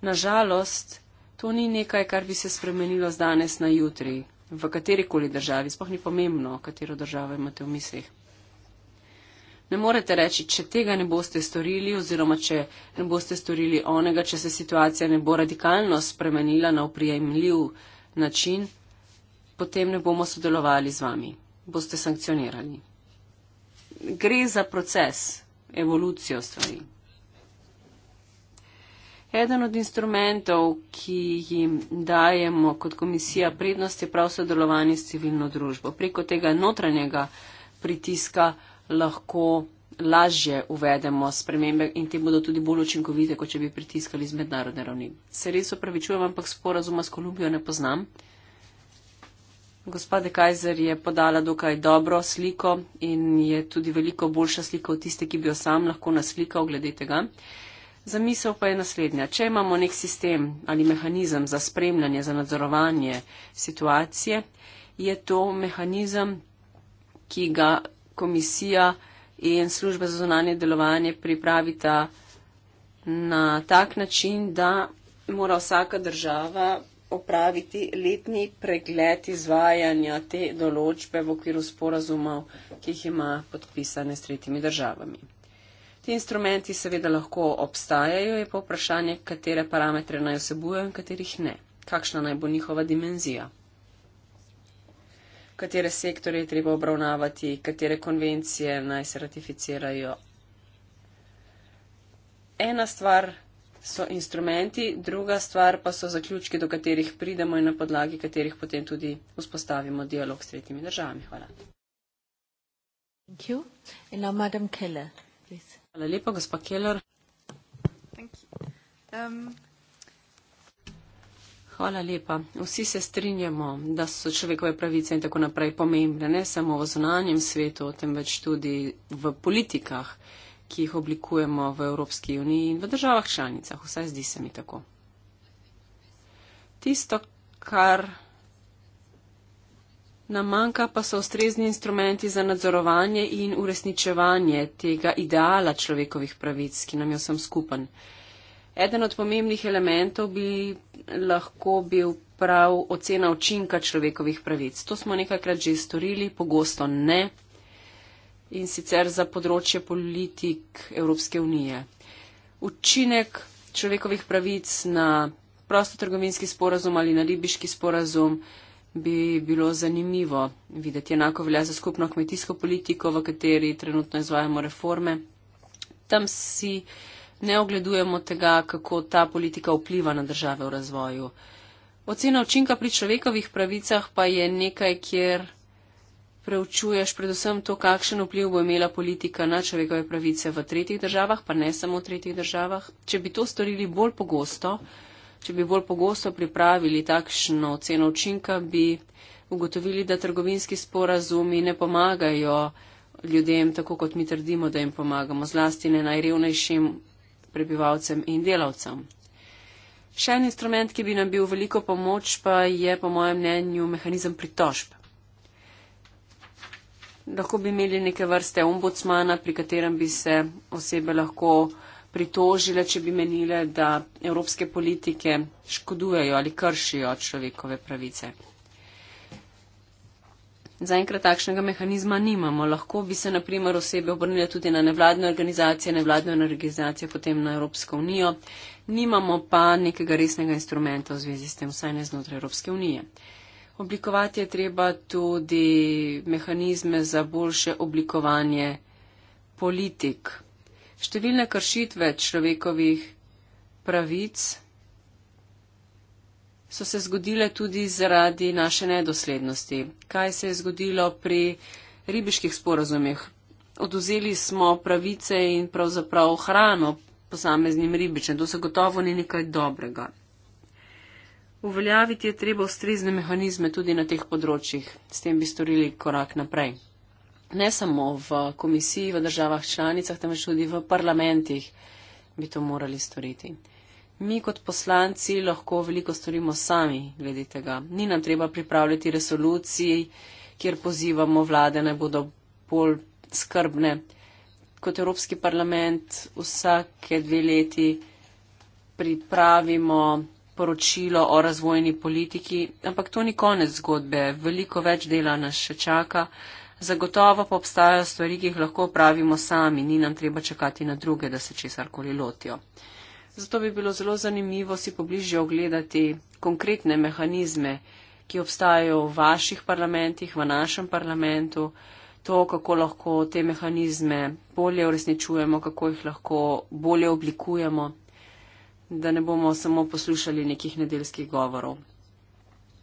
Nažalost, to ni nekaj, kar bi se spremenilo z danes na jutri, v katerikoli državi, spohni pomembno, katero državo imate v mislih. Ne morete reči, če tega ne boste storili oziroma če ne boste storili onega, če se situacija ne bo radikalno spremenila na uprijemljiv način, potem ne bomo sodelovali z vami. Boste sankcionirani. Gre za proces, evolucijo stvari. Eden od instrumentov, ki jim dajemo kot komisija prednost, je prav sodelovanje s civilno družbo. Preko tega notranjega pritiska lahko lažje uvedemo spremembe in te bodo tudi bolj učinkovite, kot če bi pritiskali z mednarodne ravni. Se res opravičujem, ampak sporazuma s Kolumbijo ne poznam. Gospode Kajzer je podala dokaj dobro sliko in je tudi veliko boljša slika od tiste, ki bi jo sam lahko naslikal glede tega. Zamisel pa je naslednja. Če imamo nek sistem ali mehanizem za spremljanje, za nadzorovanje situacije, je to mehanizem, ki ga komisija in služba za zunanje delovanje pripravita na tak način, da mora vsaka država opraviti letni pregled izvajanja te določbe v okviru sporazumov, ki jih ima podpisane s tretjimi državami. Ti instrumenti seveda lahko obstajajo, je pa vprašanje, katere parametre naj osebujo in katerih ne, kakšna naj bo njihova dimenzija katere sektorje je treba obravnavati, katere konvencije naj se ratificirajo. Ena stvar so instrumenti, druga stvar pa so zaključki, do katerih pridemo in na podlagi katerih potem tudi vzpostavimo dialog s tretjimi državami. Hvala. Hvala lepa, gospa Keller. Um, Hvala lepa. Vsi se strinjamo, da so človekove pravice in tako naprej pomembne, ne samo v zunanjem svetu, temveč tudi v politikah, ki jih oblikujemo v Evropski uniji in v državah članicah. Vsaj zdi se mi tako. Tisto, kar nam manjka, pa so ustrezni instrumenti za nadzorovanje in uresničevanje tega ideala človekovih pravic, ki nam je vsem skupen. Eden od pomembnih elementov bi lahko bil prav ocena učinka človekovih pravic. To smo nekajkrat že storili, pogosto ne in sicer za področje politik Evropske unije. Učinek človekovih pravic na prostotrgovinski sporazum ali na ribiški sporazum bi bilo zanimivo videti. Enako velja za skupno kmetijsko politiko, v kateri trenutno izvajamo reforme. Tam si ne ogledujemo tega, kako ta politika vpliva na države v razvoju. Ocena učinka pri človekovih pravicah pa je nekaj, kjer preučuješ predvsem to, kakšen vpliv bo imela politika na človekove pravice v tretjih državah, pa ne samo v tretjih državah. Če bi to storili bolj pogosto, če bi bolj pogosto pripravili takšno oceno učinka, bi ugotovili, da trgovinski sporazumi ne pomagajo ljudem, tako kot mi trdimo, da jim pomagamo, zlasti ne najrevnejšim prebivalcem in delavcem. Še en instrument, ki bi nam bil veliko pomoč, pa je po mojem mnenju mehanizem pritožb. Lahko bi imeli neke vrste ombudsmana, pri katerem bi se osebe lahko pritožile, če bi menile, da evropske politike škodujejo ali kršijo človekove pravice. Zaenkrat takšnega mehanizma nimamo. Lahko bi se, na primer, osebe obrnile tudi na nevladne organizacije, nevladne organizacije, potem na Evropsko unijo. Nimamo pa nekega resnega instrumenta v zvezi s tem, vsaj ne znotraj Evropske unije. Oblikovati je treba tudi mehanizme za boljše oblikovanje politik. Številne kršitve človekovih pravic so se zgodile tudi zaradi naše nedoslednosti. Kaj se je zgodilo pri ribiških sporazumih? Oduzeli smo pravice in pravzaprav hrano posameznim ribičem. To se gotovo ni nekaj dobrega. Uveljaviti je treba ustrezne mehanizme tudi na teh področjih. S tem bi storili korak naprej. Ne samo v komisiji, v državah članicah, temveč tudi v parlamentih bi to morali storiti. Mi kot poslanci lahko veliko storimo sami glede tega. Ni nam treba pripravljati resoluciji, kjer pozivamo vlade, naj bodo bolj skrbne. Kot Evropski parlament vsake dve leti pripravimo poročilo o razvojni politiki, ampak to ni konec zgodbe. Veliko več dela nas še čaka. Zagotovo pa obstajajo stvari, ki jih lahko pravimo sami, ni nam treba čakati na druge, da se česar koli lotijo. Zato bi bilo zelo zanimivo si pobliže ogledati konkretne mehanizme, ki obstajajo v vaših parlamentih, v našem parlamentu, to, kako lahko te mehanizme bolje uresničujemo, kako jih lahko bolje oblikujemo, da ne bomo samo poslušali nekih nedeljskih govorov.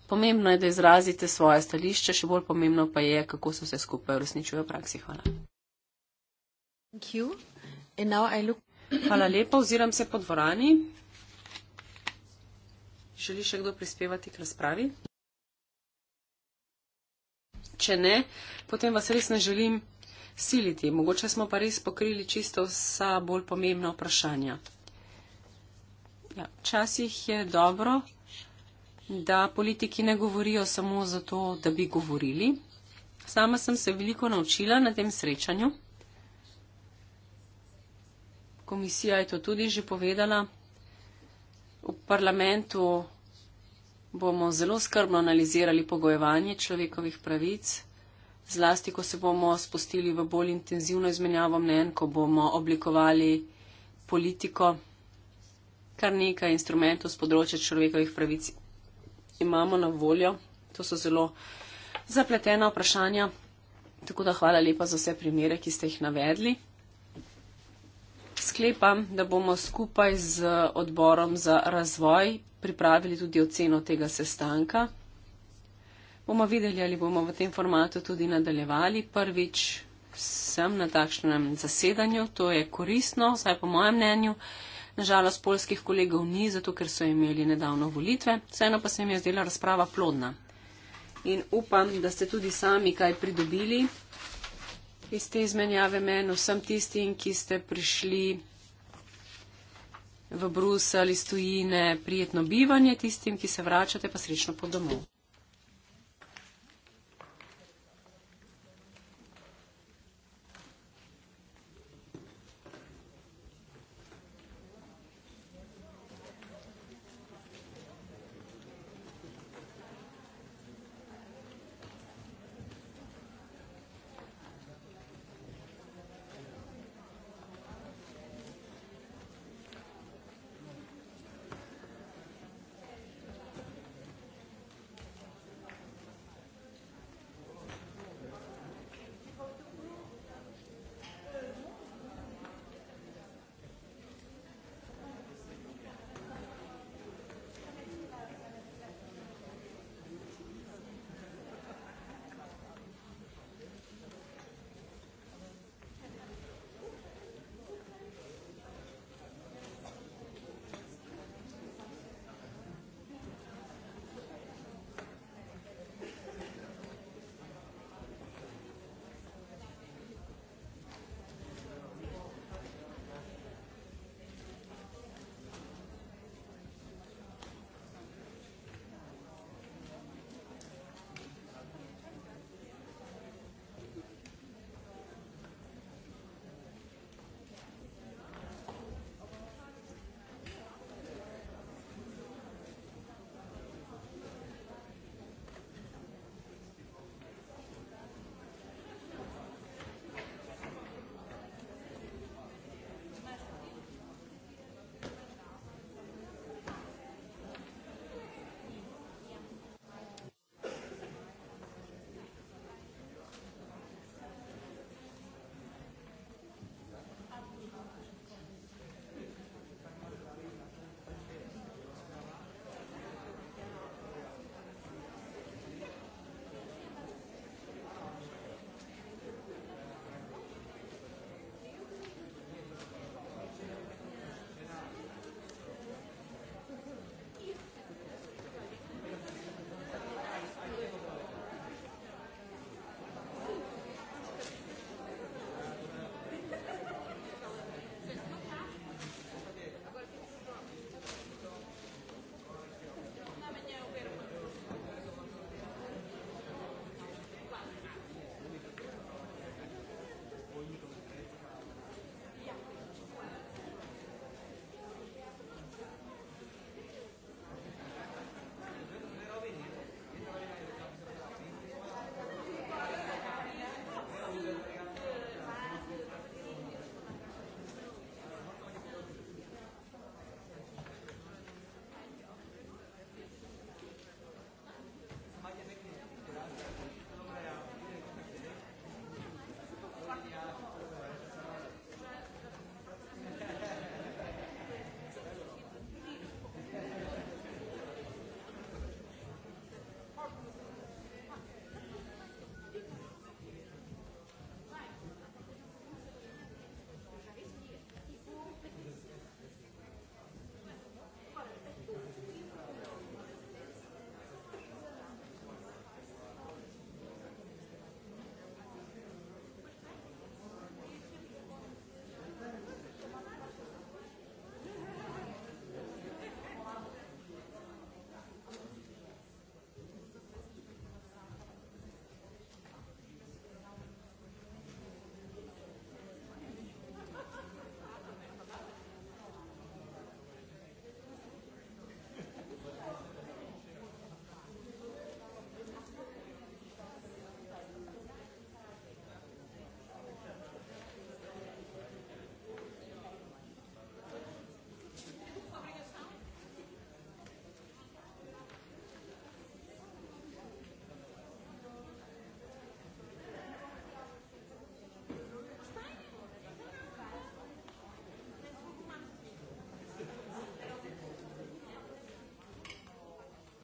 Pomembno je, da izrazite svoje stališče, še bolj pomembno pa je, kako se vse skupaj uresničuje v praksi. Hvala. Thank you. And now I look Hvala lepa, oziram se po dvorani. Želi še kdo prispevati k razpravi? Če ne, potem vas res ne želim siliti. Mogoče smo pa res pokrili čisto vsa bolj pomembna vprašanja. Ja, včasih ja, je dobro, da politiki ne govorijo samo zato, da bi govorili. Sama sem se veliko naučila na tem srečanju komisija je to tudi že povedala. V parlamentu bomo zelo skrbno analizirali pogojevanje človekovih pravic, zlasti ko se bomo spustili v bolj intenzivno izmenjavo mnen, ko bomo oblikovali politiko. Kar nekaj instrumentov z področja človekovih pravic imamo na voljo. To so zelo zapletena vprašanja. Tako da hvala lepa za vse primere, ki ste jih navedli sklepam, da bomo skupaj z odborom za razvoj pripravili tudi oceno tega sestanka. Bomo videli, ali bomo v tem formatu tudi nadaljevali. Prvič sem na takšnem zasedanju, to je koristno, vsaj po mojem mnenju. Nažalost, polskih kolegov ni, zato ker so imeli nedavno volitve. Vseeno pa se mi je zdela razprava plodna. In upam, da ste tudi sami kaj pridobili iz te izmenjave men vsem tistim, ki ste prišli v Brusel iz tujine, prijetno bivanje tistim, ki se vračate, pa srečno po domov.